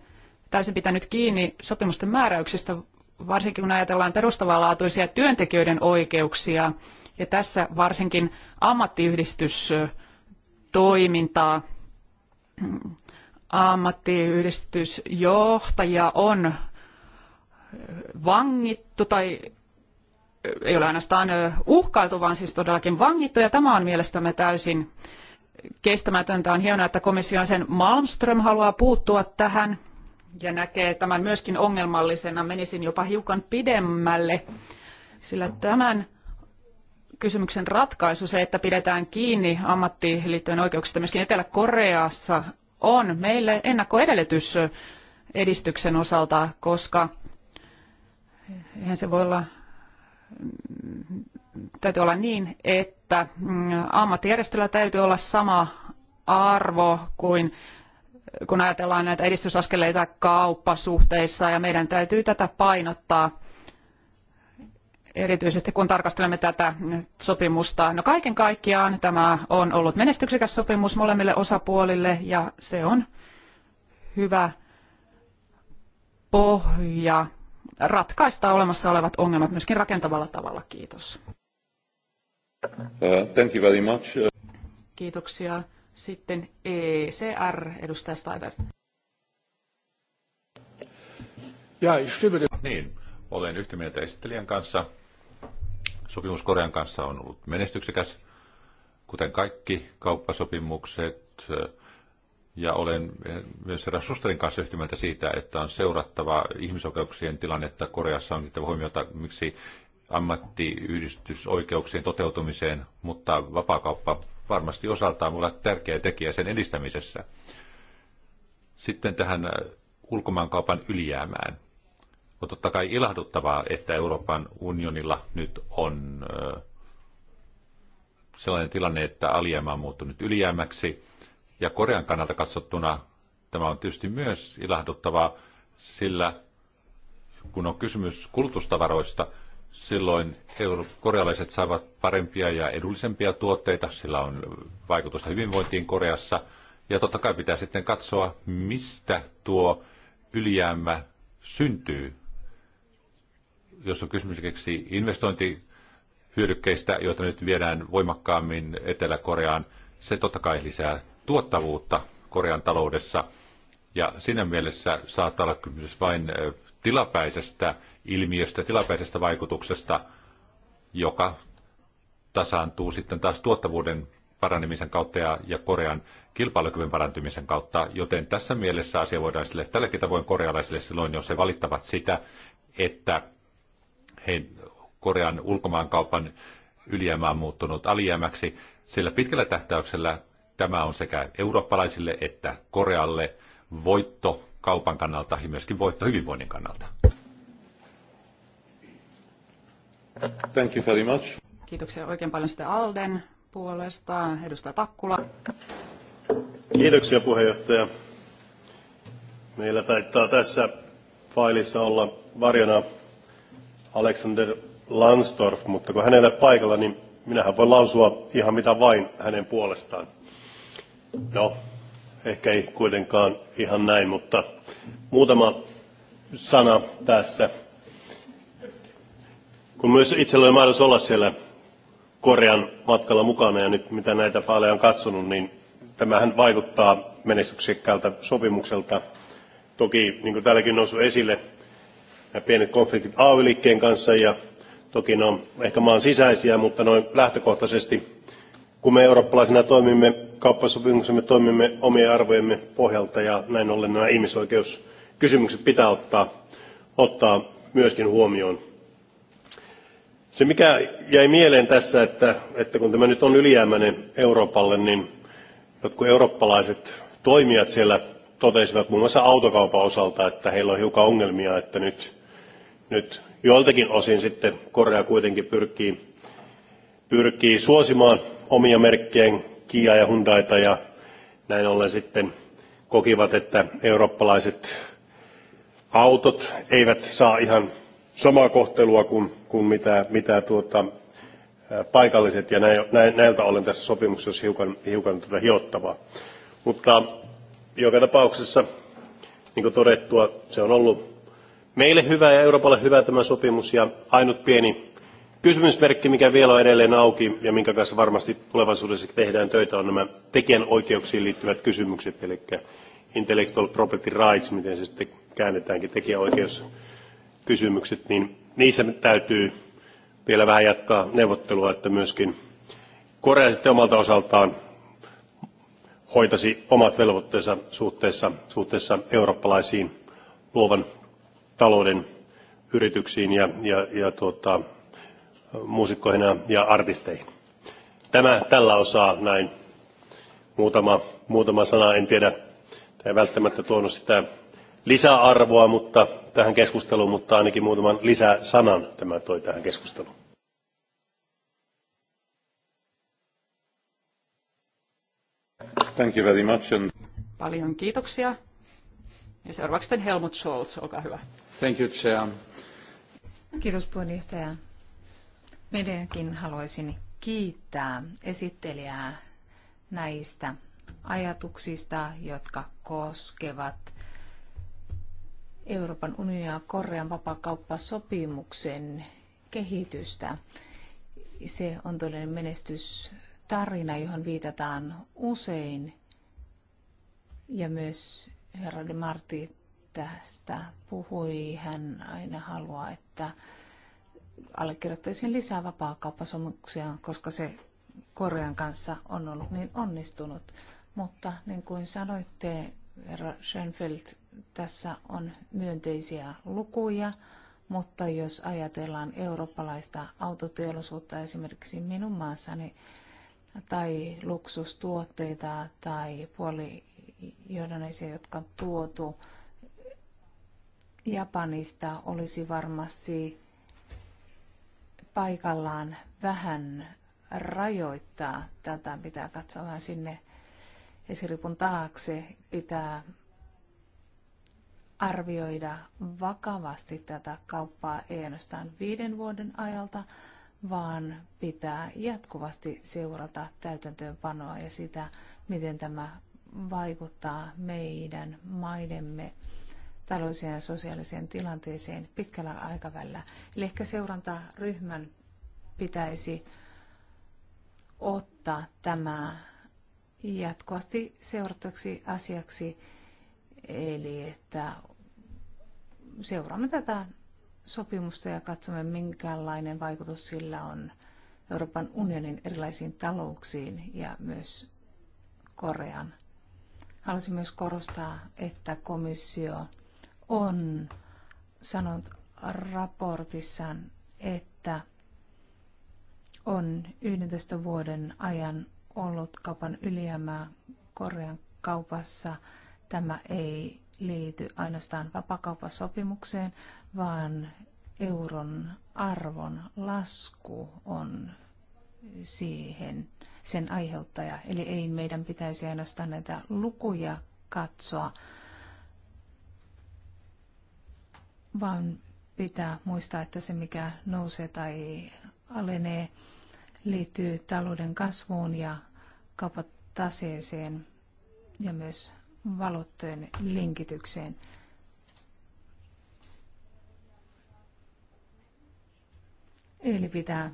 Speaker 2: täysin pitänyt kiinni sopimusten määräyksistä, varsinkin kun ajatellaan perustavanlaatuisia työntekijöiden oikeuksia ja tässä varsinkin ammattiyhdistystoimintaa. Ammattiyhdistysjohtajia on vangittu tai ei ole ainoastaan uhkailtu, vaan siis todellakin vangittu. Ja tämä on mielestämme täysin kestämätöntä. On hienoa, että komission sen Malmström haluaa puuttua tähän ja näkee tämän myöskin ongelmallisena. Menisin jopa hiukan pidemmälle, sillä tämän kysymyksen ratkaisu, se, että pidetään kiinni ammattiliittojen oikeuksista myöskin Etelä-Koreassa, on meille ennakkoedellytys edistyksen osalta, koska eihän se voi olla, täytyy olla niin, että mm, ammattijärjestöllä täytyy olla sama arvo kuin kun ajatellaan näitä edistysaskeleita kauppasuhteissa ja meidän täytyy tätä painottaa erityisesti kun tarkastelemme tätä sopimusta. No kaiken kaikkiaan tämä on ollut menestyksekäs sopimus molemmille osapuolille ja se on hyvä pohja ratkaista olemassa olevat ongelmat myöskin rakentavalla tavalla. Kiitos.
Speaker 3: Uh, thank you very much.
Speaker 2: Kiitoksia. Sitten ECR, edustaja Steiner.
Speaker 3: Ja, Niin, olen yhtä mieltä esittelijän kanssa. Sopimus Korean kanssa on ollut menestyksekäs, kuten kaikki kauppasopimukset ja olen myös herra Susterin kanssa yhtymältä siitä, että on seurattava ihmisoikeuksien tilannetta Koreassa on niitä huomiota, miksi ammattiyhdistysoikeuksien toteutumiseen, mutta vapaakauppa varmasti osaltaan olla tärkeä tekijä sen edistämisessä. Sitten tähän ulkomaankaupan ylijäämään. On totta kai ilahduttavaa, että Euroopan unionilla nyt on sellainen tilanne, että alijäämä on muuttunut ylijäämäksi – ja Korean kannalta katsottuna tämä on tietysti myös ilahduttavaa, sillä kun on kysymys kulutustavaroista, silloin korealaiset saavat parempia ja edullisempia tuotteita, sillä on vaikutusta hyvinvointiin Koreassa. Ja totta kai pitää sitten katsoa, mistä tuo ylijäämä syntyy. Jos on kysymys esimerkiksi investointihyödykkeistä, joita nyt viedään voimakkaammin Etelä-Koreaan, se totta kai lisää tuottavuutta Korean taloudessa. Ja siinä mielessä saattaa olla kysymys vain tilapäisestä ilmiöstä, tilapäisestä vaikutuksesta, joka tasaantuu sitten taas tuottavuuden paranemisen kautta ja, ja Korean kilpailukyvyn parantumisen kautta, joten tässä mielessä asia voidaan sille tälläkin tavoin korealaisille silloin, jos he valittavat sitä, että he, Korean ulkomaankaupan ylijäämä on muuttunut alijäämäksi, sillä pitkällä tähtäyksellä Tämä on sekä eurooppalaisille että Korealle voitto kaupan kannalta ja myöskin voitto hyvinvoinnin kannalta. Thank you very much.
Speaker 2: Kiitoksia oikein paljon sitten Alden puolesta. Edustaja Takkula.
Speaker 1: Kiitoksia puheenjohtaja. Meillä taitaa tässä failissa olla varjona Alexander Landstorf, mutta kun hänellä paikalla, niin minähän voin lausua ihan mitä vain hänen puolestaan. No, ehkä ei kuitenkaan ihan näin, mutta muutama sana tässä. Kun myös itsellä oli mahdollisuus olla siellä Korean matkalla mukana ja nyt mitä näitä faaleja on katsonut, niin tämähän vaikuttaa menestyksekkäältä sopimukselta. Toki, niin kuin täälläkin on noussut esille, nämä pienet konfliktit AY-liikkeen kanssa ja toki ne no, on ehkä maan sisäisiä, mutta noin lähtökohtaisesti kun me eurooppalaisina toimimme kauppasopimuksemme, toimimme omien arvojemme pohjalta ja näin ollen nämä ihmisoikeuskysymykset pitää ottaa, ottaa myöskin huomioon. Se mikä jäi mieleen tässä, että, että kun tämä nyt on ylijäämäinen Euroopalle, niin jotkut eurooppalaiset toimijat siellä totesivat muun muassa autokaupan osalta, että heillä on hiukan ongelmia, että nyt, nyt joiltakin osin sitten Korea kuitenkin pyrkii, pyrkii suosimaan omia merkkejä Kia ja Hyundaita ja näin ollen sitten kokivat, että eurooppalaiset autot eivät saa ihan samaa kohtelua kuin, kuin mitä, mitä tuota, paikalliset ja näiltä ollen tässä sopimuksessa olisi hiukan, hiukan tuota hiottavaa. Mutta joka tapauksessa, niin kuin todettua, se on ollut meille hyvä ja Euroopalle hyvä tämä sopimus ja ainut pieni Kysymysmerkki, mikä vielä on edelleen auki ja minkä kanssa varmasti tulevaisuudessa tehdään töitä, on nämä tekijänoikeuksiin liittyvät kysymykset, eli intellectual property rights, miten se sitten käännetäänkin, tekijäoikeuskysymykset, niin niissä täytyy vielä vähän jatkaa neuvottelua, että myöskin Korea sitten omalta osaltaan hoitasi omat velvoitteensa suhteessa, suhteessa eurooppalaisiin luovan talouden yrityksiin ja, ja, ja tuota, muusikkoina ja artisteihin. Tämä tällä osaa näin muutama, muutama sana, en tiedä, ei välttämättä tuonut sitä lisäarvoa mutta, tähän keskusteluun, mutta ainakin muutaman lisäsanan tämä toi tähän keskusteluun.
Speaker 3: Thank you very much. And...
Speaker 2: Paljon kiitoksia. Ja seuraavaksi
Speaker 4: Helmut Scholz, olkaa hyvä.
Speaker 3: Thank you, Chair.
Speaker 4: Kiitos puheenjohtaja. Minäkin haluaisin kiittää esittelijää näistä ajatuksista, jotka koskevat Euroopan unionin ja Korean vapakauppasopimuksen kehitystä. Se on todellinen menestystarina, johon viitataan usein. Ja myös herra Martti tästä puhui. Hän aina haluaa, että allekirjoittaisin lisää vapaakauppasomuksia, koska se Korean kanssa on ollut niin onnistunut. Mutta niin kuin sanoitte, herra Schönfeld, tässä on myönteisiä lukuja, mutta jos ajatellaan eurooppalaista autoteollisuutta esimerkiksi minun maassani, tai luksustuotteita tai puolijohdonaisia, jotka on tuotu Japanista, olisi varmasti paikallaan vähän rajoittaa tätä. Pitää katsoa vähän sinne esiripun taakse. Pitää arvioida vakavasti tätä kauppaa ei ainoastaan viiden vuoden ajalta, vaan pitää jatkuvasti seurata täytäntöönpanoa ja sitä, miten tämä vaikuttaa meidän maidemme taloudelliseen ja sosiaaliseen tilanteeseen pitkällä aikavälillä. Eli ehkä seurantaryhmän pitäisi ottaa tämä jatkuvasti seurattavaksi asiaksi, eli että seuraamme tätä sopimusta ja katsomme, minkälainen vaikutus sillä on Euroopan unionin erilaisiin talouksiin ja myös Korean. Haluaisin myös korostaa, että komissio on sanonut raportissaan, että on 11 vuoden ajan ollut kaupan ylijäämää Korean kaupassa. Tämä ei liity ainoastaan vapakauppasopimukseen, vaan euron arvon lasku on siihen sen aiheuttaja. Eli ei meidän pitäisi ainoastaan näitä lukuja katsoa, vaan pitää muistaa, että se mikä nousee tai alenee liittyy talouden kasvuun ja kaupataseeseen ja myös valuuttojen linkitykseen. Eli pitää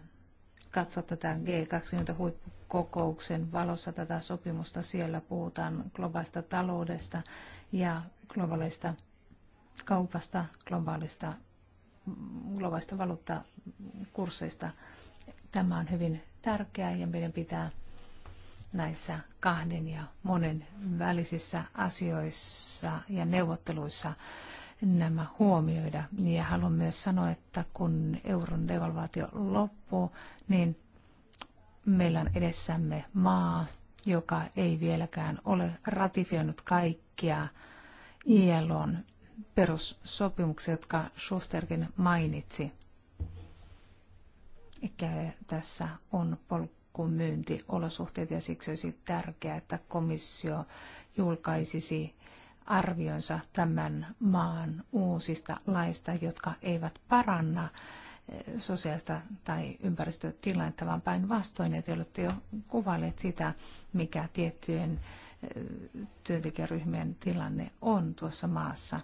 Speaker 4: katsoa tätä G20-huippukokouksen valossa tätä sopimusta. Siellä puhutaan globaalista taloudesta ja globaalista kaupasta, globaalista, globaalista valuuttakursseista. Tämä on hyvin tärkeää ja meidän pitää näissä kahden ja monen välisissä asioissa ja neuvotteluissa nämä huomioida. Ja haluan myös sanoa, että kun euron devalvaatio loppuu, niin meillä on edessämme maa, joka ei vieläkään ole ratifioinut kaikkia ILOn perussopimuksia, jotka Schusterkin mainitsi. Eikä tässä on polkumyyntiolosuhteet ja siksi olisi tärkeää, että komissio julkaisisi arvionsa tämän maan uusista laista, jotka eivät paranna eh, sosiaalista tai ympäristötilannetta, vaan päinvastoin, että olette jo kuvailleet sitä, mikä tiettyjen eh, työntekijäryhmien tilanne on tuossa maassa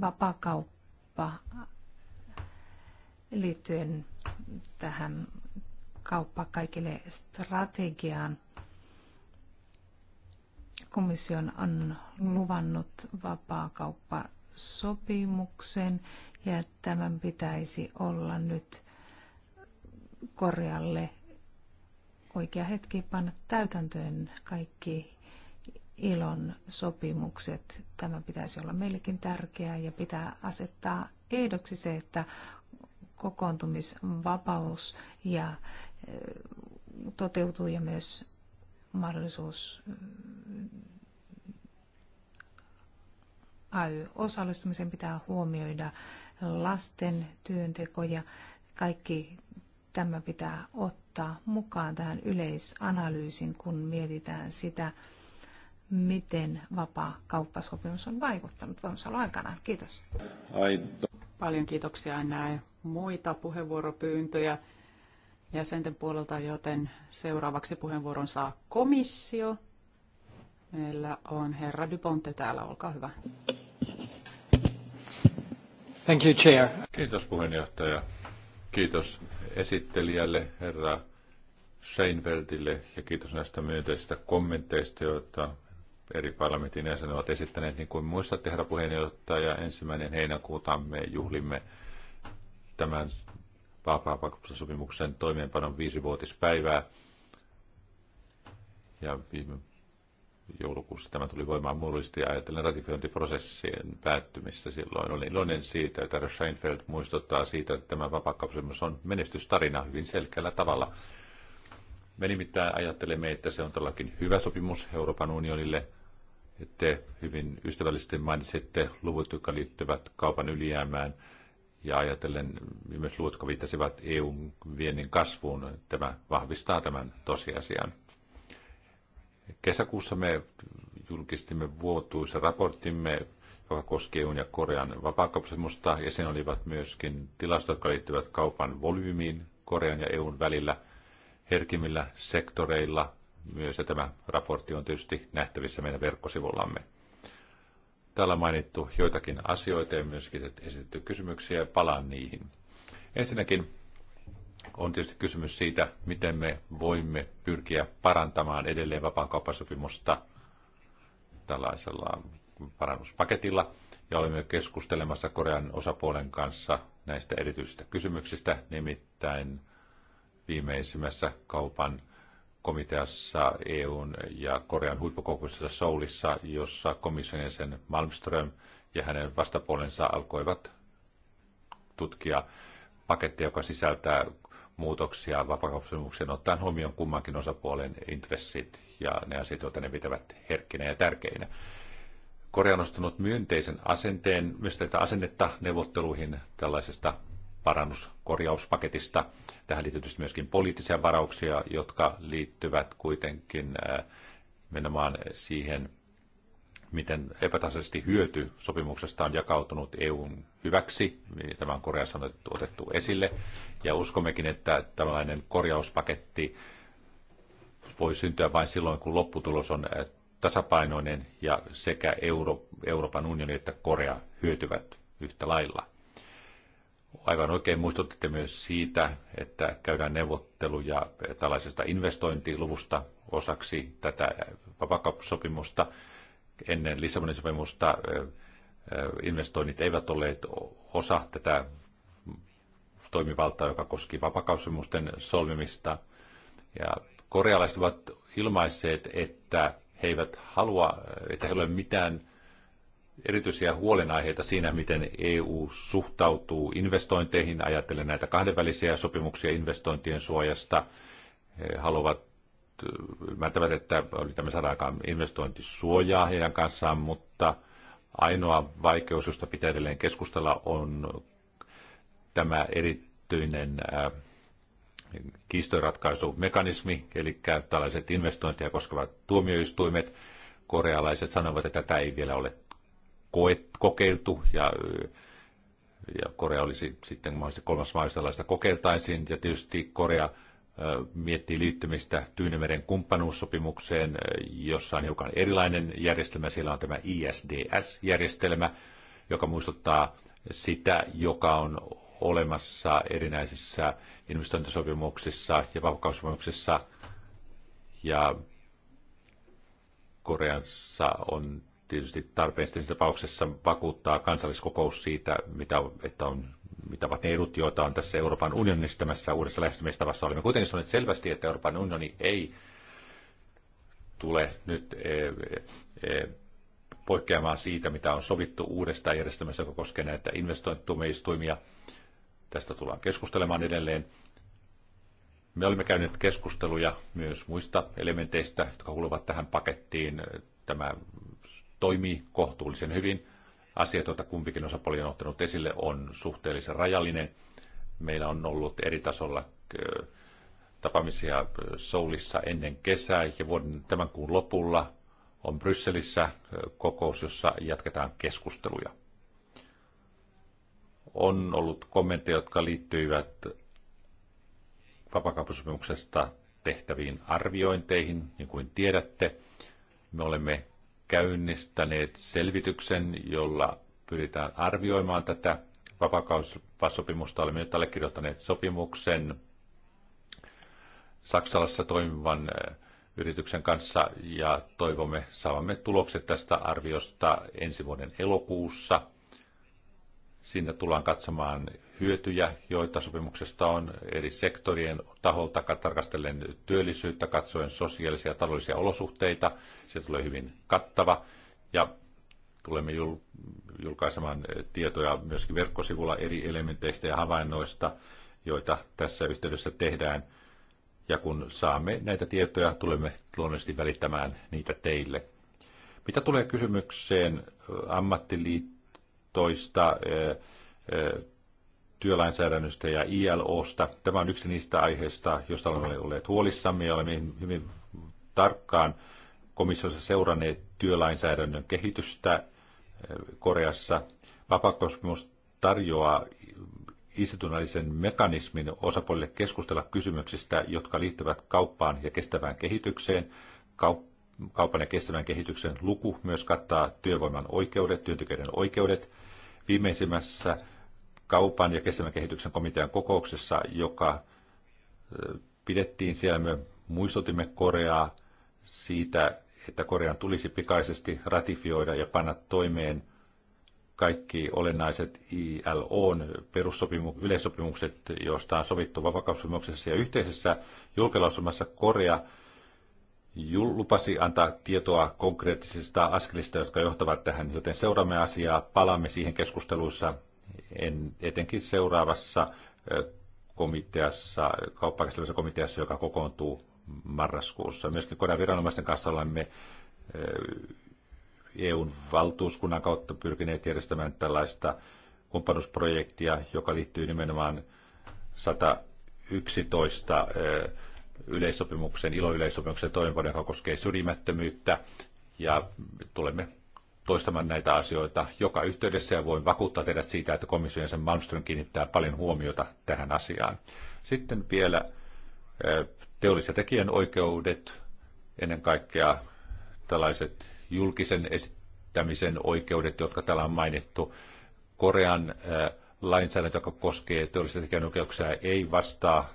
Speaker 4: vapaakauppa liittyen tähän kauppa kaikille strategiaan. Komission on luvannut vapaakauppasopimuksen ja tämän pitäisi olla nyt korjalle oikea hetki panna täytäntöön kaikki ilon sopimukset. Tämä pitäisi olla meillekin tärkeää ja pitää asettaa ehdoksi se, että kokoontumisvapaus ja e, toteutuu ja myös mahdollisuus mm, AY-osallistumisen pitää huomioida lasten työntekoja. Kaikki tämä pitää ottaa mukaan tähän yleisanalyysin, kun mietitään sitä, miten vapaa kauppasopimus on vaikuttanut voimassa aikana. Kiitos. Aito. Paljon kiitoksia. En muita puheenvuoropyyntöjä
Speaker 2: jäsenten puolelta, joten seuraavaksi puheenvuoron saa komissio. Meillä on herra Duponte täällä, olkaa hyvä.
Speaker 3: Thank you, Chair. Kiitos puheenjohtaja. Kiitos esittelijälle, herra Seinfeldille, ja kiitos näistä myönteisistä kommenteista, joita eri parlamentin jäsenet ovat esittäneet, niin kuin muistatte, herra puheenjohtaja, ensimmäinen heinäkuuta me juhlimme tämän vapaa-pakopsopimuksen toimeenpanon viisivuotispäivää. Ja viime joulukuussa tämä tuli voimaan muodollisesti ja ajatellen ratifiointiprosessien päättymistä silloin. Olen iloinen siitä, että herra Scheinfeld muistuttaa siitä, että tämä vapaa on menestystarina hyvin selkeällä tavalla. Me nimittäin ajattelemme, että se on todellakin hyvä sopimus Euroopan unionille. Te hyvin ystävällisesti mainitsitte luvut, jotka liittyvät kaupan ylijäämään ja ajatellen niin myös luvut, jotka viittasivat EUn viennin kasvuun. Tämä vahvistaa tämän tosiasian. Kesäkuussa me julkistimme vuotuisen raporttimme, joka koski EUn ja Korean vapaakauppasopimusta, ja sen olivat myöskin tilastot, jotka liittyvät kaupan volyymiin Korean ja EUn välillä – herkimmillä sektoreilla myös, ja tämä raportti on tietysti nähtävissä meidän verkkosivullamme. Täällä on mainittu joitakin asioita ja myöskin esitetty kysymyksiä, ja palaan niihin. Ensinnäkin on tietysti kysymys siitä, miten me voimme pyrkiä parantamaan edelleen vapaakauppasopimusta tällaisella parannuspaketilla. Ja olemme keskustelemassa Korean osapuolen kanssa näistä erityisistä kysymyksistä, nimittäin – viimeisimmässä kaupan komiteassa EUn ja Korean huippukokouksessa Soulissa, jossa komission jäsen Malmström ja hänen vastapuolensa alkoivat tutkia pakettia, joka sisältää muutoksia vapaakauppasopimukseen ottaen huomioon kummankin osapuolen intressit ja ne asiat, joita ne pitävät herkkinä ja tärkeinä. Korea on nostanut myönteisen asenteen, myös tätä asennetta neuvotteluihin tällaisesta parannuskorjauspaketista. Tähän liittyy tietysti myöskin poliittisia varauksia, jotka liittyvät kuitenkin äh, menemään siihen, miten epätasaisesti hyöty sopimuksesta on jakautunut EUn hyväksi. Niin tämä on Koreassa otettu esille. Ja uskommekin, että tällainen korjauspaketti voi syntyä vain silloin, kun lopputulos on äh, tasapainoinen ja sekä Euro, Euroopan unioni että Korea hyötyvät yhtä lailla. Aivan oikein muistutitte myös siitä, että käydään neuvotteluja tällaisesta investointiluvusta osaksi tätä vapakauppasopimusta. Ennen Lissabonin sopimusta investoinnit eivät olleet osa tätä toimivaltaa, joka koski vapakauppasopimusten solmimista. Ja korealaiset ovat ilmaisseet, että he eivät halua, että heillä ei ole mitään erityisiä huolenaiheita siinä, miten EU suhtautuu investointeihin. Ajattelen näitä kahdenvälisiä sopimuksia investointien suojasta. He haluavat ymmärtävät, että oli saadaan aikaan investointisuojaa heidän kanssaan, mutta ainoa vaikeus, josta pitää edelleen keskustella, on tämä erityinen äh, kiistoratkaisumekanismi, eli tällaiset investointia koskevat tuomioistuimet. Korealaiset sanovat, että tätä ei vielä ole koet, kokeiltu ja, ja Korea olisi sitten mahdollisesti kolmas maa, sellaista kokeiltaisiin. Ja tietysti Korea miettii liittymistä Tyynemeren kumppanuussopimukseen, jossa on hiukan erilainen järjestelmä. Siellä on tämä ISDS-järjestelmä, joka muistuttaa sitä, joka on olemassa erinäisissä investointisopimuksissa ja vapaakauppasopimuksissa. Ja Koreassa on tietysti tarpeen sitten tapauksessa vakuuttaa kansalliskokous siitä, mitä, että on, mitä ovat ne edut, joita on tässä Euroopan unionin tämässä uudessa lähestymistavassa. Olemme kuitenkin sanoneet selvästi, että Euroopan unioni ei tule nyt e, e, poikkeamaan siitä, mitä on sovittu uudesta järjestelmässä, joka koskee näitä investointituomioistuimia. Tästä tullaan keskustelemaan edelleen. Me olemme käyneet keskusteluja myös muista elementeistä, jotka kuuluvat tähän pakettiin. Tämä toimii kohtuullisen hyvin. Asiat, joita kumpikin osapuoli on ottanut esille, on suhteellisen rajallinen. Meillä on ollut eri tasolla tapaamisia Soulissa ennen kesää ja vuoden, tämän kuun lopulla on Brysselissä kokous, jossa jatketaan keskusteluja. On ollut kommentteja, jotka liittyivät vapakauppasopimuksesta tehtäviin arviointeihin, niin kuin tiedätte. Me olemme käynnistäneet selvityksen, jolla pyritään arvioimaan tätä vapakauspassopimusta. Olemme nyt allekirjoittaneet sopimuksen Saksalassa toimivan eh, yrityksen kanssa ja toivomme saavamme tulokset tästä arviosta ensi vuoden elokuussa – Siinä tullaan katsomaan hyötyjä, joita sopimuksesta on eri sektorien taholta tarkastellen työllisyyttä, katsoen sosiaalisia ja taloudellisia olosuhteita. Se tulee hyvin kattava ja tulemme julkaisemaan tietoja myöskin verkkosivulla eri elementeistä ja havainnoista, joita tässä yhteydessä tehdään. Ja kun saamme näitä tietoja, tulemme luonnollisesti välittämään niitä teille. Mitä tulee kysymykseen ammattiliittoon, toista eh, eh, työlainsäädännöstä ja ILOsta. Tämä on yksi niistä aiheista, joista olemme olleet huolissamme ja olemme hyvin tarkkaan komissiossa seuranneet työlainsäädännön kehitystä eh, Koreassa. Vapaakosmus tarjoaa institutionaalisen mekanismin osapuolille keskustella kysymyksistä, jotka liittyvät kauppaan ja kestävään kehitykseen. kaupan ja kestävän kehityksen luku myös kattaa työvoiman oikeudet, työntekijöiden oikeudet – viimeisimmässä kaupan ja kestävän kehityksen komitean kokouksessa, joka pidettiin siellä, me muistutimme Koreaa siitä, että Korean tulisi pikaisesti ratifioida ja panna toimeen kaikki olennaiset ILOn perussopimukset, yleissopimukset, joista on sovittu vakaussopimuksessa ja yhteisessä julkilausumassa Korea – lupasi antaa tietoa konkreettisista askelista, jotka johtavat tähän, joten seuraamme asiaa, palaamme siihen keskusteluissa, en, etenkin seuraavassa komiteassa, kauppakäsittelyssä komiteassa, joka kokoontuu marraskuussa. Myöskin Korean viranomaisten kanssa olemme EUn valtuuskunnan kautta pyrkineet järjestämään tällaista kumppanuusprojektia, joka liittyy nimenomaan 111 yleissopimuksen, ILO-yleissopimuksen toimenpano, joka koskee syrjimättömyyttä. Ja tulemme toistamaan näitä asioita joka yhteydessä ja voin vakuuttaa teidät siitä, että komission sen Malmström kiinnittää paljon huomiota tähän asiaan. Sitten vielä eh, teollis- ja tekijänoikeudet, ennen kaikkea tällaiset julkisen esittämisen oikeudet, jotka täällä on mainittu. Korean eh, lainsäädäntö, joka koskee teollisia tekijänoikeuksia, ei vastaa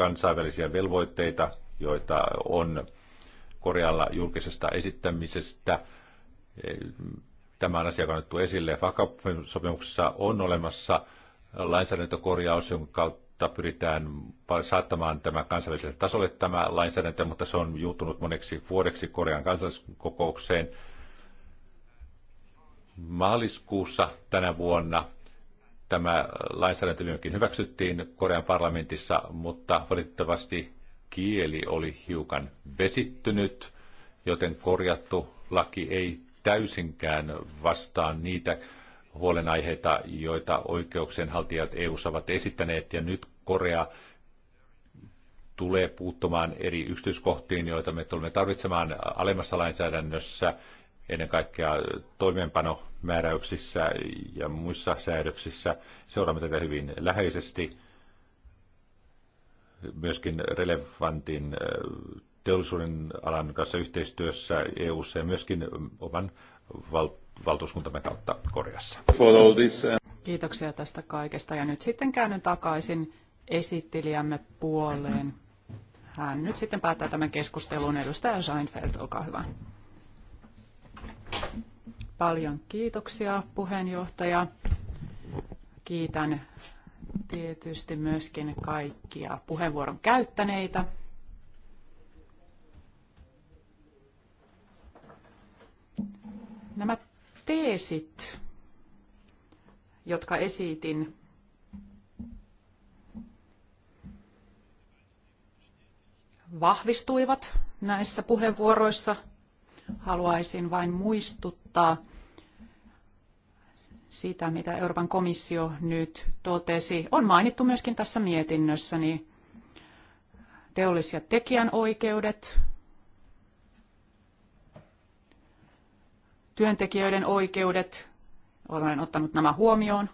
Speaker 3: kansainvälisiä velvoitteita, joita on Korealla julkisesta esittämisestä. Tämä on asia kannettu esille. FACA-sopimuksessa on olemassa lainsäädäntökorjaus, jonka kautta pyritään saattamaan tämä kansainväliselle tasolle tämä lainsäädäntö, mutta se on juuttunut moneksi vuodeksi Korean kansalliskokoukseen. Maaliskuussa tänä vuonna Tämä lainsäädäntö myöskin hyväksyttiin Korean parlamentissa, mutta valitettavasti kieli oli hiukan vesittynyt, joten korjattu laki ei täysinkään vastaa niitä huolenaiheita, joita oikeuksienhaltijat EU-ssa ovat esittäneet, ja nyt Korea tulee puuttumaan eri yksityiskohtiin, joita me tulemme tarvitsemaan alemmassa lainsäädännössä, ennen kaikkea toimeenpano määräyksissä ja muissa säädöksissä. Seuraamme tätä hyvin läheisesti. Myöskin relevantin teollisuuden alan kanssa yhteistyössä EU:ssa ja myöskin oman val- valtuuskuntamme kautta Koreassa.
Speaker 2: Kiitoksia tästä kaikesta ja nyt sitten käännyn takaisin esittelijämme puoleen. Hän nyt sitten päättää tämän keskustelun. Edustaja Seinfeld, olkaa hyvä. Paljon kiitoksia puheenjohtaja. Kiitän tietysti myöskin kaikkia puheenvuoron käyttäneitä. Nämä teesit, jotka esitin, vahvistuivat näissä puheenvuoroissa. Haluaisin vain muistuttaa, sitä, mitä Euroopan komissio nyt totesi, on mainittu myöskin tässä mietinnössä, niin teollis- ja tekijänoikeudet, työntekijöiden oikeudet, olen ottanut nämä huomioon.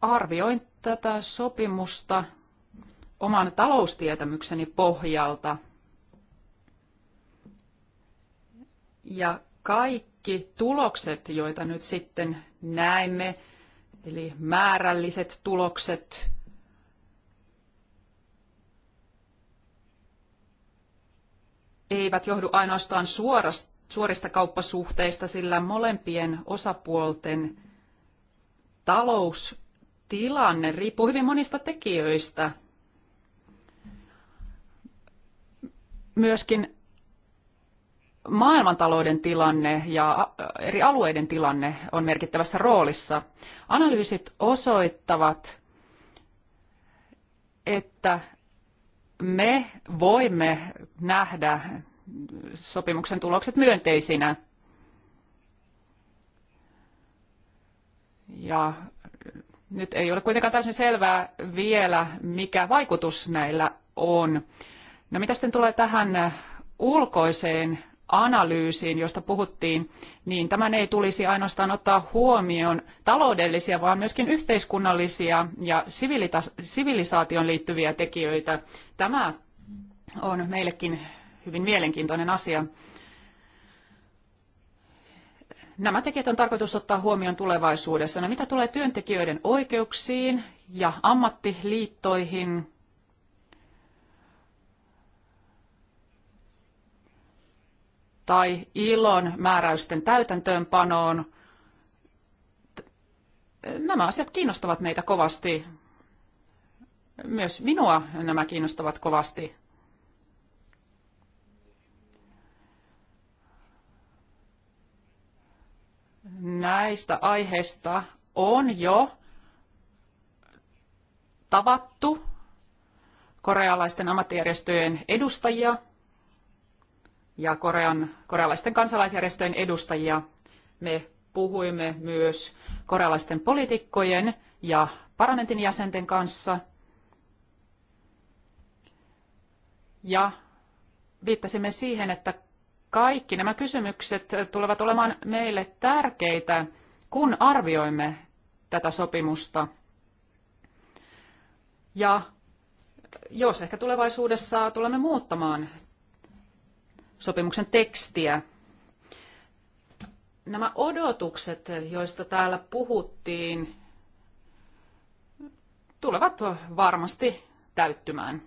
Speaker 2: Arvioin tätä sopimusta oman taloustietämykseni pohjalta – Ja kaikki tulokset, joita nyt sitten näemme, eli määrälliset tulokset, eivät johdu ainoastaan suorasta, suorista kauppasuhteista, sillä molempien osapuolten taloustilanne riippuu hyvin monista tekijöistä. Myöskin maailmantalouden tilanne ja äh, eri alueiden tilanne on merkittävässä roolissa. Analyysit osoittavat, että me voimme nähdä sopimuksen tulokset myönteisinä. Ja nyt ei ole kuitenkaan täysin selvää vielä, mikä vaikutus näillä on. No mitä sitten tulee tähän ulkoiseen analyysiin, josta puhuttiin, niin tämän ei tulisi ainoastaan ottaa huomioon taloudellisia, vaan myöskin yhteiskunnallisia ja sivilisaation liittyviä tekijöitä. Tämä on meillekin hyvin mielenkiintoinen asia. Nämä tekijät on tarkoitus ottaa huomioon tulevaisuudessa. No, mitä tulee työntekijöiden oikeuksiin ja ammattiliittoihin, tai ilon määräysten täytäntöönpanoon. Nämä asiat kiinnostavat meitä kovasti. Myös minua nämä kiinnostavat kovasti. Näistä aiheista on jo tavattu korealaisten ammattijärjestöjen edustajia – ja Korean, korealaisten kansalaisjärjestöjen edustajia. Me puhuimme myös korealaisten poliitikkojen ja parlamentin jäsenten kanssa. Ja viittasimme siihen, että kaikki nämä kysymykset tulevat olemaan meille tärkeitä, kun arvioimme tätä sopimusta. Ja jos ehkä tulevaisuudessa tulemme muuttamaan sopimuksen tekstiä. Nämä odotukset, joista täällä puhuttiin, tulevat varmasti täyttymään.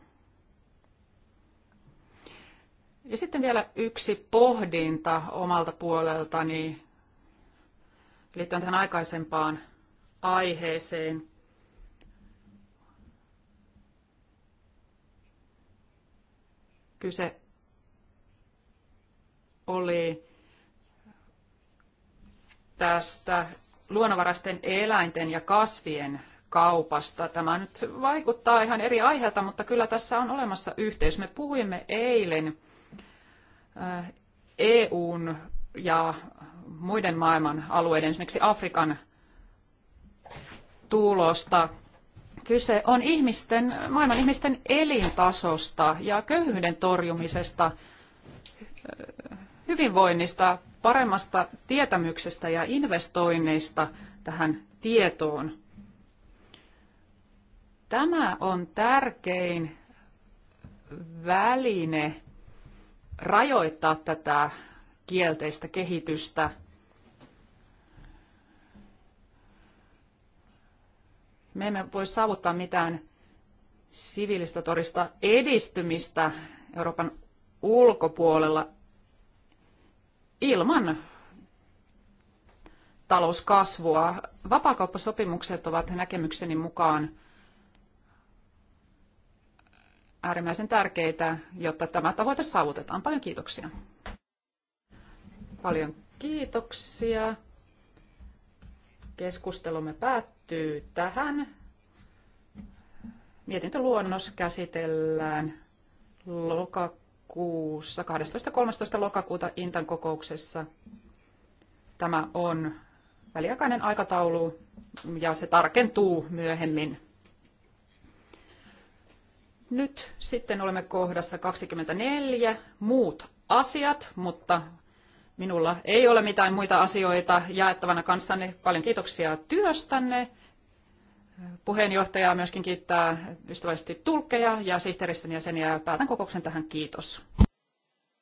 Speaker 2: Ja sitten vielä yksi pohdinta omalta puoleltani liittyen tähän aikaisempaan aiheeseen. Kyse oli tästä luonnonvaraisten eläinten ja kasvien kaupasta. Tämä nyt vaikuttaa ihan eri aiheelta, mutta kyllä tässä on olemassa yhteys. Me puhuimme eilen äh, EUn ja muiden maailman alueiden, esimerkiksi Afrikan tulosta. Kyse on ihmisten, maailman ihmisten elintasosta ja köyhyyden torjumisesta äh, hyvinvoinnista, paremmasta tietämyksestä ja investoinneista tähän tietoon. Tämä on tärkein väline rajoittaa tätä kielteistä kehitystä. Me emme voi saavuttaa mitään siviilistä todista edistymistä Euroopan ulkopuolella ilman talouskasvua. Vapaakauppasopimukset ovat näkemykseni mukaan äärimmäisen tärkeitä, jotta tämä tavoite saavutetaan. Paljon kiitoksia. Paljon kiitoksia. Keskustelumme päättyy tähän. Mietintöluonnos käsitellään lokakuussa lokakuussa, 12.13. lokakuuta Intan kokouksessa. Tämä on väliaikainen aikataulu ja se tarkentuu myöhemmin. Nyt sitten olemme kohdassa 24, muut asiat, mutta minulla ei ole mitään muita asioita jaettavana kanssanne. Paljon kiitoksia työstänne puheenjohtajaa myöskin kiittää ystävällisesti tulkkeja ja sihteeristön jäseniä. Päätän kokouksen tähän. Kiitos.